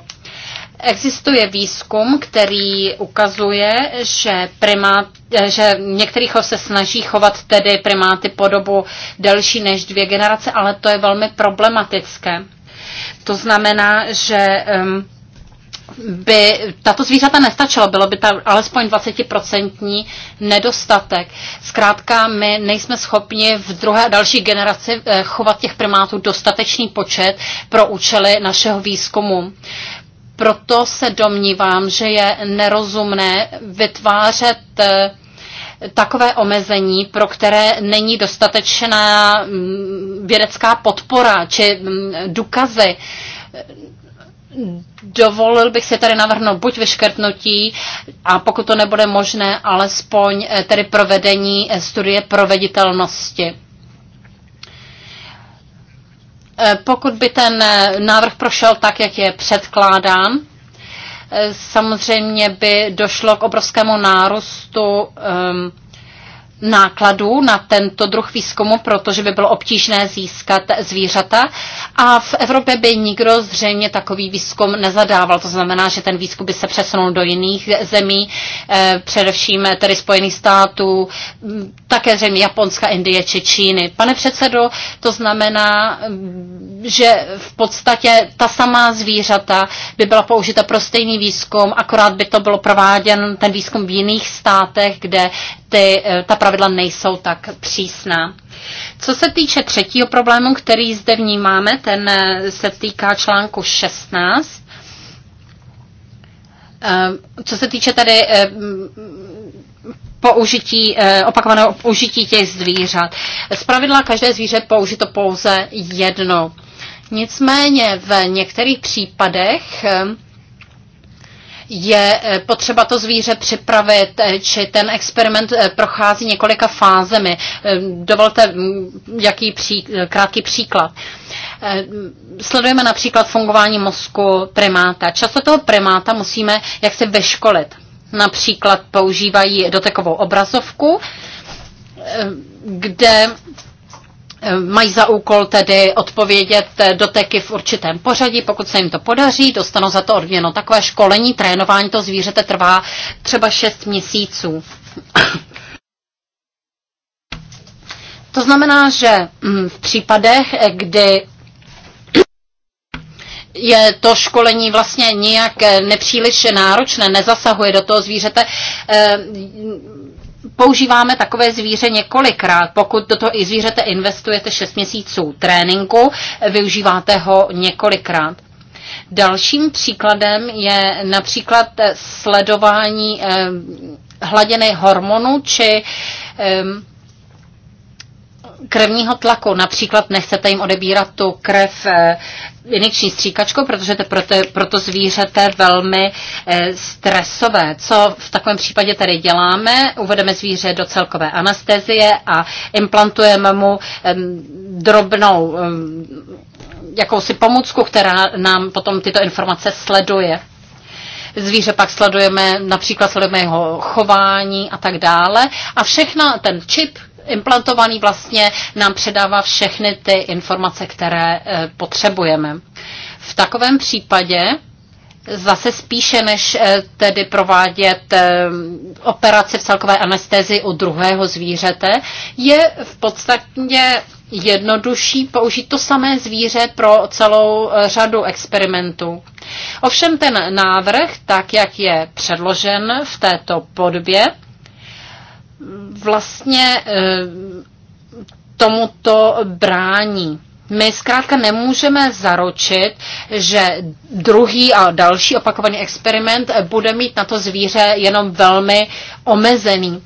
Existuje výzkum, který ukazuje, že, primát, eh, že některých ho se snaží chovat tedy primáty po dobu delší než dvě generace, ale to je velmi problematické. To znamená, že um, by tato zvířata nestačila, bylo by tam alespoň 20% nedostatek. Zkrátka, my nejsme schopni v druhé a další generaci eh, chovat těch primátů dostatečný počet pro účely našeho výzkumu. Proto se domnívám, že je nerozumné vytvářet eh, takové omezení, pro které není dostatečná mm, vědecká podpora či mm, důkazy dovolil bych si tady navrhnout buď vyškrtnutí, a pokud to nebude možné, alespoň eh, tedy provedení eh, studie proveditelnosti. Eh, pokud by ten návrh prošel tak, jak je předkládán, samozřejmě by došlo k obrovskému nárůstu um, nákladů na tento druh výzkumu, protože by bylo obtížné získat zvířata a v Evropě by nikdo zřejmě takový výzkum nezadával. To znamená, že ten výzkum by se přesunul do jiných zemí, eh, především tedy Spojených států, také zřejmě Japonska, Indie či Číny. Pane předsedo, to znamená, že v podstatě ta samá zvířata by byla použita pro stejný výzkum, akorát by to bylo prováděn ten výzkum v jiných státech, kde ty, eh, ta pravidla nejsou tak přísná. Co se týče třetího problému, který zde vnímáme, ten eh, se týká článku 16. Eh, co se týče tady použití, opakovaného použití těch zvířat. Z pravidla každé zvíře použito pouze jedno. Nicméně v některých případech je eh, potřeba to zvíře připravit, eh, či ten experiment eh, prochází několika fázemi. Dovolte mm, jaký pří, krátký příklad. Sledujeme například fungování mozku primáta. Často toho primáta musíme jaksi vyškolit. Například používají dotekovou obrazovku, kde Eh, mají za úkol tedy odpovědět eh, doteky v určitém pořadí. Pokud se jim to podaří, dostanou za to odměnu. Takové školení, trénování to zvířete trvá třeba 6 měsíců. <coughs> to znamená, že mm, v případech, eh, kdy <coughs> je to školení vlastně nijak nepříliš náročné, nezasahuje do toho zvířete, používáme takové zvíře několikrát. Pokud do toho i zvířete investujete 6 měsíců tréninku, využíváte ho několikrát. Dalším příkladem je například sledování eh, hladiny hormonu či eh, krevního tlaku. Například nechcete jim odebírat tu krev eh, injekční stříkačkou, protože to zvíře to zvířete velmi eh, stresové. Co v takovém případě tady děláme? Uvedeme zvíře do celkové anestezie a implantujeme mu drobnou jakousi pomůcku, která nám potom tyto informace sleduje zvíře pak sledujeme, například sledujeme jeho chování a tak dále. A všechna ten čip, implantovaný vlastně nám předává všechny ty informace, které eh, potřebujeme. V takovém případě zase spíše než eh, tedy provádět eh, operaci v celkové anestezii u druhého zvířete, je v podstatě jednodušší použít to samé zvíře pro celou řadu experimentů. Ovšem ten návrh, tak jak je předložen v této podbě vlastně eh, tomuto brání. My zkrátka nemůžeme zaručit, že druhý a další opakovaný experiment bude mít na to zvíře jenom velmi omezený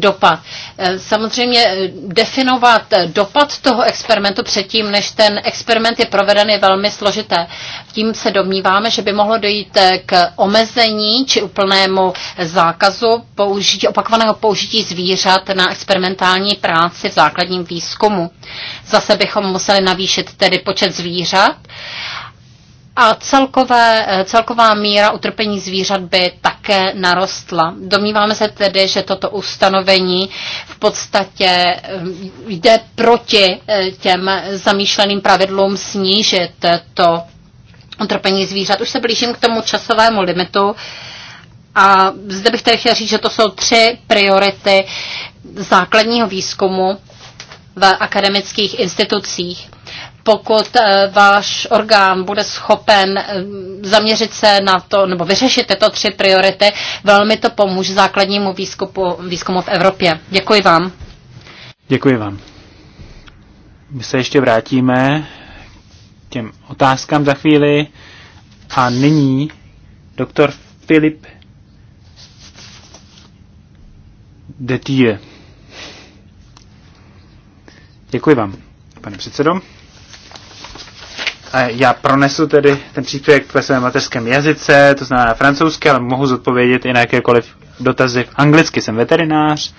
dopad. Eh, samozřejmě eh, definovat eh, dopad toho experimentu předtím, než ten experiment je proveden, je velmi složité. Tím se domníváme, že by mohlo dojít k omezení či úplnému zákazu použití, opakovaného použití zvířat na experimentální práci v základním výzkumu. Zase bychom museli navýšit tedy počet zvířat a celkové, eh, celková míra utrpení zvířat by také narostla. Domníváme se tedy, že toto ustanovení v podstatě eh, jde proti eh, těm zamýšleným pravidlům snížit to utrpení zvířat. Už se blížím k tomu časovému limitu. A zde bych tedy chtěla říct, že to jsou tři priority základního výzkumu v akademických institucích pokud eh, váš orgán bude schopen eh, zaměřit se na to, nebo vyřešit tyto tři priority, velmi to pomůže základnímu výzkumu, výzkumu v Evropě. Děkuji vám. Děkuji vám. My se ještě vrátíme k těm otázkám za chvíli. A nyní doktor Filip Detie. Děkuji vám, pane předsedo. Já pronesu tedy ten příspěvek ve svém mateřském jazyce, to znamená francouzsky, ale mohu zodpovědět i na jakékoliv dotazy v anglicky. Jsem veterinář,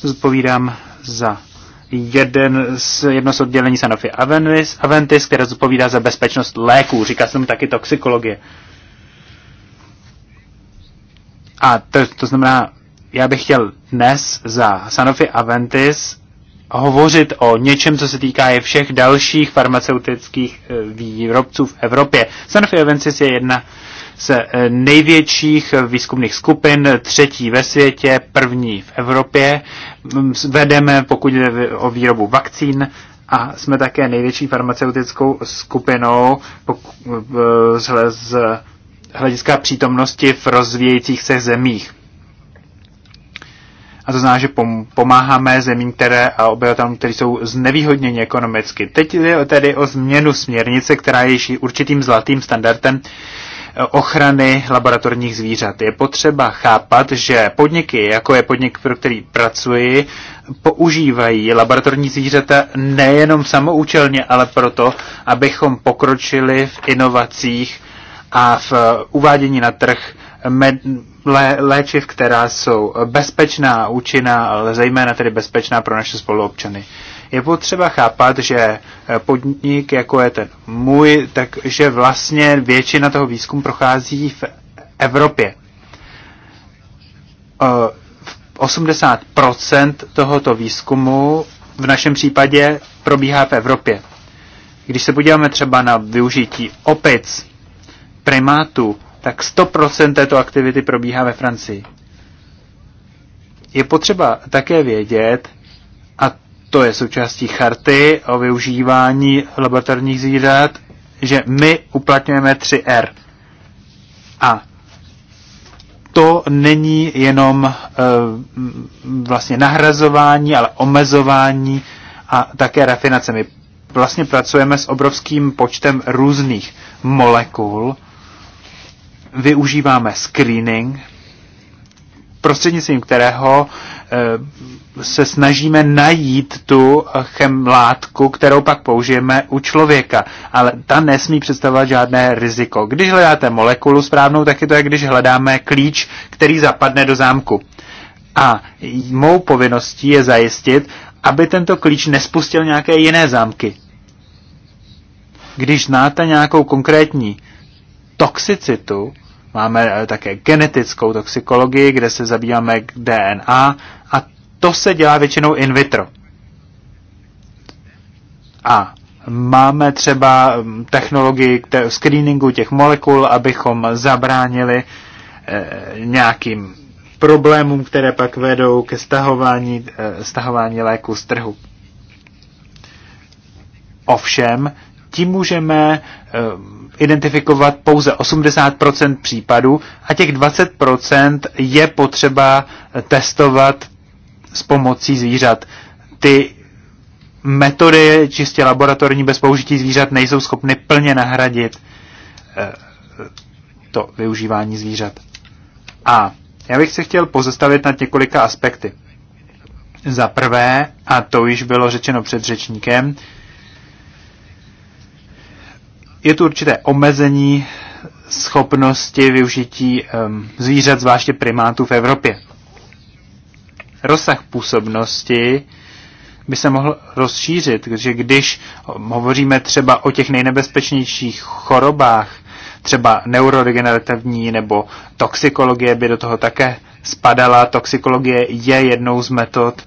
zodpovídám za jeden z, jedno z oddělení Sanofi Aventis, Aventis, které zodpovídá za bezpečnost léků. Říká jsem taky toxikologie. A to, to znamená, já bych chtěl dnes za Sanofi Aventis hovořit o něčem, co se týká i všech dalších farmaceutických eh, výrobců v Evropě. Sanofi Avensis je jedna z eh, největších eh, výzkumných skupin, třetí ve světě, první v Evropě. Mm, vedeme, pokud jde o výrobu vakcín, a jsme také největší farmaceutickou skupinou z hlediska přítomnosti v rozvíjejících se zemích. A to znamená, že pomáháme zemím které, a obyvatelům, které jsou znevýhodněni ekonomicky. Teď je tedy o změnu směrnice, která je již určitým zlatým standardem eh, ochrany laboratorních zvířat. Je potřeba chápat, že podniky, jako je podnik, pro který pracuji, používají laboratorní zvířata nejenom samoučelně, ale proto, abychom pokročili v inovacích a v eh, uvádění na trh med- lé, léčiv, která jsou bezpečná, účinná, ale zejména tedy bezpečná pro naše spoluobčany. Je potřeba chápat, že podnik, jako je ten můj, takže vlastně většina toho výzkumu prochází v Evropě. 80% tohoto výzkumu v našem případě probíhá v Evropě. Když se podíváme třeba na využití opic, primátů, tak 100% této aktivity probíhá ve Francii. Je potřeba také vědět, a to je součástí charty o využívání laboratorních zvířat, že my uplatňujeme 3R. A to není jenom e, vlastně nahrazování, ale omezování a také rafinace. My vlastně pracujeme s obrovským počtem různých molekul využíváme screening, prostřednictvím kterého eh, se snažíme najít tu chemlátku, kterou pak použijeme u člověka. Ale ta nesmí představovat žádné riziko. Když hledáte molekulu správnou, tak je to, jak když hledáme klíč, který zapadne do zámku. A mou povinností je zajistit, aby tento klíč nespustil nějaké jiné zámky. Když znáte nějakou konkrétní toxicitu, máme eh, také genetickou toxikologii, kde se zabýváme k DNA a to se dělá většinou in vitro. A máme třeba hm, technologii screeningu těch molekul, abychom zabránili eh, nějakým problémům, které pak vedou ke stahování, eh, stahování léku z trhu. Ovšem, tím můžeme eh, identifikovat pouze 80% případů a těch 20% je potřeba testovat s pomocí zvířat. Ty metody čistě laboratorní bez použití zvířat nejsou schopny plně nahradit eh, to využívání zvířat. A já bych se chtěl pozastavit nad několika aspekty. Za prvé, a to již bylo řečeno před řečníkem, je tu určité omezení schopnosti využití um, zvířat, zvláště primátů v Evropě. Rozsah působnosti by se mohl rozšířit, protože když hovoříme třeba o těch nejnebezpečnějších chorobách, třeba neurodegenerativní nebo toxikologie by do toho také spadala. Toxikologie je jednou z metod,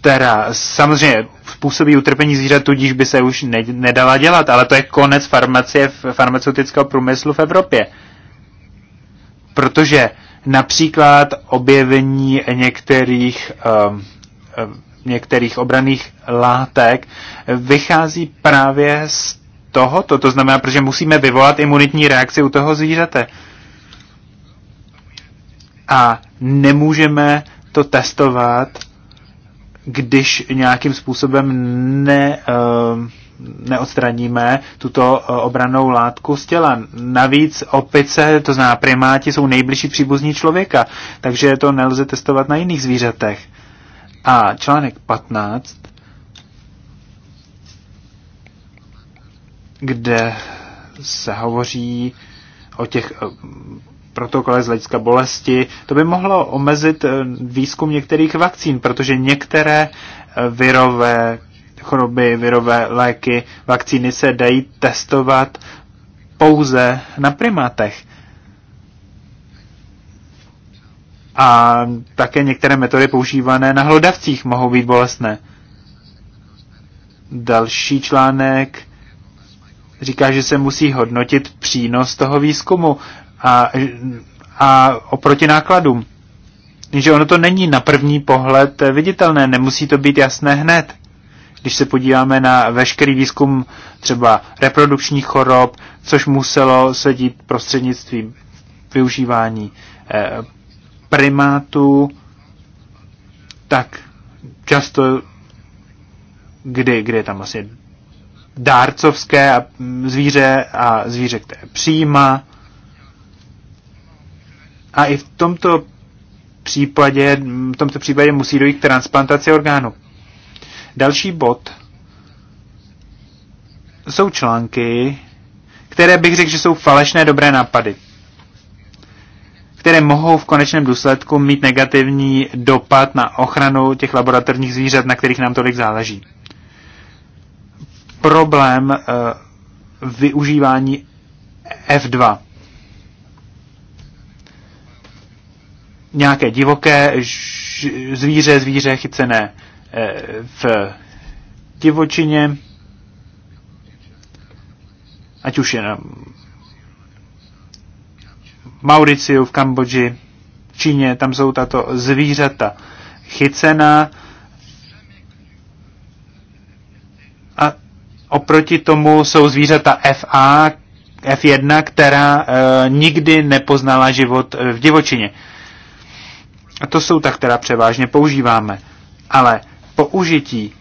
která samozřejmě způsobí utrpení zvířat, tudíž by se už ne, nedala dělat, ale to je konec farmacie, farmaceutického průmyslu v Evropě. Protože například objevení některých, um, některých obraných látek vychází právě z tohoto, to znamená, protože musíme vyvolat imunitní reakci u toho zvířete. A nemůžeme to testovat když nějakým způsobem ne, eh, neodstraníme tuto eh, obranou látku z těla. Navíc opice, to znamená primáti, jsou nejbližší příbuzní člověka, takže to nelze testovat na jiných zvířatech. A článek 15, kde se hovoří o těch eh, protokole z hlediska bolesti, to by mohlo omezit eh, výzkum některých vakcín, protože některé eh, virové choroby, virové léky, vakcíny se dají testovat pouze na primátech. A také některé metody používané na hlodavcích mohou být bolestné. Další článek říká, že se musí hodnotit přínos toho výzkumu a, a oproti nákladům. Že ono to není na první pohled eh, viditelné, nemusí to být jasné hned. Když se podíváme na veškerý výzkum třeba reprodukčních chorob, což muselo sedít prostřednictvím využívání eh, primátů, tak často, kdy, kdy je tam vlastně dárcovské zvíře a zvíře, které přijímá, a i v tomto případě, v tomto případě musí dojít k transplantaci orgánu. Další bod jsou články, které bych řekl, že jsou falešné dobré nápady, které mohou v konečném důsledku mít negativní dopad na ochranu těch laboratorních zvířat, na kterých nám tolik záleží. Problém uh, využívání F2. nějaké divoké zvíře, zvíře chycené eh, v divočině, ať už je na Mauriciu, v Kambodži, v Číně, tam jsou tato zvířata chycená. A oproti tomu jsou zvířata FA, F1, která e, nikdy nepoznala život v divočině. E, a to jsou ta, která převážně používáme. Ale použití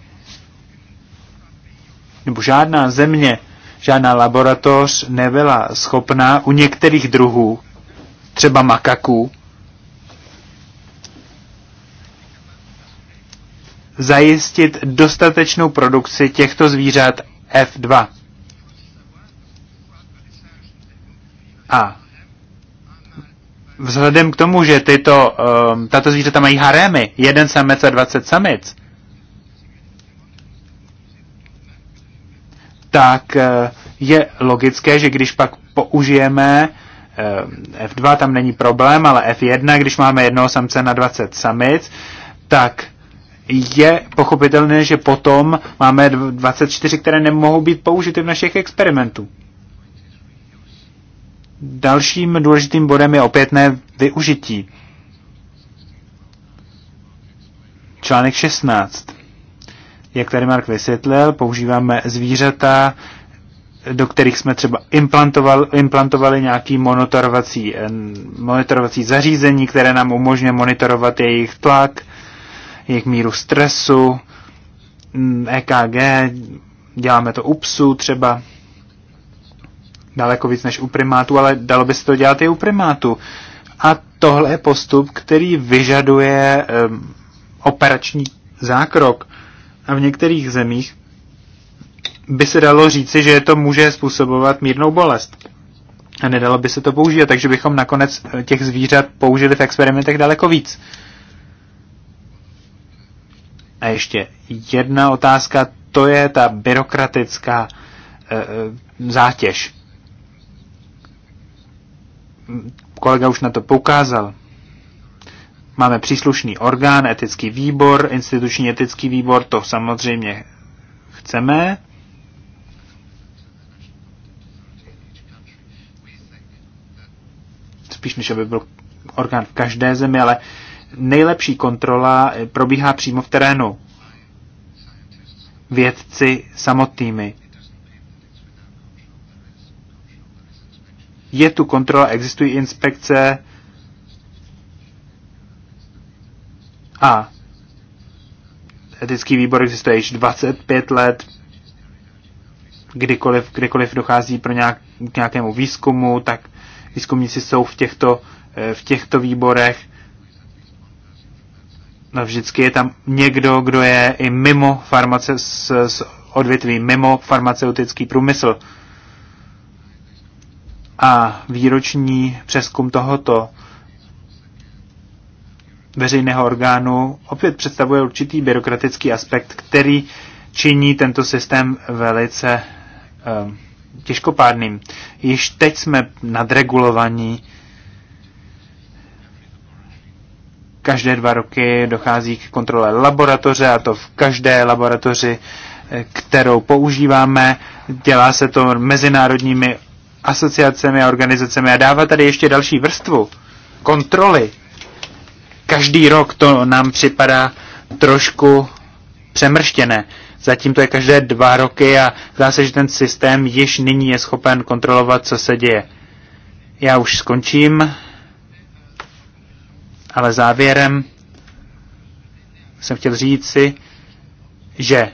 nebo žádná země, žádná laboratoř nebyla schopná u některých druhů, třeba makaků, zajistit dostatečnou produkci těchto zvířat F2. A vzhledem k tomu, že tyto, um, tato zvířata mají harémy, jeden samec a 20 samic, tak eh, je logické, že když pak použijeme eh, F2, tam není problém, ale F1, když máme jednoho samce na 20 samic, tak je pochopitelné, že potom máme 24, které nemohou být použity v našich experimentů. Dalším důležitým bodem je opětné využití. Článek 16. Jak tady Mark vysvětlil, používáme zvířata, do kterých jsme třeba implantoval, implantovali nějaký monitorovací, eh, monitorovací zařízení, které nám umožňuje monitorovat jejich tlak, jejich míru stresu, mm, EKG, děláme to u psů třeba daleko víc než u primátů, ale dalo by se to dělat i u primátů. A tohle je postup, který vyžaduje um, operační zákrok. A v některých zemích by se dalo říci, že to může způsobovat mírnou bolest. A nedalo by se to použít, takže bychom nakonec eh, těch zvířat použili v experimentech daleko víc. A ještě jedna otázka, to je ta byrokratická e, zátěž kolega už na to poukázal. Máme příslušný orgán, etický výbor, instituční etický výbor, to samozřejmě chceme. Spíš než aby byl orgán v každé zemi, ale nejlepší kontrola probíhá přímo v terénu. Vědci samotnými. je tu kontrola, existují inspekce a etický výbor existuje již 25 let, kdykoliv, kdykoliv dochází pro nějak, k nějakému výzkumu, tak výzkumníci jsou v těchto, eh, v těchto výborech. No vždycky je tam někdo, kdo je i mimo farmace s, s odvětví, mimo farmaceutický průmysl. Uh, a výroční přeskum tohoto veřejného orgánu opět představuje určitý byrokratický aspekt, který činí tento systém velice eh, těžkopádným. Již teď jsme nadregulovaní. Každé dva roky dochází k kontrole laboratoře, a to v každé laboratoři, eh, kterou používáme. Dělá se to mezinárodními asociacemi a organizacemi a dávat tady ještě další vrstvu kontroly. Každý rok to nám připadá trošku přemrštěné. Zatím to je každé dva roky a zdá se, že ten systém již nyní je schopen kontrolovat, co se děje. Já už skončím, ale závěrem jsem chtěl říct si, že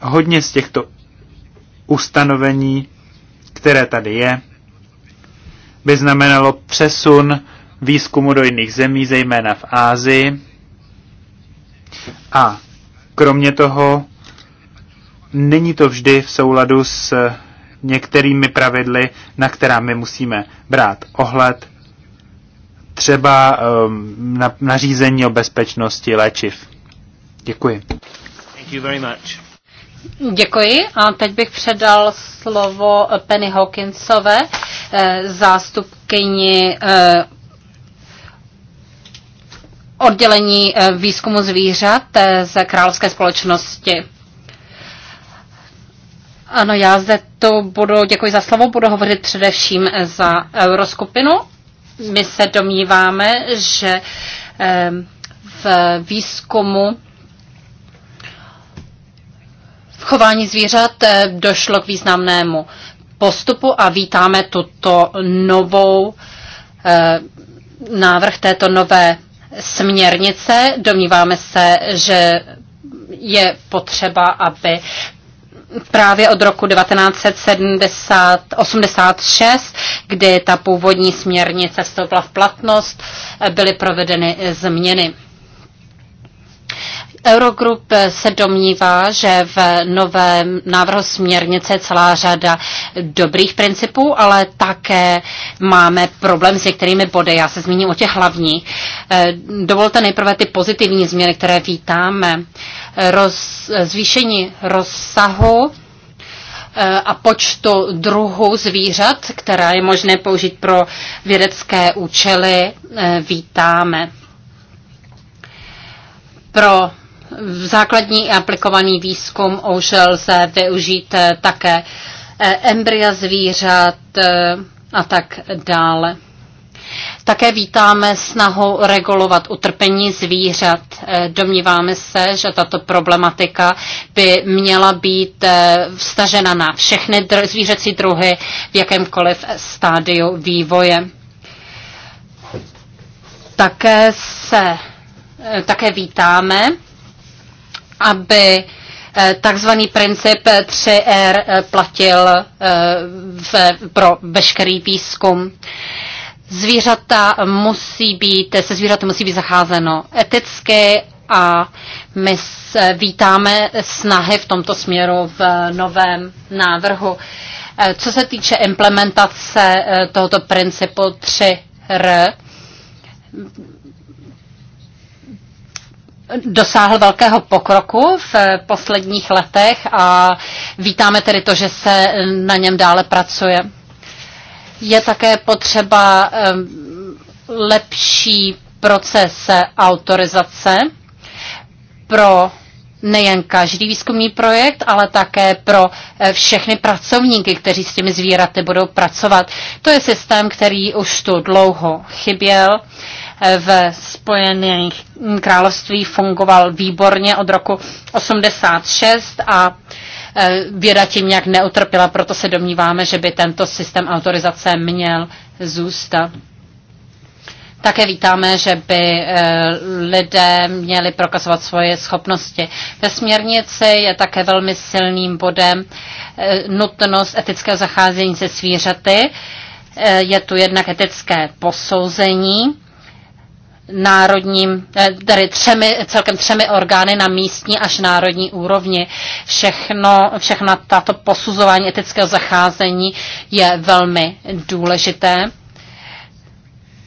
hodně z těchto ustanovení které tady je, by znamenalo přesun výzkumu do jiných zemí, zejména v Ázii. A kromě toho není to vždy v souladu s některými pravidly, na která my musíme brát ohled, třeba um, na, nařízení o bezpečnosti léčiv. Děkuji. Thank you very much. Děkuji a teď bych předal slovo Penny Hawkinsové, eh, zástupkyni eh, oddělení eh, výzkumu zvířat z Královské společnosti. Ano, já zde to budu, děkuji za slovo, budu hovořit především za euroskupinu. My se domníváme, že v výzkumu v chování zvířat eh, došlo k významnému postupu a vítáme tuto novou eh, návrh této nové směrnice. Domníváme se, že je potřeba, aby právě od roku 1986, kdy ta původní směrnice vstoupila v platnost, eh, byly provedeny změny. Eurogroup se domnívá, že v novém návrhu směrnice je celá řada dobrých principů, ale také máme problém s některými body. Já se zmíním o těch hlavních. Eh, dovolte nejprve ty pozitivní změny, které vítáme. Roz, zvýšení rozsahu eh, a počtu druhů zvířat, která je možné použít pro vědecké účely, eh, vítáme. Pro v základní aplikovaný výzkum už lze využít eh, také eh, embrya zvířat eh, a tak dále. Také vítáme snahu regulovat utrpení zvířat. Domníváme se, že tato problematika by měla být vstažena na všechny zvířecí druhy v jakémkoliv stádiu vývoje. Také se také vítáme aby eh, takzvaný princip 3R eh, platil eh, v, pro veškerý výzkum. Zvířata musí být, se zvířaty musí být zacházeno eticky a my vítáme snahy v tomto směru v novém návrhu. Co se týče implementace tohoto principu 3R, dosáhl velkého pokroku v posledních letech a vítáme tedy to, že se na něm dále pracuje. Je také potřeba lepší proces autorizace pro nejen každý výzkumný projekt, ale také pro eh, všechny pracovníky, kteří s těmi zvíraty budou pracovat. To je systém, který už tu dlouho chyběl. Eh, v Spojených království fungoval výborně od roku 86 a eh, věda tím nějak neutrpěla, proto se domníváme, že by tento systém autorizace měl zůstat. Také vítáme, že by eh, lidé měli prokazovat svoje schopnosti. Ve směrnici je také velmi silným bodem eh, nutnost etického zacházení se zvířaty. Eh, je tu jednak etické posouzení národním, tedy třemi, celkem třemi orgány na místní až národní úrovni. Všechno, všechna tato posuzování etického zacházení je velmi důležité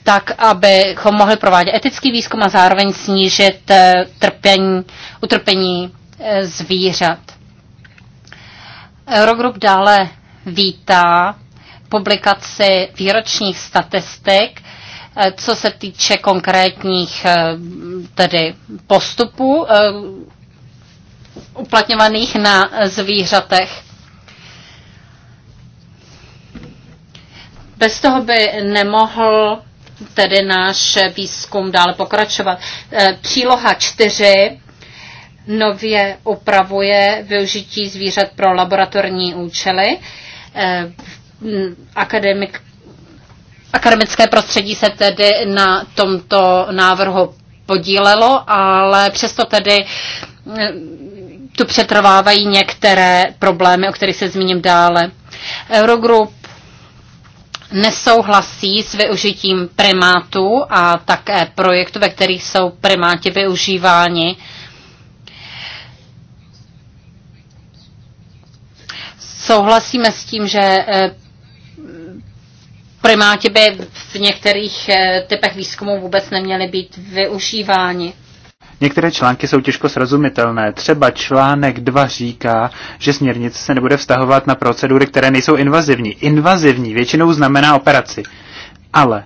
tak abychom mohli provádět etický výzkum a zároveň snížit eh, trpení, utrpení eh, zvířat. Eurogroup dále vítá publikaci výročních statistik, eh, co se týče konkrétních tedy postupů uplatňovaných na zvířatech. Bez toho by nemohl tedy náš výzkum dále pokračovat. E, příloha 4 nově upravuje využití zvířat pro laboratorní účely. E, akademik, akademické prostředí se tedy na tomto návrhu podílelo, ale přesto tedy tu přetrvávají některé problémy, o kterých se zmíním dále. Eurogroup nesouhlasí s využitím primátů a také projektů, ve kterých jsou primáti využíváni. Souhlasíme s tím, že eh, primáti by v některých eh, typech výzkumu vůbec neměly být využíváni. Některé články jsou těžko srozumitelné. Třeba článek 2 říká, že směrnice se nebude vztahovat na procedury, které nejsou invazivní. Invazivní většinou znamená operaci. Ale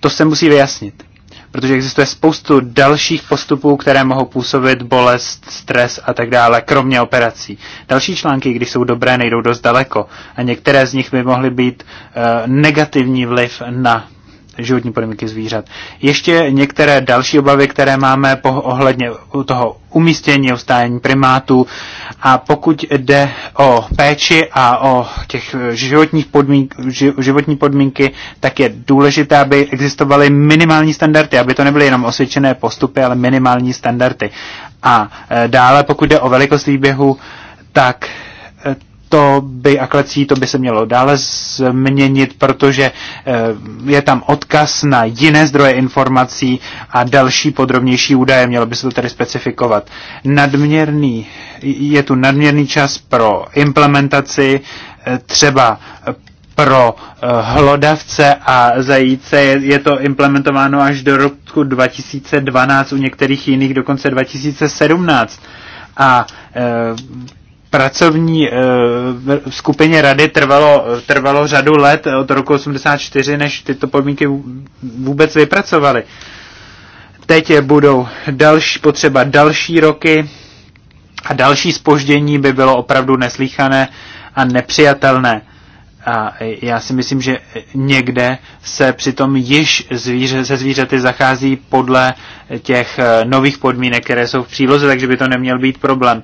to se musí vyjasnit, protože existuje spoustu dalších postupů, které mohou působit bolest, stres a tak dále, kromě operací. Další články, když jsou dobré, nejdou dost daleko a některé z nich by mohly být e, negativní vliv na životní podmínky zvířat. Ještě některé další obavy, které máme po, ohledně toho umístění, ustájení primátů a pokud jde o péči a o těch životních podmínk, životní podmínky, tak je důležité, aby existovaly minimální standardy, aby to nebyly jenom osvědčené postupy, ale minimální standardy. A e, dále, pokud jde o velikost výběhu, tak to by a klecí, to by se mělo dále změnit, protože eh, je tam odkaz na jiné zdroje informací a další podrobnější údaje, mělo by se to tedy specifikovat. Nadměrný, je tu nadměrný čas pro implementaci, eh, třeba pro eh, hlodavce a zajíce je, to implementováno až do roku 2012, u některých jiných dokonce 2017. A pracovní eh, skupině rady trvalo, trvalo řadu let od roku 84, než tyto podmínky vůbec vypracovaly. Teď budou další, potřeba další roky a další spoždění by bylo opravdu neslíchané a nepřijatelné. A já si myslím, že někde se přitom již zvíře, se zvířaty zachází podle těch eh, nových podmínek, které jsou v příloze, takže by to neměl být problém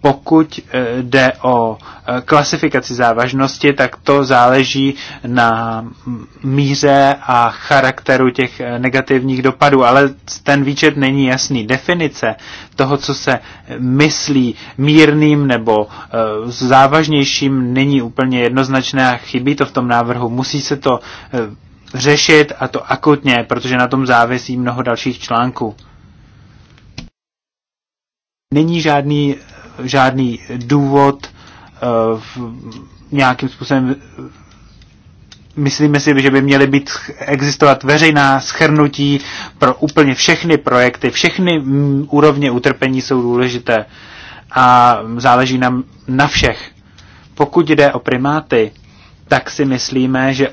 pokud eh, jde o eh, klasifikaci závažnosti, tak to záleží na míře a charakteru těch eh, negativních dopadů, ale ten výčet není jasný. Definice toho, co se myslí mírným nebo závažnějším, není úplně jednoznačné a chybí to v tom návrhu. Musí se to řešit a to akutně, protože na tom závisí mnoho dalších článků. Není žádný žádný důvod eh, v nějakým způsobem myslíme si, že by měly být existovat veřejná schrnutí pro úplně všechny projekty, všechny mm, úrovně utrpení jsou důležité a záleží nám na všech. Pokud jde o primáty, tak si myslíme, že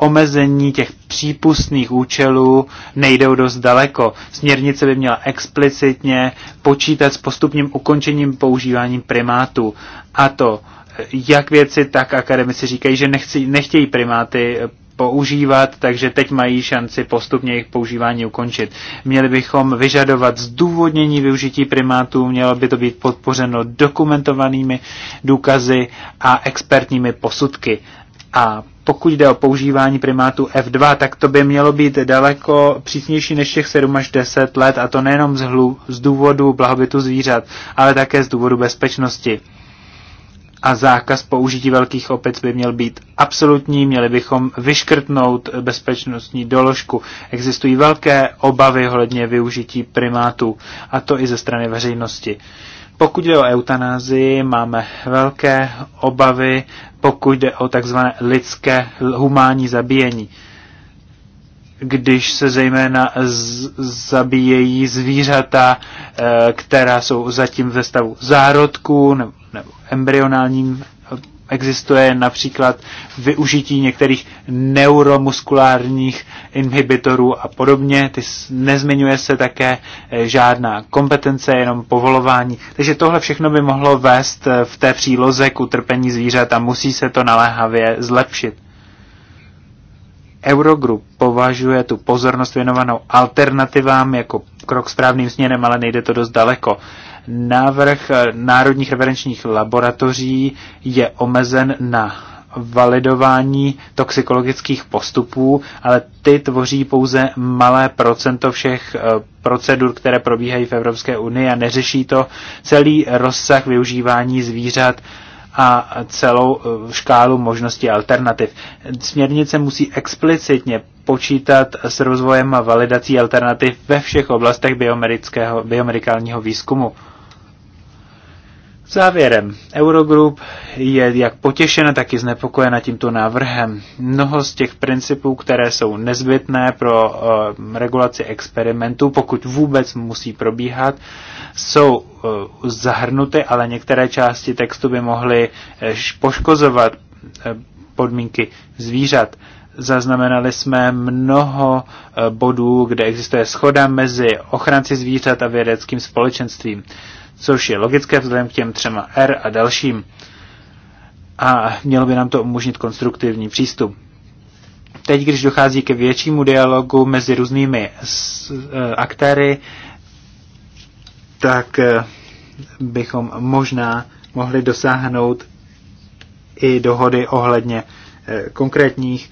omezení těch přípustných účelů nejdou dost daleko. Směrnice by měla explicitně počítat s postupným ukončením používání primátů. A to jak věci, tak akademici říkají, že nechci, nechtějí primáty eh, používat, takže teď mají šanci postupně jejich používání ukončit. Měli bychom vyžadovat zdůvodnění využití primátů, mělo by to být podpořeno dokumentovanými důkazy a expertními posudky. A pokud jde o používání primátu F2, tak to by mělo být daleko přísnější než těch 7 až 10 let, a to nejenom z, hlu, z důvodu blahobytu zvířat, ale také z důvodu bezpečnosti. A zákaz použití velkých opic by měl být absolutní, měli bychom vyškrtnout bezpečnostní doložku. Existují velké obavy ohledně využití primátů, a to i ze strany veřejnosti. Pokud jde o eutanázii, máme velké obavy pokud jde o takzvané lidské humánní zabíjení. Když se zejména z- zabíjejí zvířata, e, která jsou zatím ve stavu zárodku nebo, nebo embryonálním existuje například využití některých neuromuskulárních inhibitorů a podobně. Ty nezmiňuje se také eh, žádná kompetence, jenom povolování. Takže tohle všechno by mohlo vést eh, v té příloze k utrpení zvířat a musí se to naléhavě zlepšit. Eurogroup považuje tu pozornost věnovanou alternativám jako krok správným směrem, ale nejde to dost daleko. Návrh eh, národních referenčních laboratoří je omezen na validování toxikologických postupů, ale ty tvoří pouze malé procento všech eh, procedur, které probíhají v Evropské unii a neřeší to celý rozsah využívání zvířat a celou eh, škálu možností alternativ. Směrnice musí explicitně počítat s rozvojem a validací alternativ ve všech oblastech biomedikálního výzkumu. Závěrem, Eurogroup je jak potěšena, tak i znepokojena tímto návrhem. Mnoho z těch principů, které jsou nezbytné pro uh, regulaci experimentů, pokud vůbec musí probíhat, jsou uh, zahrnuty, ale některé části textu by mohly uh, poškozovat uh, podmínky zvířat. Zaznamenali jsme mnoho bodů, kde existuje schoda mezi ochranci zvířat a vědeckým společenstvím. Uh, což je logické vzhledem k těm třema R a dalším. A mělo by nám to umožnit konstruktivní přístup. Teď, když dochází ke většímu dialogu mezi různými e, aktéry, tak e, bychom možná mohli dosáhnout i dohody ohledně e, konkrétních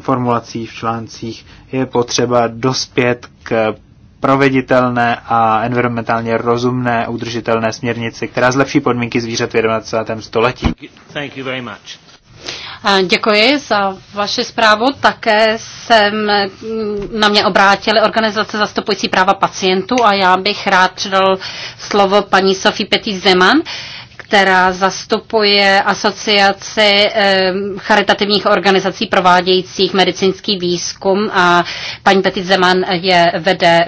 formulací v článcích. Je potřeba dospět k proveditelné a environmentálně rozumné a udržitelné směrnici, která zlepší podmínky zvířat v 21. století. Thank you very much. Děkuji za vaši zprávu. Také jsem na mě obrátili organizace zastupující práva pacientů a já bych rád předal slovo paní Sofii Petit Zeman, která zastupuje asociaci charitativních organizací provádějících medicínský výzkum a paní Petit Zeman je vede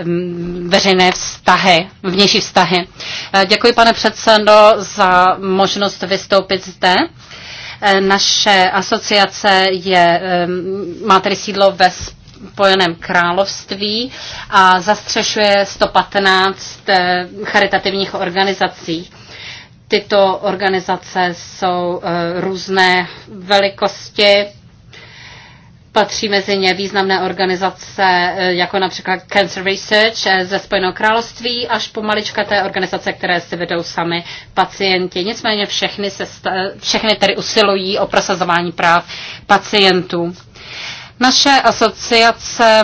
veřejné vztahy, vnější vztahy. E, děkuji, pane předsedo, za možnost vystoupit zde. E, naše asociace je, má tedy sídlo ve Spojeném království a zastřešuje 115 e, charitativních organizací. Tyto organizace jsou eh, různé velikosti, Patří mezi ně významné organizace, eh, jako například Cancer Research eh, ze Spojeného království, až po maličkaté organizace, které si vedou sami pacienti. Nicméně všechny, se, všechny tedy usilují o prosazování práv pacientů. Naše asociace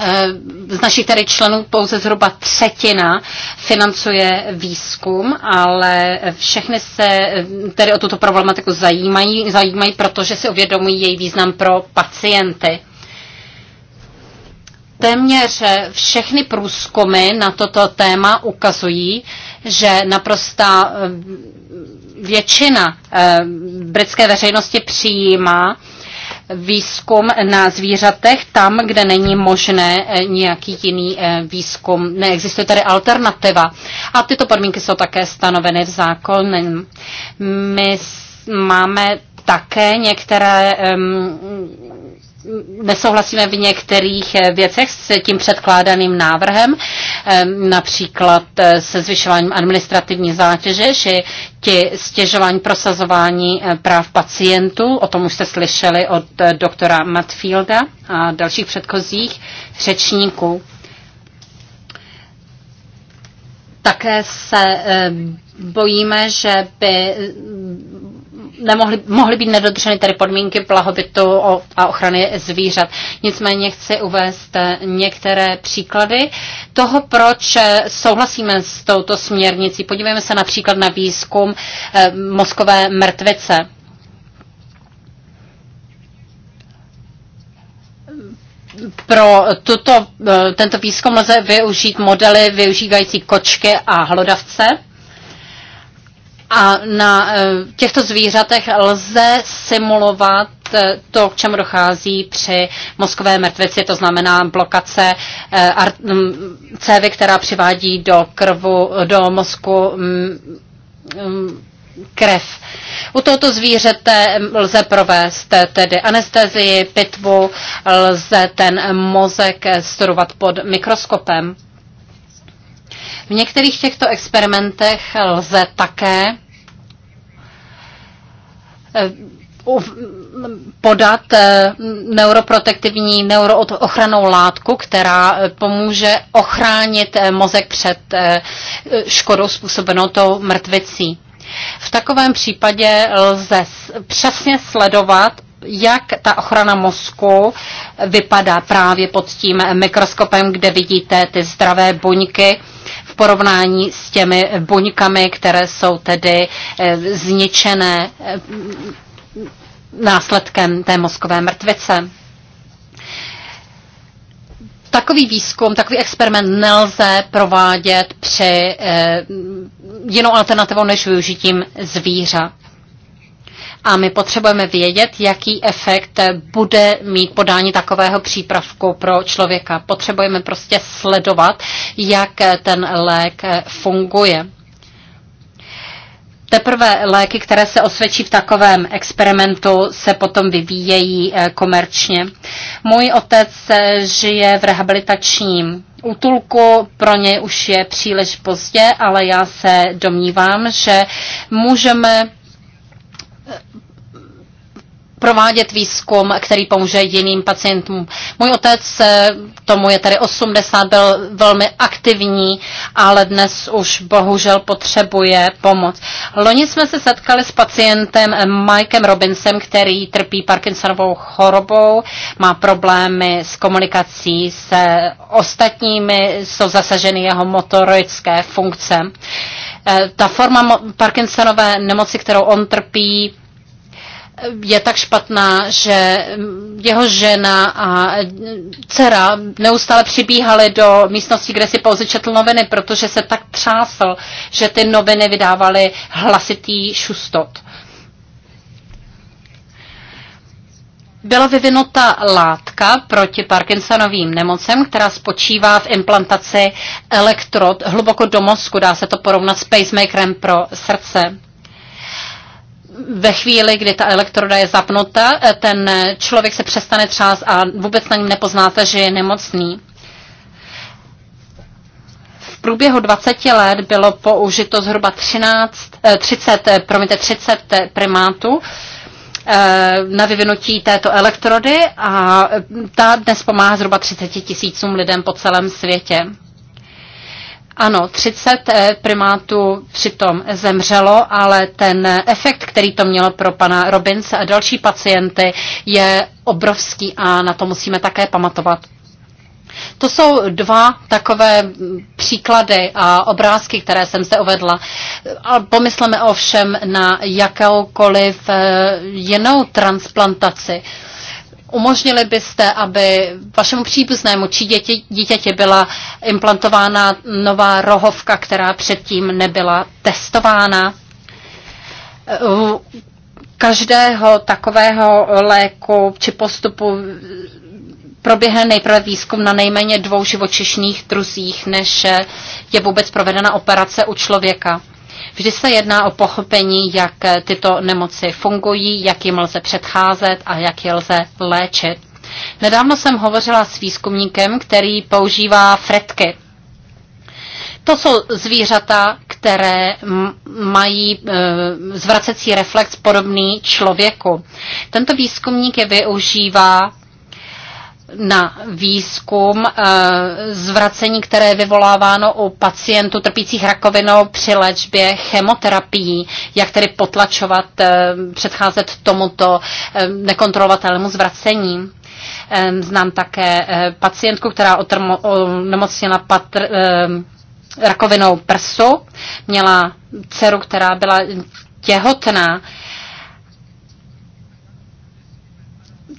Eh, z našich tady členů pouze zhruba třetina financuje výzkum, ale všechny se eh, tedy o tuto problematiku zajímají, zajímají protože si uvědomují její význam pro pacienty. Téměř eh, všechny průzkumy na toto téma ukazují, že naprostá většina britské veřejnosti přijímá výzkum na zvířatech tam, kde není možné e, nějaký jiný e, výzkum. Neexistuje tady alternativa. A tyto podmínky jsou také stanoveny v zákoně. My máme také některé um, nesouhlasíme v některých eh, věcech s tím předkládaným návrhem, eh, například eh, se zvyšováním administrativní zátěže, že ti stěžování prosazování práv pacientů, o tom už jste slyšeli od doktora Matfielda a dalších předchozích řečníků. Také se bojíme, že by nemohly, mohly být nedodrženy tedy podmínky plahobytu a ochrany zvířat. Nicméně chci uvést eh, některé příklady toho, proč eh, souhlasíme s touto směrnicí. Podívejme se například na výzkum eh, mozkové mrtvice. pro tuto, tento výzkum lze využít modely využívající kočky a hlodavce. A na eh, těchto zvířatech lze simulovat eh, to, k čemu dochází při mozkové mrtvici, to znamená blokace eh, mm, cévy, která přivádí do krvu, do mozku mm, mm, krev. U tohoto zvířete lze provést tedy anestezii, pitvu, lze ten mozek studovat pod mikroskopem. V některých těchto experimentech lze také eh, podat eh, neuroprotektivní neuroochranou látku, která eh, pomůže ochránit mozek před škodou způsobenou tou mrtvicí. V takovém případě lze přesně sledovat, jak ta ochrana mozku vypadá právě pod tím mikroskopem, kde vidíte ty zdravé buňky, porovnání s těmi buňkami, které jsou tedy eh, zničené eh, následkem té mozkové mrtvice. Takový výzkum, takový experiment nelze provádět při eh, jinou alternativou než využitím zvířat a my potřebujeme vědět, jaký efekt bude mít podání takového přípravku pro člověka. Potřebujeme prostě sledovat, jak ten lék funguje. Teprve léky, které se osvědčí v takovém experimentu, se potom vyvíjejí eh, komerčně. Můj otec eh, žije v rehabilitačním útulku, pro něj už je příliš pozdě, ale já se domnívám, že můžeme provádět výzkum, který pomůže jiným pacientům. Můj otec, eh, tomu je tady 80, byl velmi aktivní, ale dnes už bohužel potřebuje pomoc. Loni jsme se setkali s pacientem Mikem Robinsem, který trpí Parkinsonovou chorobou, má problémy s komunikací se ostatními, jsou zasaženy jeho motorické funkce. Eh, ta forma Parkinsonové nemoci, kterou on trpí, eh, je tak špatná, že mm, jeho žena a eh, dcera neustále přibíhaly do místnosti, kde si pouze četl noviny, protože se tak třásl, že ty noviny vydávaly hlasitý šustot. byla vyvinuta látka proti Parkinsonovým nemocem, která spočívá v implantaci elektrod hluboko do mozku. Dá se to porovnat s pacemakerem pro srdce. Ve chvíli, kdy ta elektroda je zapnuta, eh, ten eh, člověk se přestane třást a vůbec na něm nepoznáte, že je nemocný. V průběhu 20 let bylo použito zhruba 13, 30, eh, promiňte, 30 primátů Eh, na vyvinutí této elektrody a ta dnes pomáhá zhruba 30 tisícům lidem po celém světě. Ano, 30 eh, primátů přitom zemřelo, ale ten efekt, který to mělo pro pana Robince a další pacienty, je obrovský a na to musíme také pamatovat. To jsou dva takové příklady a obrázky, které jsem se uvedla. A pomysleme ovšem na jakoukoliv eh, jinou transplantaci. Umožnili byste, aby vašemu příbuznému či děti, dítěti byla implantována nová rohovka, která předtím nebyla testována? Eh, každého takového léku či postupu proběhne nejprve výzkum na nejméně dvou živočišných druzích, než je vůbec provedena operace u člověka. Vždy se jedná o pochopení, jak tyto nemoci fungují, jak jim lze předcházet a jak je lze léčit. Nedávno jsem hovořila s výzkumníkem, který používá fretky. To jsou zvířata, které mají e, zvracecí reflex podobný člověku. Tento výzkumník je využívá na výzkum eh, zvracení, které je vyvoláváno u pacientů trpících rakovinou při léčbě chemoterapií, jak tedy potlačovat, eh, předcházet tomuto eh, nekontrolovatelnému zvracení. Ehm, znám také pacientku, která onemocněla patr, ehm, rakovinou prsu, měla dceru, která byla těhotná.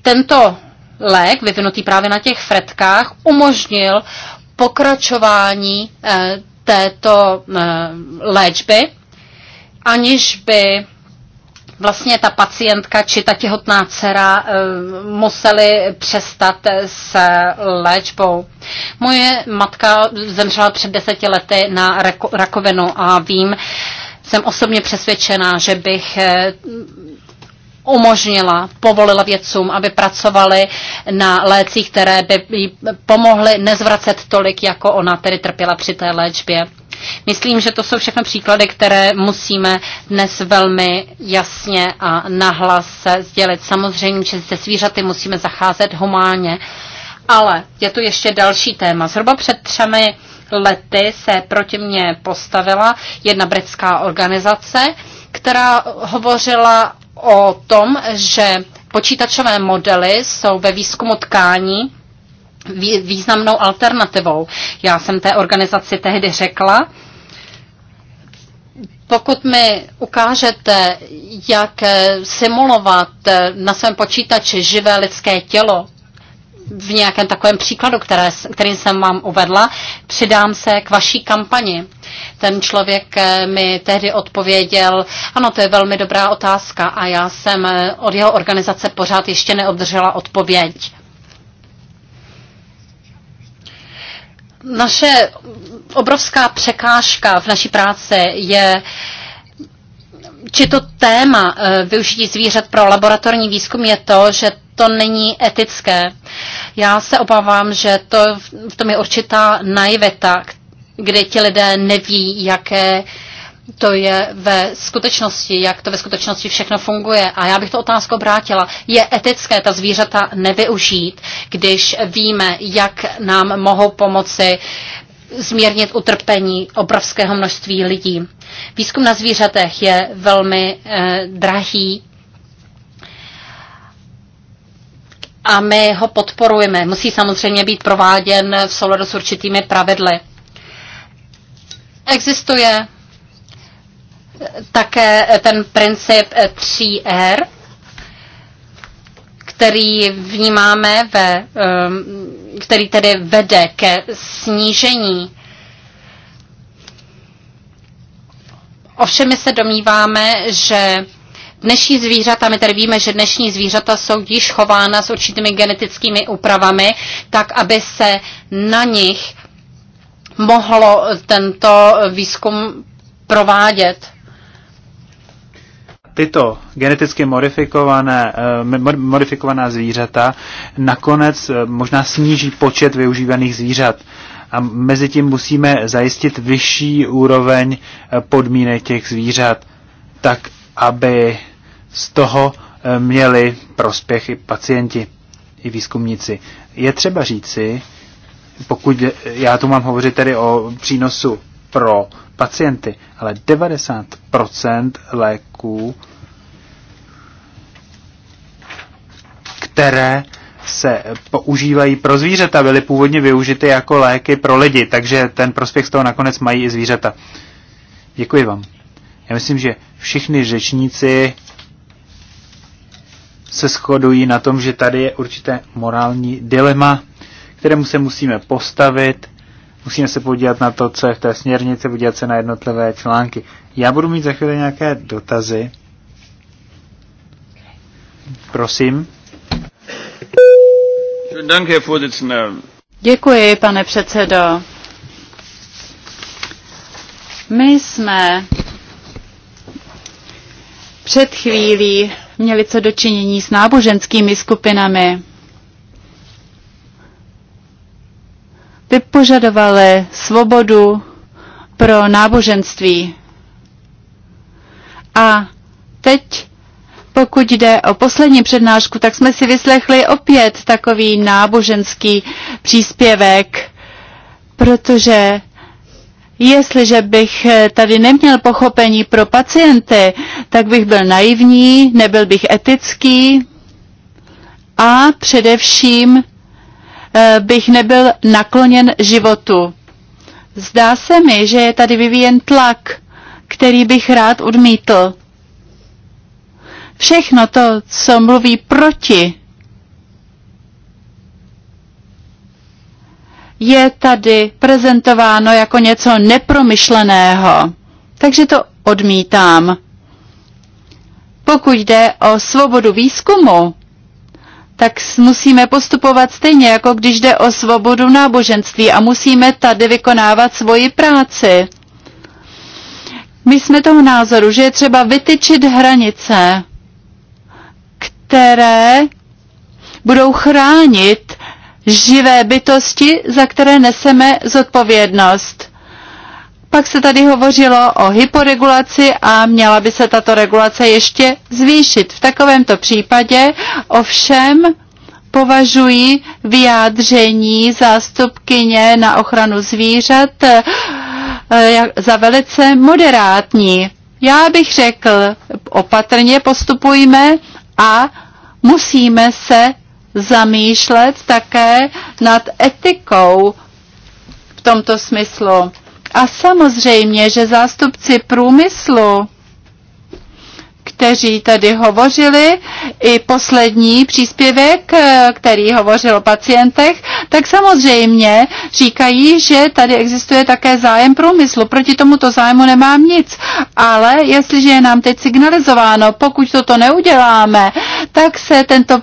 Tento lék vyvinutý právě na těch fretkách umožnil pokračování eh, této eh, léčby, aniž by vlastně ta pacientka či ta těhotná dcera eh, museli přestat s léčbou. Moje matka zemřela před deseti lety na rakovinu a vím, jsem osobně přesvědčená, že bych umožnila, povolila vědcům, aby pracovali na lécích, které by jí pomohly nezvracet tolik, jako ona tedy trpěla při té léčbě. Myslím, že to jsou všechno příklady, které musíme dnes velmi jasně a nahlas sdělit. Samozřejmě, že se zvířaty musíme zacházet humánně, ale je tu ještě další téma. Zhruba před třemi lety se proti mně postavila jedna britská organizace, která hovořila o tom, že počítačové modely jsou ve výzkumu tkání významnou alternativou. Já jsem té organizaci tehdy řekla, pokud mi ukážete, jak simulovat na svém počítači živé lidské tělo, v nějakém takovém příkladu, které, kterým jsem vám uvedla, přidám se k vaší kampani. Ten člověk eh, mi tehdy odpověděl, ano, to je velmi dobrá otázka a já jsem eh, od jeho organizace pořád ještě neobdržela odpověď. Naše obrovská překážka v naší práci je či to téma eh, využití zvířat pro laboratorní výzkum je to, že to není etické. Já se obávám, že to, v tom je určitá naiveta, kde ti lidé neví, jaké to je ve skutečnosti, jak to ve skutečnosti všechno funguje. A já bych to otázku obrátila. Je etické ta zvířata nevyužít, když víme, jak nám mohou pomoci zmírnit utrpení obrovského množství lidí. Výzkum na zvířatech je velmi eh, drahý a my ho podporujeme. Musí samozřejmě být prováděn v souladu s určitými pravidly. Existuje eh, také eh, ten princip 3R, eh, který vnímáme, ve, ehm, který tedy vede ke snížení. Ovšem my se domníváme, že Dnešní zvířata, my tady víme, že dnešní zvířata jsou již chována s určitými genetickými úpravami, tak aby se na nich mohlo tento výzkum provádět. Tyto geneticky modifikované, eh, modifikovaná zvířata nakonec eh, možná sníží počet využívaných zvířat a mezi tím musíme zajistit vyšší úroveň eh, podmínek těch zvířat, tak aby z toho eh, měli prospěch i pacienti, i výzkumníci. Je třeba říci, pokud já tu mám hovořit tedy o přínosu pro pacienty, ale 90% léků, které se používají pro zvířata, byly původně využity jako léky pro lidi, takže ten prospěch z toho nakonec mají i zvířata. Děkuji vám. Já myslím, že všichni řečníci se shodují na tom, že tady je určité morální dilema, kterému se musíme postavit, musíme se podívat na to, co je v té směrnici, podívat se na jednotlivé články. Já budu mít za chvíli nějaké dotazy. Prosím. Děkuji, pane předsedo. My jsme před chvílí měli co dočinění s náboženskými skupinami. Ty svobodu pro náboženství. A teď, pokud jde o poslední přednášku, tak jsme si vyslechli opět takový náboženský příspěvek, protože Jestliže bych eh, tady neměl pochopení pro pacienty, tak bych byl naivní, nebyl bych etický a především eh, bych nebyl nakloněn životu. Zdá se mi, že je tady vyvíjen tlak, který bych rád odmítl. Všechno to, co mluví proti je tady prezentováno jako něco nepromyšleného. Takže to odmítám. Pokud jde o svobodu výzkumu, tak musíme postupovat stejně, jako když jde o svobodu náboženství a musíme tady vykonávat svoji práci. My jsme toho názoru, že je třeba vytyčit hranice, které budou chránit živé bytosti, za které neseme zodpovědnost. Pak se tady hovořilo o hyporegulaci a měla by se tato regulace ještě zvýšit. V takovémto případě ovšem považuji vyjádření zástupkyně na ochranu zvířat eh, za velice moderátní. Já bych řekl, opatrně postupujme a musíme se zamýšlet také nad etikou v tomto smyslu. A samozřejmě, že zástupci průmyslu kteří tady hovořili, i poslední příspěvek, eh, který hovořil o pacientech, tak samozřejmě říkají, že tady existuje také zájem průmyslu. Proti tomuto zájmu nemám nic, ale jestliže je nám teď signalizováno, pokud toto neuděláme, tak se tento,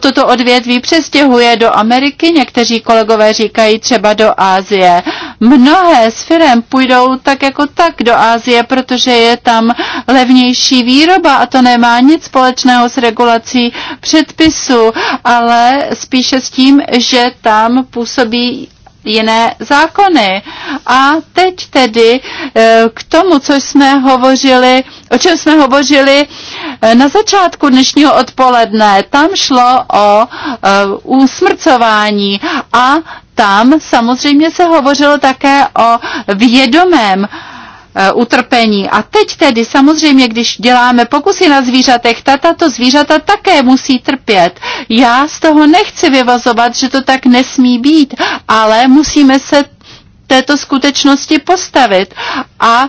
toto odvětví přestěhuje do Ameriky, někteří kolegové říkají třeba do Ázie. Mnohé z firem půjdou tak jako tak do Ázie, protože je tam levnější výroba choroba a to nemá nic společného s regulací předpisu, ale spíše s tím, že tam působí jiné zákony. A teď tedy eh, k tomu, co jsme hovořili, o čem jsme hovořili eh, na začátku dnešního odpoledne. Tam šlo o eh, usmrcování a tam samozřejmě se hovořilo také o vědomém Eh, utrpení. A teď tedy samozřejmě, když děláme pokusy na zvířatech, tato zvířata také musí trpět. Já z toho nechci vyvozovat, že to tak nesmí být, ale musíme se této skutečnosti postavit a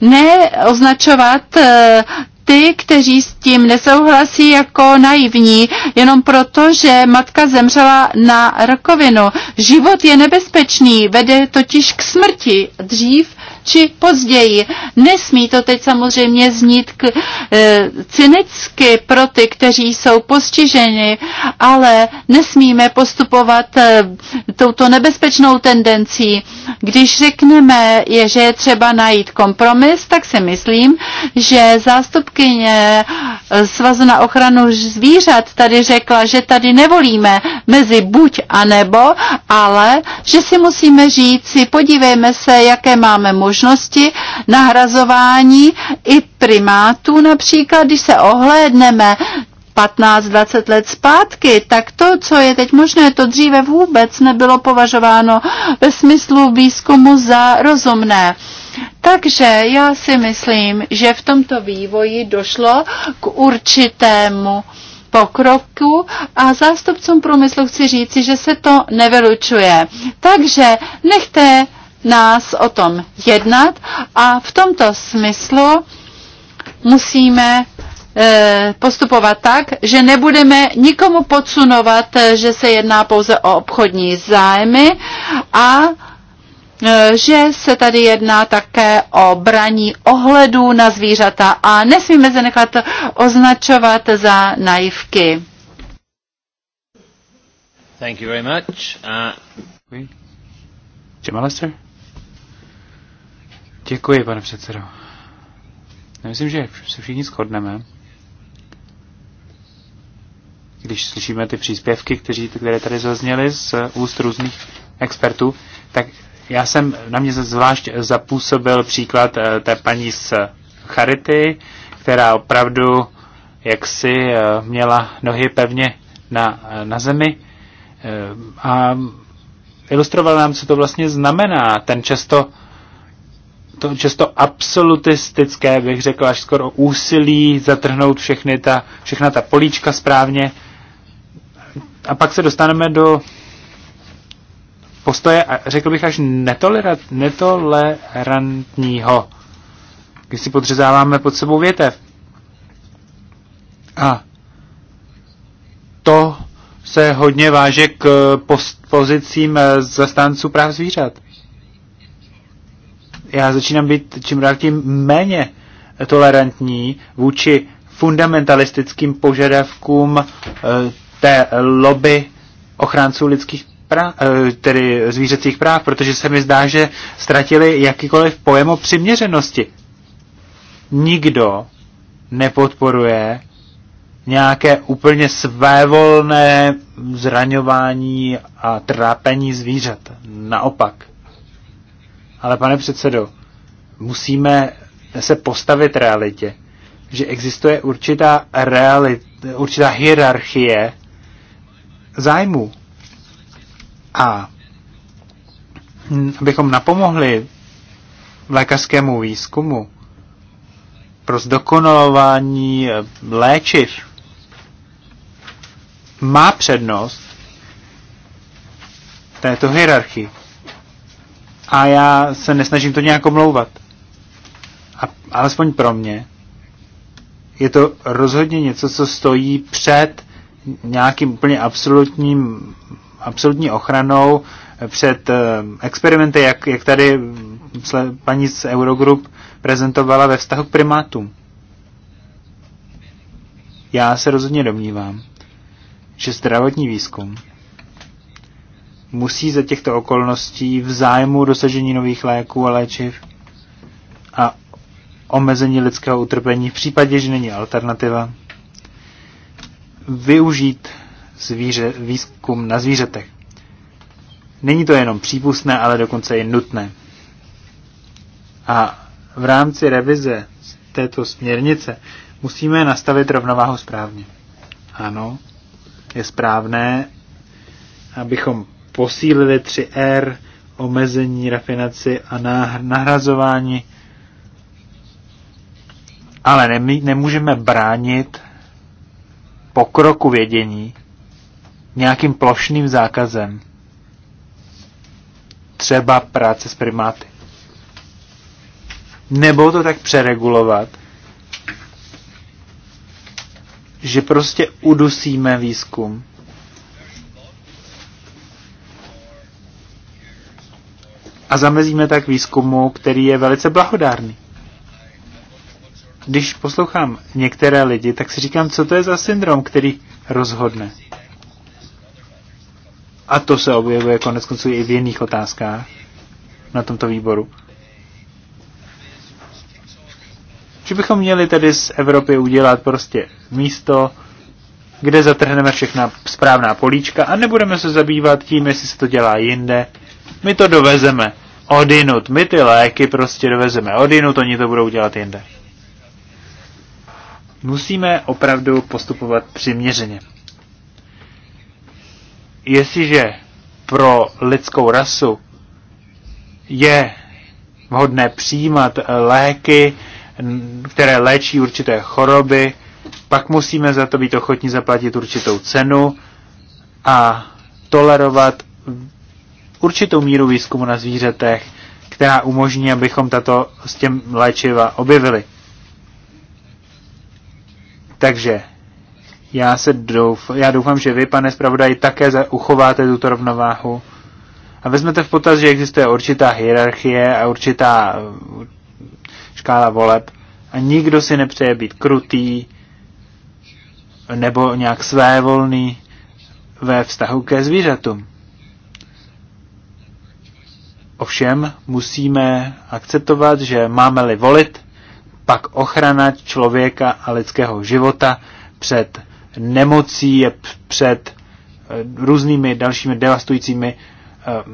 neoznačovat eh, ty, kteří s tím nesouhlasí jako naivní, jenom proto, že matka zemřela na rakovinu. Život je nebezpečný, vede totiž k smrti dřív, či později. Nesmí to teď samozřejmě znít k, e, cynicky pro ty, kteří jsou postiženi, ale nesmíme postupovat e, touto nebezpečnou tendencí. Když řekneme, je, že je třeba najít kompromis, tak si myslím, že zástupkyně eh, Svazu na ochranu zvířat tady řekla, že tady nevolíme mezi buď a nebo, ale že si musíme říct, si podívejme se, jaké máme možnosti, možnosti nahrazování i primátů. Například, když se ohlédneme 15-20 let zpátky, tak to, co je teď možné, to dříve vůbec nebylo považováno ve smyslu výzkumu za rozumné. Takže já si myslím, že v tomto vývoji došlo k určitému pokroku a zástupcům průmyslu chci říci, že se to nevylučuje. Takže nechte nás o tom jednat a v tomto smyslu musíme e, postupovat tak, že nebudeme nikomu podsunovat, e, že se jedná pouze o obchodní zájmy a e, že se tady jedná také o braní ohledů na zvířata a nesmíme se nechat označovat za naivky. Thank you very much. Uh... Jim Alistair? Děkuji, pane předsedo. myslím, že se všichni shodneme, když slyšíme ty příspěvky, kteří, které tady zazněly z úst různých expertů, tak já jsem, na mě zvlášť zapůsobil příklad eh, té paní z Charity, která opravdu jaksi eh, měla nohy pevně na, eh, na zemi a ilustroval nám, co to vlastně znamená ten často to často absolutistické, bych řekl, až skoro úsilí zatrhnout všechny ta, všechna ta políčka správně. A pak se dostaneme do postoje, řekl bych, až netolerat, netolerantního, když si podřezáváme pod sebou větev. A to se hodně váže k pozicím eh, zastánců práv zvířat já začínám být čím dál tím méně tolerantní vůči fundamentalistickým požadavkům eh, té lobby ochránců lidských práv, eh, tedy zvířecích práv, protože se mi zdá, že ztratili jakýkoliv pojem o přiměřenosti. Nikdo nepodporuje nějaké úplně svévolné zraňování a trápení zvířat. Naopak. Ale pane předsedo, musíme se postavit realitě, že existuje určitá, realit, určitá hierarchie zájmu A abychom napomohli lékařskému výzkumu pro zdokonalování eh, léčiv, má přednost této hierarchii a já se nesnažím to nějak omlouvat. A alespoň pro mě je to rozhodně něco, co stojí před nějakým úplně absolutním, absolutní ochranou, před eh, experimenty, jak, jak tady paní z Eurogroup prezentovala ve vztahu k primátům. Já se rozhodně domnívám, že zdravotní výzkum musí za těchto okolností v zájmu dosažení nových léků a léčiv a omezení lidského utrpení v případě, že není alternativa, využít zvíře, výzkum na zvířatech. Není to jenom přípustné, ale dokonce i nutné. A v rámci revize této směrnice musíme nastavit rovnováhu správně. Ano, je správné, abychom posílili 3R, omezení rafinaci a nahrazování. Ale nemůžeme bránit pokroku vědění nějakým plošným zákazem. Třeba práce s primáty. Nebo to tak přeregulovat, že prostě udusíme výzkum a zamezíme tak výzkumu, který je velice blahodárný. Když poslouchám některé lidi, tak si říkám, co to je za syndrom, který rozhodne. A to se objevuje konec konců i v jiných otázkách na tomto výboru. Že bychom měli tedy z Evropy udělat prostě místo, kde zatrhneme všechna správná políčka a nebudeme se zabývat tím, jestli se to dělá jinde. My to dovezeme odinut. My ty léky prostě dovezeme odinut, oni to budou dělat jinde. Musíme opravdu postupovat přiměřeně. Jestliže pro lidskou rasu je vhodné přijímat léky, které léčí určité choroby, pak musíme za to být ochotní zaplatit určitou cenu a tolerovat určitou míru výzkumu na zvířatech, která umožní, abychom tato s těm léčiva objevili. Takže já, se douf, já doufám, že vy, pane zpravodaji, také za, uchováte tuto rovnováhu a vezmete v potaz, že existuje určitá hierarchie a určitá uh, škála voleb a nikdo si nepřeje být krutý nebo nějak svévolný ve vztahu ke zvířatům. Ovšem musíme akceptovat, že máme-li volit, pak ochrana člověka a lidského života před nemocí, před eh, různými dalšími devastujícími eh,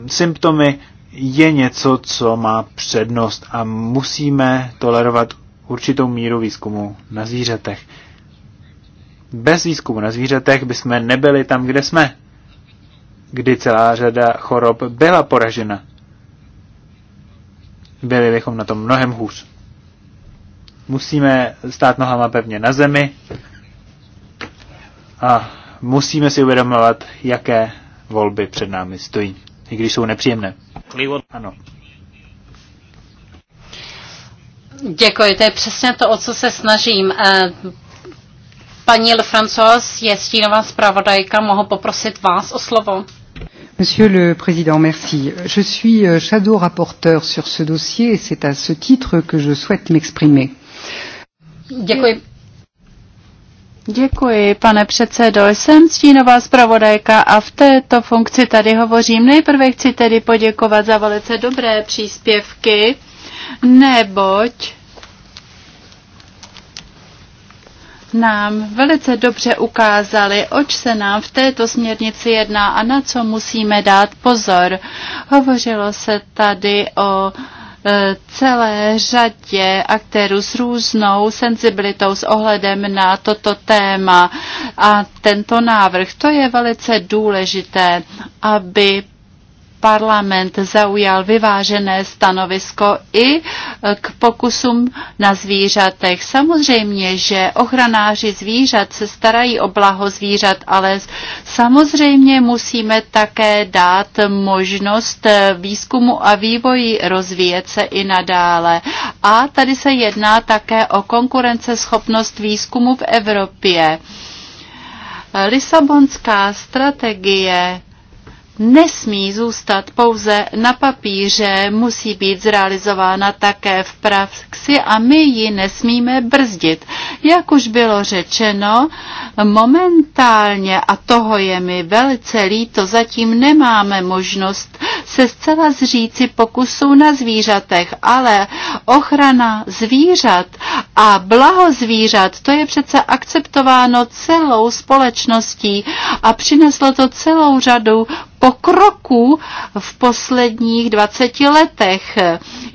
symptomy je něco, co má přednost a musíme tolerovat určitou míru výzkumu na zvířatech. Bez výzkumu na zvířatech bychom nebyli tam, kde jsme, kdy celá řada chorob byla poražena byli bychom na tom mnohem hůř. Musíme stát nohama pevně na zemi a musíme si uvědomovat, jaké volby před námi stojí, i když jsou nepříjemné. Ano. Děkuji, to je přesně to, o co se snažím. Eh, paní Lefrancois je stínová zpravodajka, mohu poprosit vás o slovo. Monsieur le Président, merci. Je suis euh, shadow rapporteur sur ce dossier et c'est à ce titre que je souhaite m'exprimer. Děkuji. Děkuji, pane předsedo. Jsem stínová zpravodajka a v této funkci tady hovořím. Nejprve chci tedy poděkovat za velice dobré příspěvky, neboť nám velice dobře ukázali, oč se nám v této směrnici jedná a na co musíme dát pozor. Hovořilo se tady o e, celé řadě aktérů s různou senzibilitou s ohledem na toto téma a tento návrh. To je velice důležité, aby parlament zaujal vyvážené stanovisko i e, k pokusům na zvířatech. Samozřejmě, že ochranáři zvířat se starají o blaho zvířat, ale samozřejmě musíme také dát možnost e, výzkumu a vývoji rozvíjet se i nadále. A tady se jedná také o konkurenceschopnost výzkumu v Evropě. Lisabonská strategie nesmí zůstat pouze na papíře, musí být zrealizována také v praxi a my ji nesmíme brzdit. Jak už bylo řečeno, momentálně, a toho je mi velice líto, zatím nemáme možnost se zcela zříci pokusů na zvířatech, ale ochrana zvířat a blaho zvířat, to je přece akceptováno celou společností a přineslo to celou řadu pokroků v posledních 20 letech.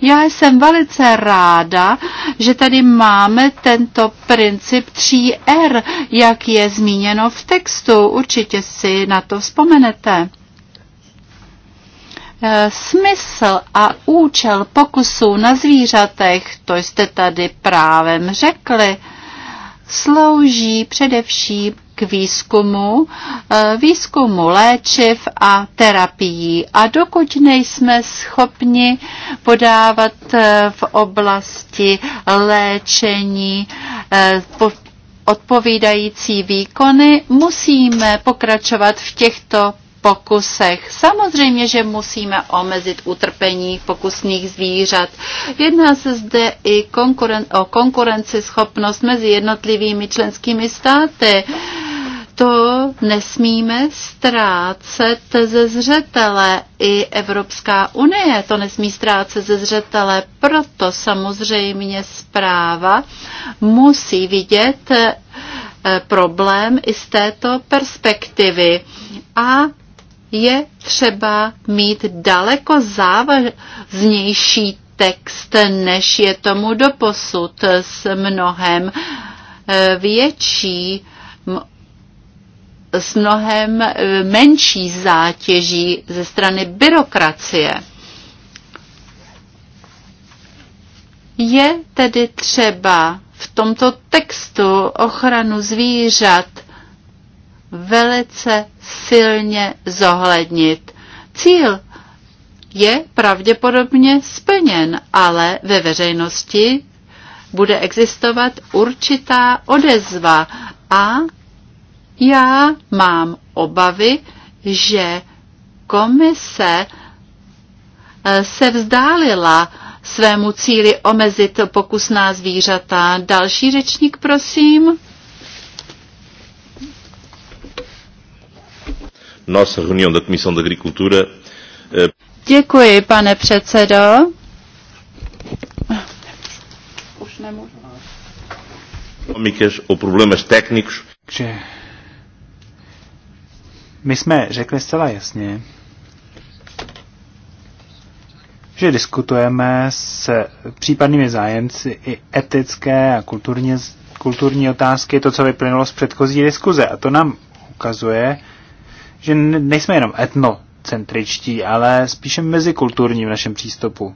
Já jsem velice ráda, že tady máme tento princip 3R, jak je zmíněno v textu. Určitě si na to vzpomenete. Eh, smysl a účel pokusů na zvířatech, to jste tady právem řekli, slouží především k výzkumu, eh, výzkumu léčiv a terapií. A dokud nejsme schopni podávat eh, v oblasti léčení odpovídající výkony, musíme pokračovat v těchto pokusech. Samozřejmě, že musíme omezit utrpení pokusných zvířat. Jedná se zde i konkuren- o konkurenceschopnost mezi jednotlivými členskými státy. To nesmíme ztrácet ze zřetele. I Evropská unie to nesmí ztrácet ze zřetele. Proto samozřejmě zpráva musí vidět eh, problém i z této perspektivy a je třeba mít daleko závaznější text, než je tomu doposud s mnohem eh, větší s mnohem eh, menší zátěží ze strany byrokracie. Je tedy třeba v tomto textu ochranu zvířat velice silně zohlednit. Cíl je pravděpodobně splněn, ale ve veřejnosti bude existovat určitá odezva a já mám obavy, že komise eh, se vzdálila svému cíli omezit pokusná zvířata. Další řečník, prosím. nossa reunião da Comissão da Agricultura. Euh, Děkuji, pane předsedo. O problemas técnicos. Takže my jsme řekli zcela jasně, že diskutujeme s případnými zájemci i etické a kulturní, kulturní otázky, to, co vyplynulo z předchozí diskuze. A to nám ukazuje, že nejsme jenom etnocentričtí, ale spíše mezikulturní v našem přístupu.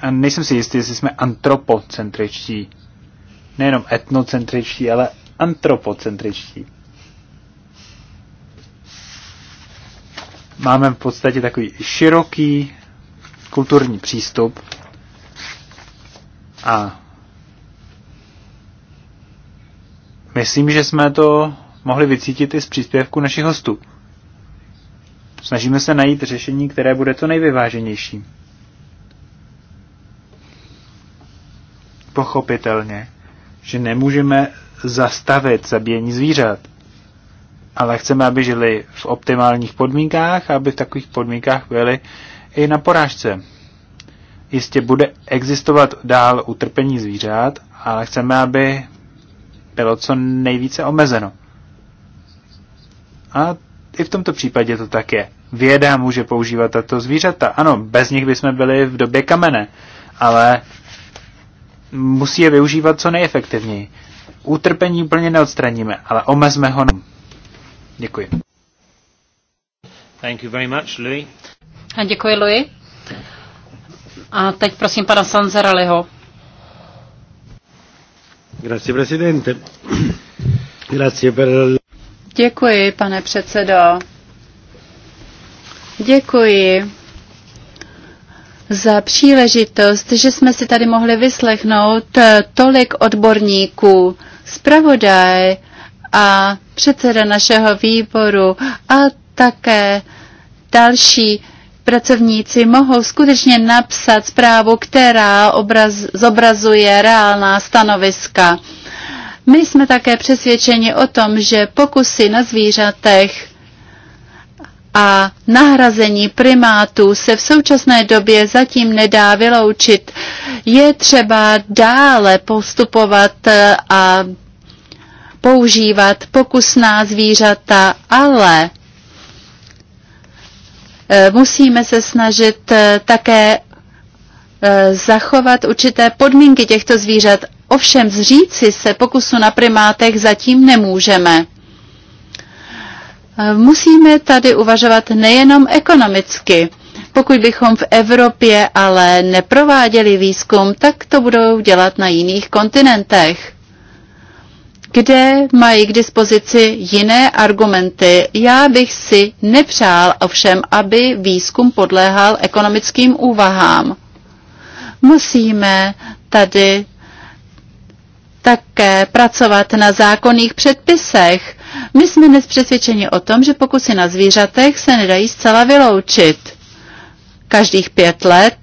A nejsem si jistý, jestli jsme antropocentričtí. Nejenom etnocentričtí, ale antropocentričtí. Máme v podstatě takový široký kulturní přístup a myslím, že jsme to mohli vycítit i z příspěvku našich hostů. Snažíme se najít řešení, které bude to nejvyváženější. Pochopitelně, že nemůžeme zastavit zabíjení zvířat, ale chceme, aby žili v optimálních podmínkách, aby v takových podmínkách byli i na porážce. Jistě bude existovat dál utrpení zvířat, ale chceme, aby bylo co nejvíce omezeno. A i v tomto případě to tak je. Věda může používat tato zvířata. Ano, bez nich bychom byli v době kamene, ale musí je využívat co nejefektivněji. Utrpení úplně neodstraníme, ale omezme ho. Děkuji. Thank you very much, Louis. A děkuji, Louis. A teď prosím pana Sanzeraliho. Grazie, presidente. Grazie per Děkuji, pane předsedo. Děkuji za příležitost, že jsme si tady mohli vyslechnout eh, tolik odborníků, zpravodaj a předseda našeho výboru a také další pracovníci mohou skutečně napsat zprávu, která obraz, zobrazuje reálná stanoviska. My jsme také přesvědčeni o tom, že pokusy na zvířatech a nahrazení primátů se v současné době zatím nedá vyloučit. Je třeba dále postupovat a používat pokusná zvířata, ale eh, musíme se snažit eh, také eh, zachovat určité podmínky těchto zvířat Ovšem zříci se pokusu na primátech zatím nemůžeme. Eh, musíme tady uvažovat nejenom ekonomicky. Pokud bychom v Evropě ale neprováděli výzkum, tak to budou dělat na jiných kontinentech kde mají k dispozici jiné argumenty. Já bych si nepřál ovšem, aby výzkum podléhal ekonomickým úvahám. Musíme tady také pracovat na zákonných předpisech. My jsme dnes přesvědčeni o tom, že pokusy na zvířatech se nedají zcela vyloučit. Každých pět let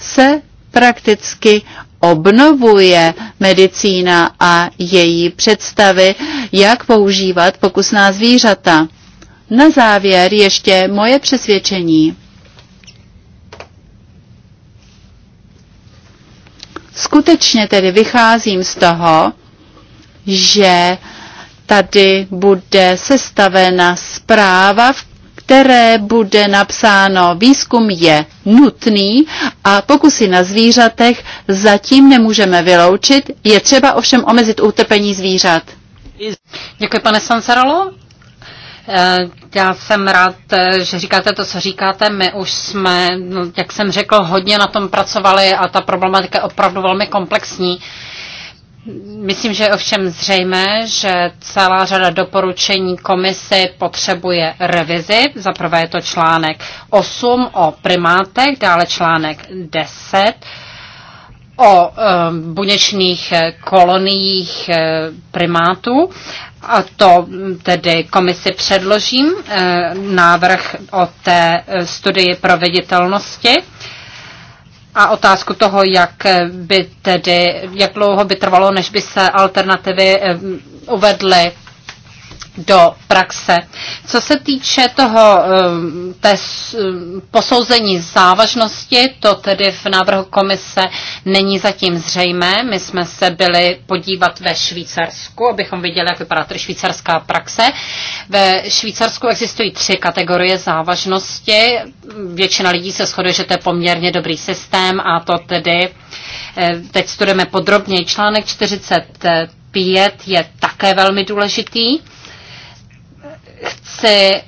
se prakticky obnovuje medicína a její představy, jak používat pokusná zvířata. Na závěr ještě moje přesvědčení. Skutečně tedy vycházím z toho, že tady bude sestavena zpráva, v které bude napsáno, výzkum je nutný a pokusy na zvířatech zatím nemůžeme vyloučit, je třeba ovšem omezit utrpení zvířat. Děkuji, pane Sansaralo. Eh, já jsem rád, eh, že říkáte to, co říkáte. My už jsme, no, jak jsem řekl, hodně na tom pracovali a ta problematika je opravdu velmi komplexní. Myslím, že je ovšem zřejmé, že celá řada doporučení komisy potřebuje revizi. Za prvé je to článek 8 o primátech, dále článek 10 o eh, buněčných koloniích primátů a to tedy komisi předložím eh, návrh o té eh, studii proveditelnosti a otázku toho, jak by tedy, jak dlouho by trvalo, než by se alternativy eh, uvedly do praxe. Co se týče toho um, té um, posouzení závažnosti, to tedy v návrhu komise není zatím zřejmé. My jsme se byli podívat ve Švýcarsku, abychom viděli, jak vypadá tedy švýcarská praxe. Ve Švýcarsku existují tři kategorie závažnosti. Většina lidí se shoduje, že to je poměrně dobrý systém a to tedy eh, teď studujeme podrobněji. Článek 45 je také velmi důležitý chci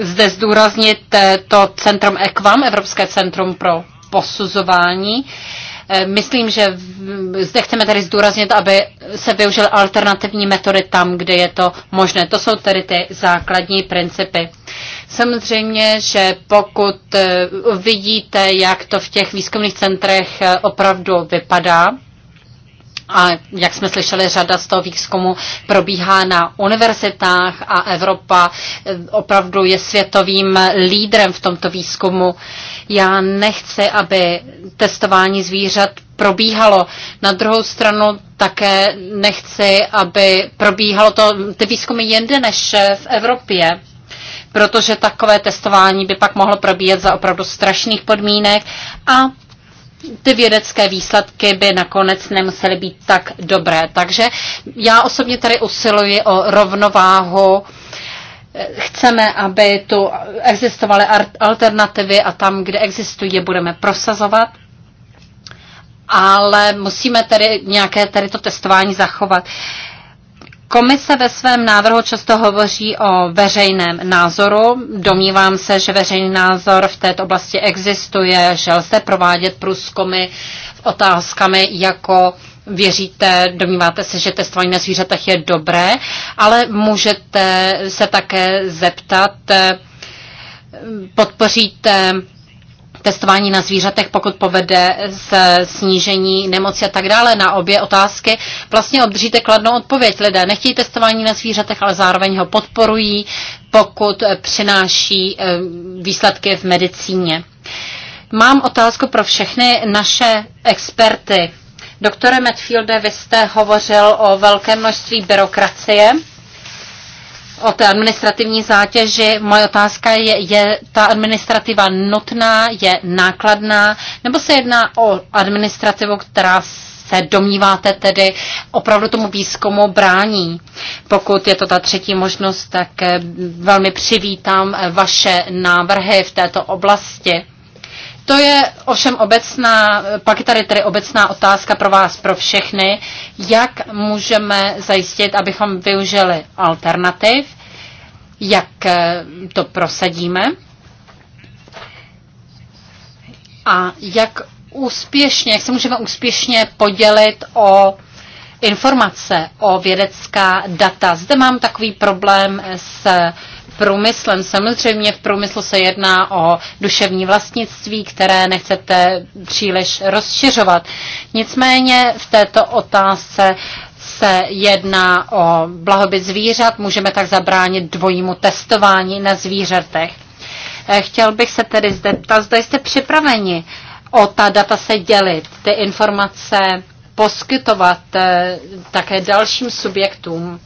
zde zdůraznit eh, to centrum EQUAM, Evropské centrum pro posuzování. Eh, myslím, že zde chceme tady zdůraznit, aby se využily alternativní metody tam, kde je to možné. To jsou tedy ty základní principy. Samozřejmě, že pokud eh, vidíte, jak to v těch výzkumných centrech opravdu vypadá, a jak jsme slyšeli, řada z toho výzkumu probíhá na univerzitách a Evropa eh, opravdu je světovým lídrem v tomto výzkumu. Já nechci, aby testování zvířat probíhalo. Na druhou stranu také nechci, aby probíhalo to, ty výzkumy jinde než eh, v Evropě protože takové testování by pak mohlo probíhat za opravdu strašných podmínek a ty vědecké výsledky by nakonec nemusely být tak dobré. Takže já osobně tady usiluji o rovnováhu. Chceme, aby tu existovaly alternativy a tam, kde existují, budeme prosazovat ale musíme tady nějaké tady to testování zachovat. Komise ve svém návrhu často hovoří o veřejném názoru. Domnívám se, že veřejný názor v této oblasti existuje, že lze provádět průzkumy s otázkami jako věříte, domníváte se, že testování na zvířatech je dobré, ale můžete se také zeptat, podpoříte testování na zvířatech, pokud povede se snížení nemoci a tak dále. Na obě otázky vlastně obdržíte kladnou odpověď. Lidé nechtějí testování na zvířatech, ale zároveň ho podporují, pokud přináší eh, výsledky v medicíně. Mám otázku pro všechny naše experty. Doktore Medfielde, vy jste hovořil o velkém množství byrokracie o té administrativní zátěži. Moje otázka je, je ta administrativa nutná, je nákladná, nebo se jedná o administrativu, která se domníváte tedy opravdu tomu výzkumu brání. Pokud je to ta třetí možnost, tak eh, velmi přivítám eh, vaše návrhy v této oblasti. To je ovšem obecná, pak je tady tedy obecná otázka pro vás, pro všechny, jak můžeme zajistit, abychom využili alternativ, jak eh, to prosadíme a jak úspěšně, jak se můžeme úspěšně podělit o informace, o vědecká data. Zde mám takový problém s průmyslem. Samozřejmě v průmyslu se jedná o duševní vlastnictví, které nechcete příliš rozšiřovat. Nicméně v této otázce se jedná o blahobyt zvířat, můžeme tak zabránit dvojímu testování na zvířatech. Eh, chtěl bych se tedy zde ptat, zda jste připraveni o ta data se dělit, ty informace poskytovat eh, také dalším subjektům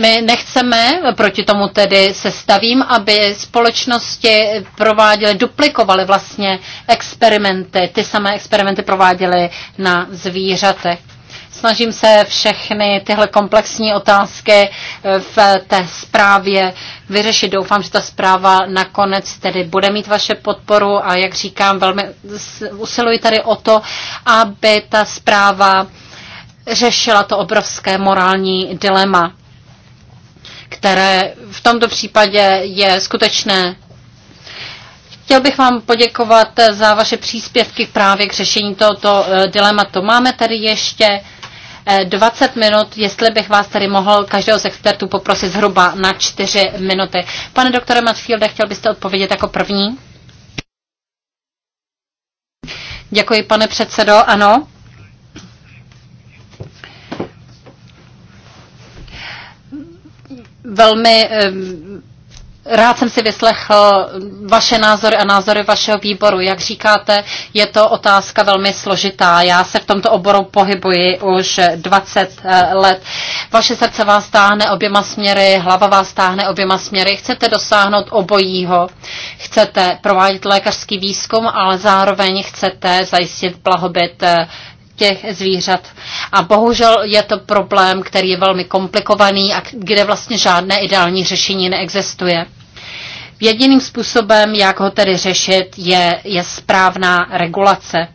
my nechceme, proti tomu tedy se stavím, aby společnosti prováděly, duplikovaly vlastně experimenty, ty samé experimenty prováděly na zvířatech. Snažím se všechny tyhle komplexní otázky eh, v té zprávě vyřešit. Doufám, že ta zpráva nakonec tedy bude mít vaše podporu a jak říkám, velmi usiluji tady o to, aby ta zpráva řešila to obrovské morální dilema, které v tomto případě je skutečné. Chtěl bych vám poděkovat za vaše příspěvky právě k řešení tohoto eh, dilematu. Máme tady ještě 20 eh, minut, jestli bych vás tady mohl každého z expertů poprosit zhruba na 4 minuty. Pane doktore Matfielde, chtěl byste odpovědět jako první? Děkuji, pane předsedo. Ano. velmi Rád jsem si vyslechl vaše názory a názory vašeho výboru. Jak říkáte, je to otázka velmi složitá. Já se v tomto oboru pohybuji už 20 eh, let. Vaše srdce vás táhne oběma směry, hlava vás táhne oběma směry. Chcete dosáhnout obojího. Chcete provádět lékařský výzkum, ale zároveň chcete zajistit blahobyt eh, těch zvířat. A bohužel je to problém, který je velmi komplikovaný a kde vlastně žádné ideální řešení neexistuje. Jediným způsobem, jak ho tedy řešit, je, je správná regulace.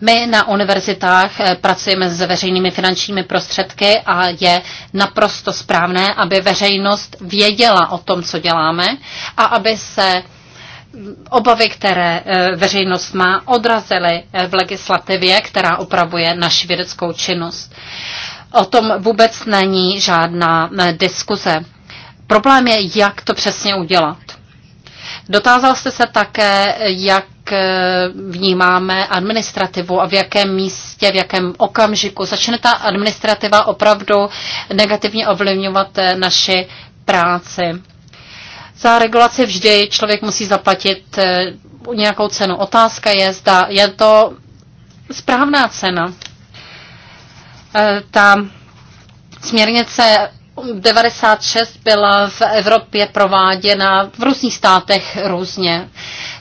My na univerzitách eh, pracujeme s veřejnými finančními prostředky a je naprosto správné, aby veřejnost věděla o tom, co děláme a aby se obavy, které eh, veřejnost má, odrazily eh, v legislativě, která upravuje naši vědeckou činnost. O tom vůbec není žádná eh, diskuze. Problém je, jak to přesně udělat. Dotázal jste se také, jak vnímáme administrativu a v jakém místě, v jakém okamžiku začne ta administrativa opravdu negativně ovlivňovat naši práci. Za regulaci vždy člověk musí zaplatit eh, nějakou cenu. Otázka je, zda je to správná cena. Eh, ta směrnice 96 byla v Evropě prováděna v různých státech různě.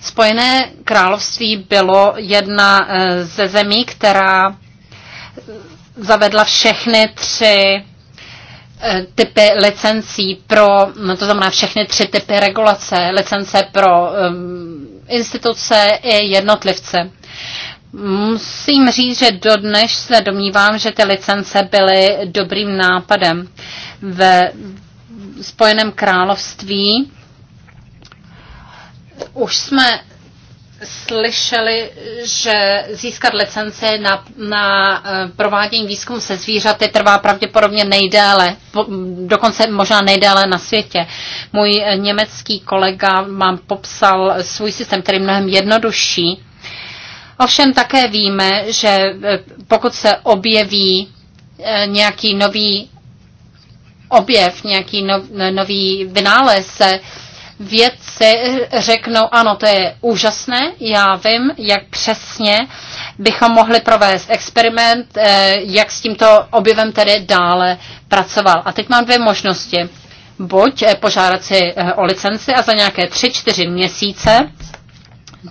Spojené království bylo jedna eh, ze zemí, která zavedla všechny tři Eh, typy licencí pro, no to znamená všechny tři typy regulace, licence pro um, instituce i jednotlivce. Musím říct, že dodnes se domnívám, že ty licence byly dobrým nápadem. Ve Spojeném království už jsme slyšeli, že získat licenci na, na eh, provádění výzkumu se zvířaty trvá pravděpodobně nejdéle, dokonce možná nejdéle na světě. Můj eh, německý kolega mám popsal svůj systém, který je mnohem jednodušší. Ovšem také víme, že eh, pokud se objeví nějaký nový objev, nějaký no, nový vynález, se vědci řeknou, ano, to je úžasné, já vím, jak přesně bychom mohli provést experiment, eh, jak s tímto objevem tedy dále pracoval. A teď mám dvě možnosti. Buď eh, požádat si eh, o licenci a za nějaké tři, čtyři měsíce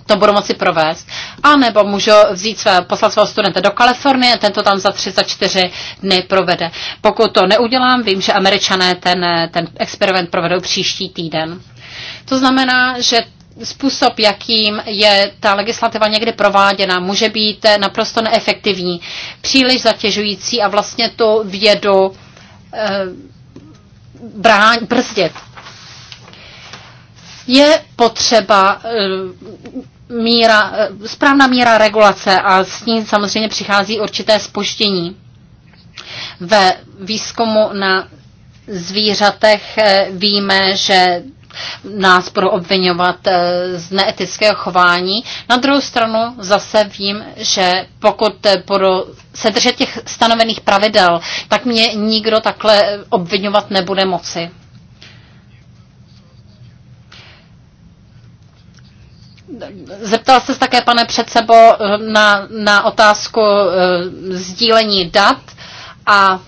to budu moci provést. A nebo můžu vzít své, poslat svého studenta do Kalifornie, ten to tam za tři, za čtyři dny provede. Pokud to neudělám, vím, že američané ten, ten experiment provedou příští týden. To znamená, že způsob, jakým je ta legislativa někdy prováděna, může být naprosto neefektivní, příliš zatěžující a vlastně tu vědu e, eh, bráň, brzdit. Je potřeba e, míra, e, správná míra regulace a s ní samozřejmě přichází určité spoštění. Ve výzkumu na zvířatech víme, že nás budou obvinovat eh, z neetického chování. Na druhou stranu zase vím, že pokud eh, budu se držet těch stanovených pravidel, tak mě nikdo takhle obvinovat nebude moci. Zeptal jste se také, pane předsebo, na, na otázku eh, sdílení dat a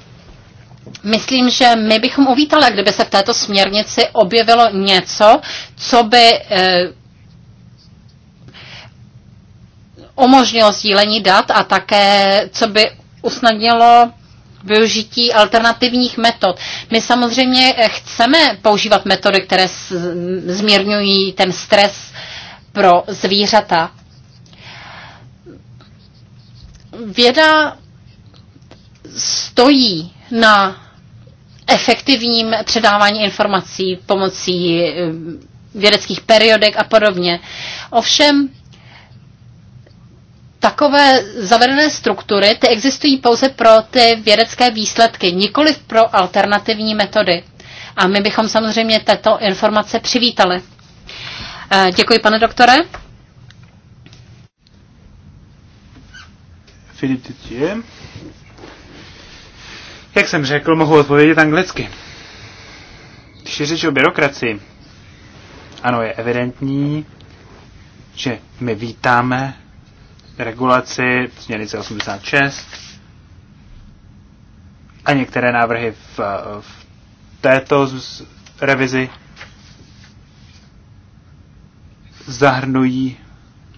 Myslím, že my bychom uvítali, kdyby se v této směrnici objevilo něco, co by eh, umožnilo sdílení dat a také, co by usnadnilo využití alternativních metod. My samozřejmě chceme používat metody, které zmírňují ten stres pro zvířata. Věda stojí na efektivním předávání informací pomocí eh, vědeckých periodek a podobně. Ovšem, takové zavedené struktury, ty existují pouze pro ty vědecké výsledky, nikoli pro alternativní metody. A my bychom samozřejmě této informace přivítali. Eh, děkuji, pane doktore. Filip Titier. Jak jsem řekl, mohu odpovědět anglicky. Když řeč o byrokracii, ano, je evidentní, že my vítáme regulaci směrnice 86 a některé návrhy v, v této revizi zahrnují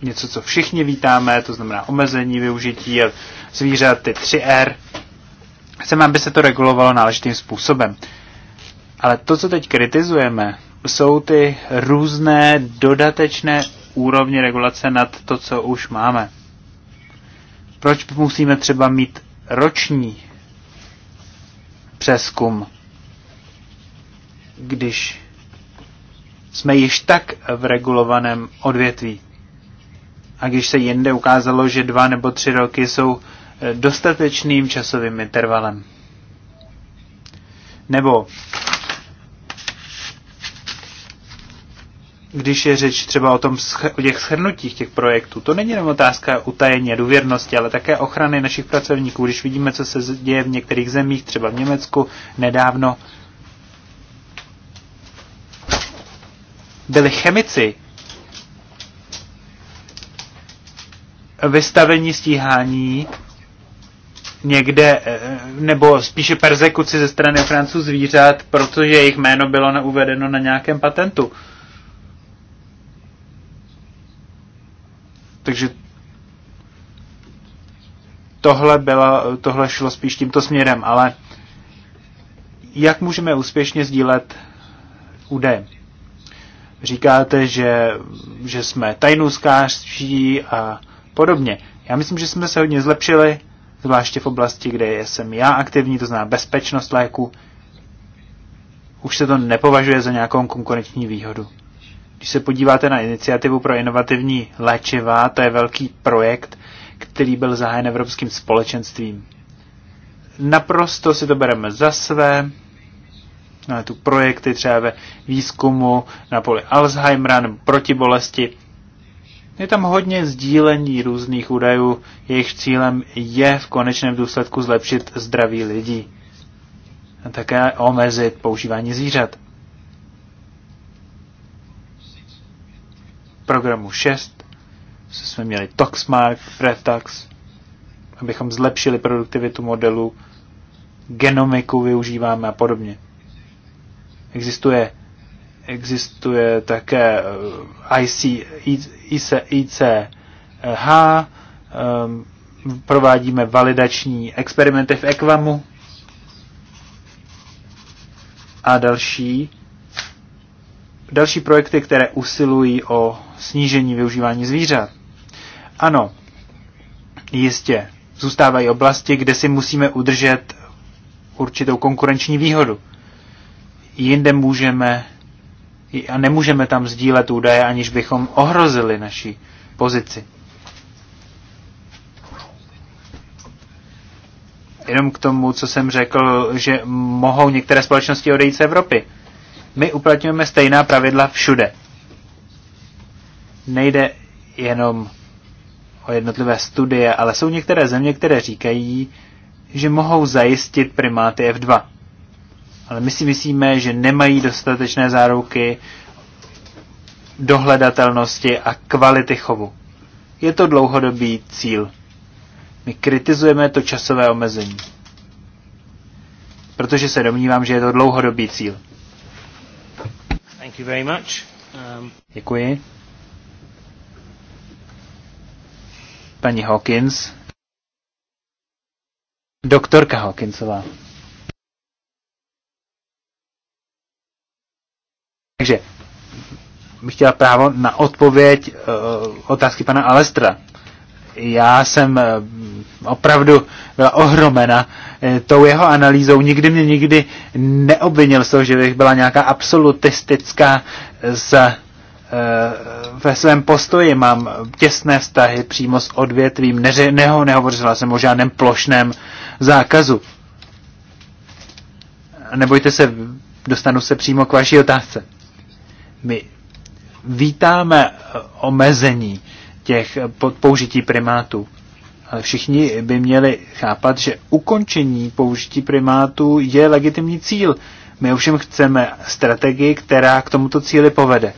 něco, co všichni vítáme, to znamená omezení využití zvířat, ty 3R, Chceme, aby se to regulovalo náležitým způsobem. Ale to, co teď kritizujeme, jsou ty různé dodatečné úrovně regulace nad to, co už máme. Proč musíme třeba mít roční přeskum, když jsme již tak v regulovaném odvětví. A když se jinde ukázalo, že dva nebo tři roky jsou dostatečným časovým intervalem. Nebo když je řeč třeba o, tom, o těch shrnutích těch projektů, to není jenom otázka utajení a důvěrnosti, ale také ochrany našich pracovníků. Když vidíme, co se děje v některých zemích, třeba v Německu nedávno, byli chemici vystavení stíhání někde, eh, nebo spíše persekuci ze strany Francouz zvířat, protože jejich jméno bylo uvedeno na nějakém patentu. Takže tohle, bylo tohle šlo spíš tímto směrem, ale jak můžeme úspěšně sdílet údaje? Říkáte, že, že jsme tajnůzkářští a podobně. Já myslím, že jsme se hodně zlepšili zvláště v oblasti, kde jsem já aktivní, to znamená bezpečnost léku, už se to nepovažuje za nějakou konkurenční výhodu. Když se podíváte na iniciativu pro inovativní léčiva, to je velký projekt, který byl zahájen Evropským společenstvím. Naprosto si to bereme za své, máme tu projekty třeba ve výzkumu na poli Alzheimera nebo proti bolesti, je tam hodně sdílení různých údajů, jejich cílem je v konečném důsledku zlepšit zdraví lidí a také omezit používání zvířat. programu 6 jsme měli Toxmark, Fretax, abychom zlepšili produktivitu modelu, genomiku využíváme a podobně. Existuje existuje také eh, IC, IC, ICH, eh, eh, provádíme validační experimenty v Equamu a další, další projekty, které usilují o snížení využívání zvířat. Ano, jistě, zůstávají oblasti, kde si musíme udržet určitou konkurenční výhodu. Jinde můžeme a nemůžeme tam sdílet údaje, aniž bychom ohrozili naší pozici. Jenom k tomu, co jsem řekl, že mohou některé společnosti odejít z Evropy. My uplatňujeme stejná pravidla všude. Nejde jenom o jednotlivé studie, ale jsou některé země, které říkají, že mohou zajistit primáty F2 ale my si myslíme, že nemají dostatečné záruky dohledatelnosti a kvality chovu. Je to dlouhodobý cíl. My kritizujeme to časové omezení, protože se domnívám, že je to dlouhodobý cíl. Thank you very much. Um... Děkuji. Paní Hawkins. Doktorka Hawkinsová. Takže bych chtěla právo na odpověď uh, otázky pana Alestra. Já jsem uh, opravdu byla ohromena uh, tou jeho analýzou. Nikdy mě nikdy neobvinil z toho, že bych byla nějaká absolutistická z, uh, ve svém postoji. Mám těsné vztahy přímo s odvětvím. Neře, neho, nehovořila jsem o žádném plošném zákazu. Nebojte se, dostanu se přímo k vaší otázce. My vítáme eh, omezení těch eh, použití primátů. Ale všichni by měli chápat, že ukončení použití primátů je legitimní cíl. My ovšem chceme strategii, která k tomuto cíli povede.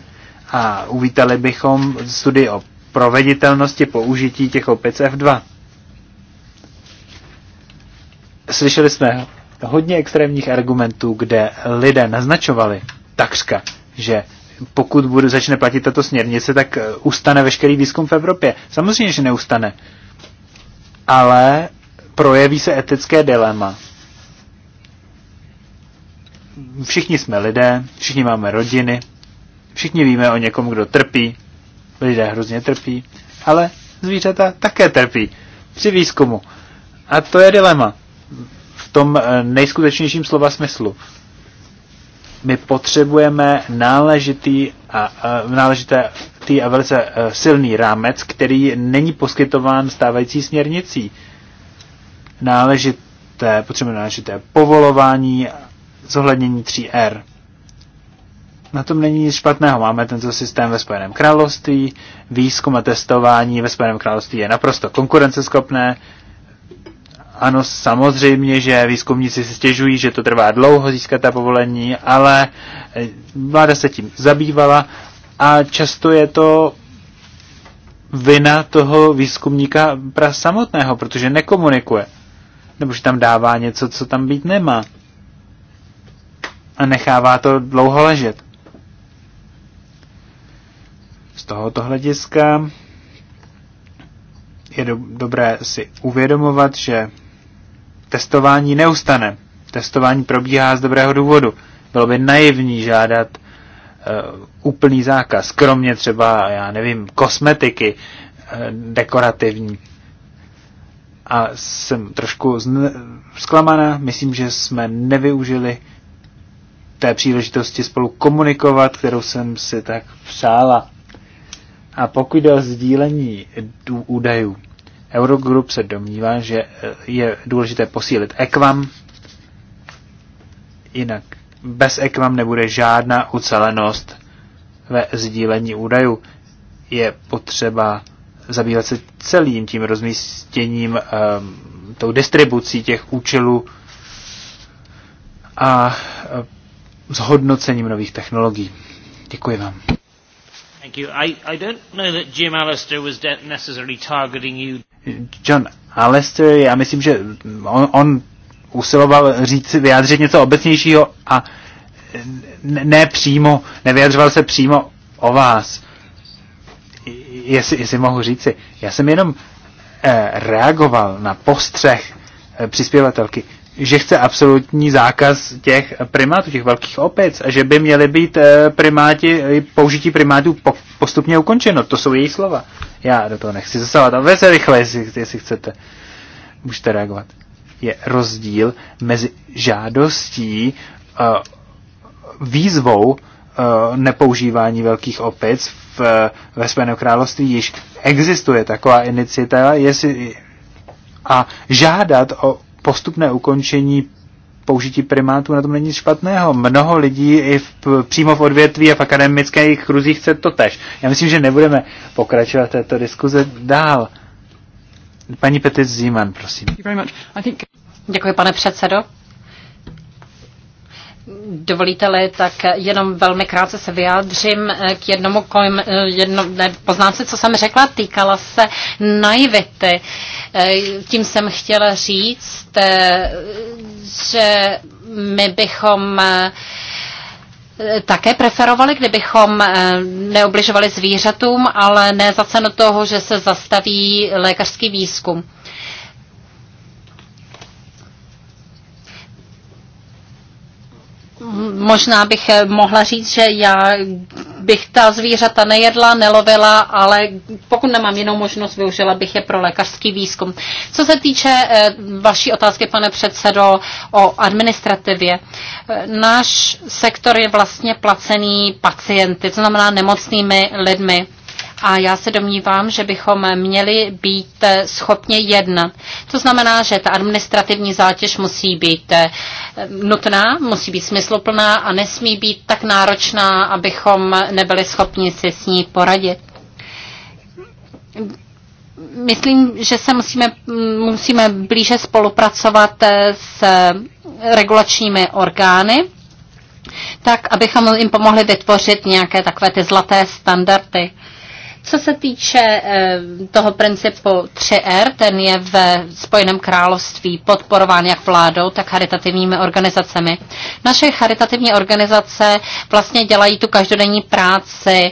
A uvítali bychom studii o proveditelnosti použití těch opic F2. Slyšeli jsme hodně extrémních argumentů, kde lidé naznačovali takřka, že pokud bude, začne platit tato směrnice, tak eh, ustane veškerý výzkum v Evropě. Samozřejmě, že neustane. Ale projeví se etické dilema. Všichni jsme lidé, všichni máme rodiny, všichni víme o někom, kdo trpí. Lidé hrozně trpí, ale zvířata také trpí při výzkumu. A to je dilema v tom eh, nejskutečnějším slova smyslu my potřebujeme náležitý a, a, náležité tý a velice e, silný rámec, který není poskytován stávající směrnicí. Náležité, potřebujeme náležité povolování, zohlednění 3R. Na tom není nic špatného. Máme tento systém ve Spojeném království, výzkum a testování ve Spojeném království je naprosto konkurenceschopné, ano, samozřejmě, že výzkumníci si stěžují, že to trvá dlouho získat ta povolení, ale eh, vláda se tím zabývala a často je to vina toho výzkumníka pra samotného, protože nekomunikuje. Nebo že tam dává něco, co tam být nemá. A nechává to dlouho ležet. Z tohoto hlediska je do, dobré si uvědomovat, že testování neustane. Testování probíhá z dobrého důvodu. Bylo by naivní žádat uh, úplný zákaz, kromě třeba, já nevím, kosmetiky uh, dekorativní. A jsem trošku zklamaná. Myslím, že jsme nevyužili té příležitosti spolu komunikovat, kterou jsem si tak přála. A pokud jde o sdílení údajů, Eurogroup se domnívá, že eh, je důležité posílit ekvam, jinak bez ekvam nebude žádná ucelenost ve sdílení údajů. Je potřeba zabývat se celým tím rozmístěním, ehm, tou distribucí těch účelů a eh, zhodnocením nových technologií. Děkuji vám. Thank you. I, I don't know that Jim Alistair was necessarily targeting you. John Alester, já myslím, že on, on usiloval říct, vyjádřit něco obecnějšího a ne přímo, nevyjadřoval se přímo o vás. Jestli, jestli mohu říci, já jsem jenom eh, reagoval na postřeh eh, přispěvatelky, že chce absolutní zákaz těch primátů, těch velkých opic a že by měly být eh, primáti, použití primátů po, postupně ukončeno. To jsou její slova. Já do toho nechci zasahovat. A velice rychle, jestli, jestli chcete. Můžete reagovat. Je rozdíl mezi žádostí, uh, výzvou uh, nepoužívání velkých opic v, ve Spojeném království již existuje taková iniciativa, jestli a žádat o postupné ukončení použití primátů na tom není nic špatného. Mnoho lidí i v, přímo v odvětví a v akademických kruzích chce to tež. Já myslím, že nebudeme pokračovat této diskuze dál. Paní Petit Zíman, prosím. Děkuji, pane předsedo dovolíte-li, tak jenom velmi krátce se vyjádřím eh, k jednomu kojim, eh, jedno, ne, poznámce, co jsem řekla, týkala se naivity. Eh, tím jsem chtěla říct, že my bychom také preferovali, kdybychom neobližovali zvířatům, ale ne za cenu toho, že se zastaví lékařský výzkum. možná bych eh, mohla říct, že já bych ta zvířata nejedla, nelovila, ale pokud nemám jinou možnost, využila bych je pro lékařský výzkum. Co se týče eh, vaší otázky, pane předsedo, o administrativě. Eh, náš sektor je vlastně placený pacienty, to znamená nemocnými lidmi a já se domnívám, že bychom měli být schopni jednat. To znamená, že ta administrativní zátěž musí být eh, nutná, musí být smysluplná a nesmí být tak náročná, abychom nebyli schopni si s ní poradit myslím, že se musíme, musíme blíže spolupracovat eh, s eh, regulačními orgány, tak abychom jim pomohli vytvořit nějaké takové ty zlaté standardy. Co se týče eh, toho principu 3R, ten je v Spojeném království podporován jak vládou, tak charitativními organizacemi. Naše charitativní organizace vlastně dělají tu každodenní práci eh,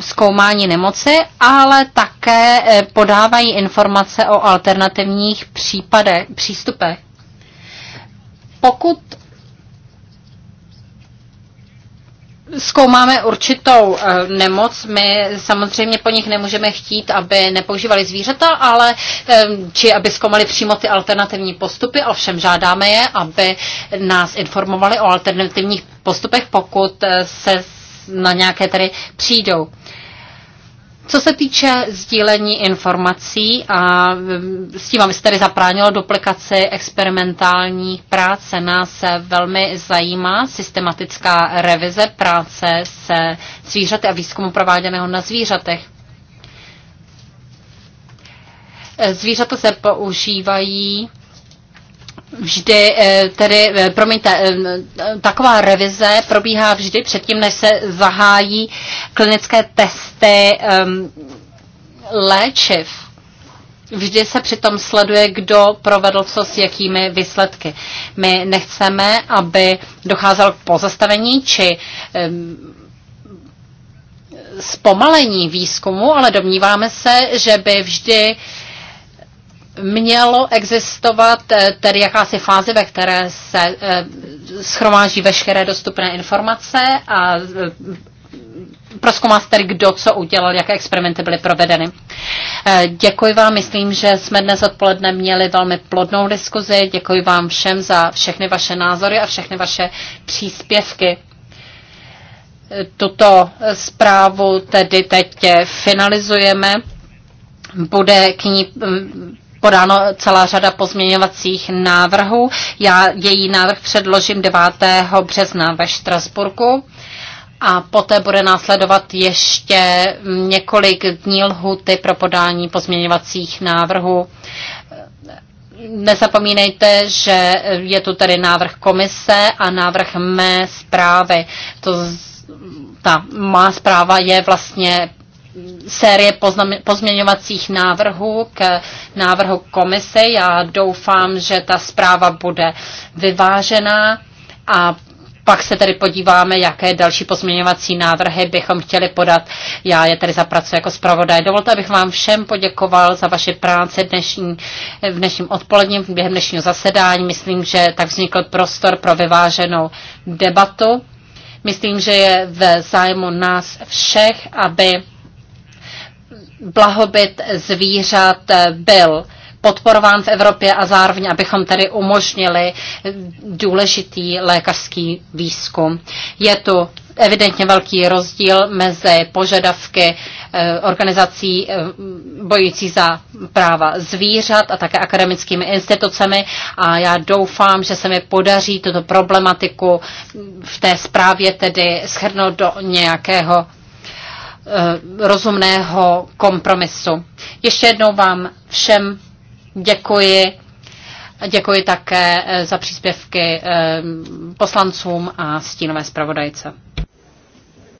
zkoumání nemoci, ale také eh, podávají informace o alternativních případech, přístupech. Pokud zkoumáme určitou eh, nemoc. My samozřejmě po nich nemůžeme chtít, aby nepoužívali zvířata, ale eh, či aby zkoumali přímo ty alternativní postupy, ovšem žádáme je, aby nás informovali o alternativních postupech, pokud eh, se na nějaké tady přijdou. Uh, co se týče sdílení informací, a mm, s tím, aby se tady zapránilo duplikaci experimentální práce, nás velmi zajímá systematická revize práce se zvířaty a výzkumu prováděného na zvířatech. Zvířata se používají vždy, eh, tedy, eh, promiňte, eh, taková revize probíhá vždy předtím, než se zahájí klinické testy ehm, léčiv. Vždy se přitom sleduje, kdo provedl co s jakými výsledky. My nechceme, aby docházelo k pozastavení či ehm, zpomalení výzkumu, ale domníváme se, že by vždy mělo existovat eh, tedy jakási fáze, ve které se eh, schromáží veškeré dostupné informace a eh, proskoumá se tedy, kdo co udělal, jaké experimenty byly provedeny. Děkuji vám, myslím, že jsme dnes odpoledne měli velmi plodnou diskuzi. Děkuji vám všem za všechny vaše názory a všechny vaše příspěvky. Tuto zprávu tedy teď finalizujeme. Bude k ní hm, podáno celá řada pozměňovacích návrhů. Já její návrh předložím 9. března ve Štrasburku a poté bude následovat ještě několik dní lhuty pro podání pozměňovacích návrhů. Nezapomínejte, že je tu tady návrh komise a návrh mé zprávy. To ta má zpráva je vlastně série pozměňovacích návrhů k návrhu komise. Já doufám, že ta zpráva bude vyvážená a pak se tedy podíváme, jaké další pozměňovací návrhy bychom chtěli podat. Já je tedy zapracuji jako zpravodaj. Dovolte, abych vám všem poděkoval za vaši práci dnešní, v dnešním odpoledním, během dnešního zasedání. Myslím, že tak vznikl prostor pro vyváženou debatu. Myslím, že je v zájmu nás všech, aby blahobyt zvířat eh, byl podporován v Evropě a zároveň, abychom tedy umožnili eh, důležitý lékařský výzkum. Je tu evidentně velký rozdíl mezi požadavky eh, organizací bojící za práva zvířat a také akademickými institucemi a já doufám, že se mi podaří tuto problematiku v té zprávě tedy schrnout do nějakého Eh, rozumného kompromisu. Ještě jednou vám všem děkuji. Děkuji také eh, za příspěvky eh, poslancům a stínové zpravodajce.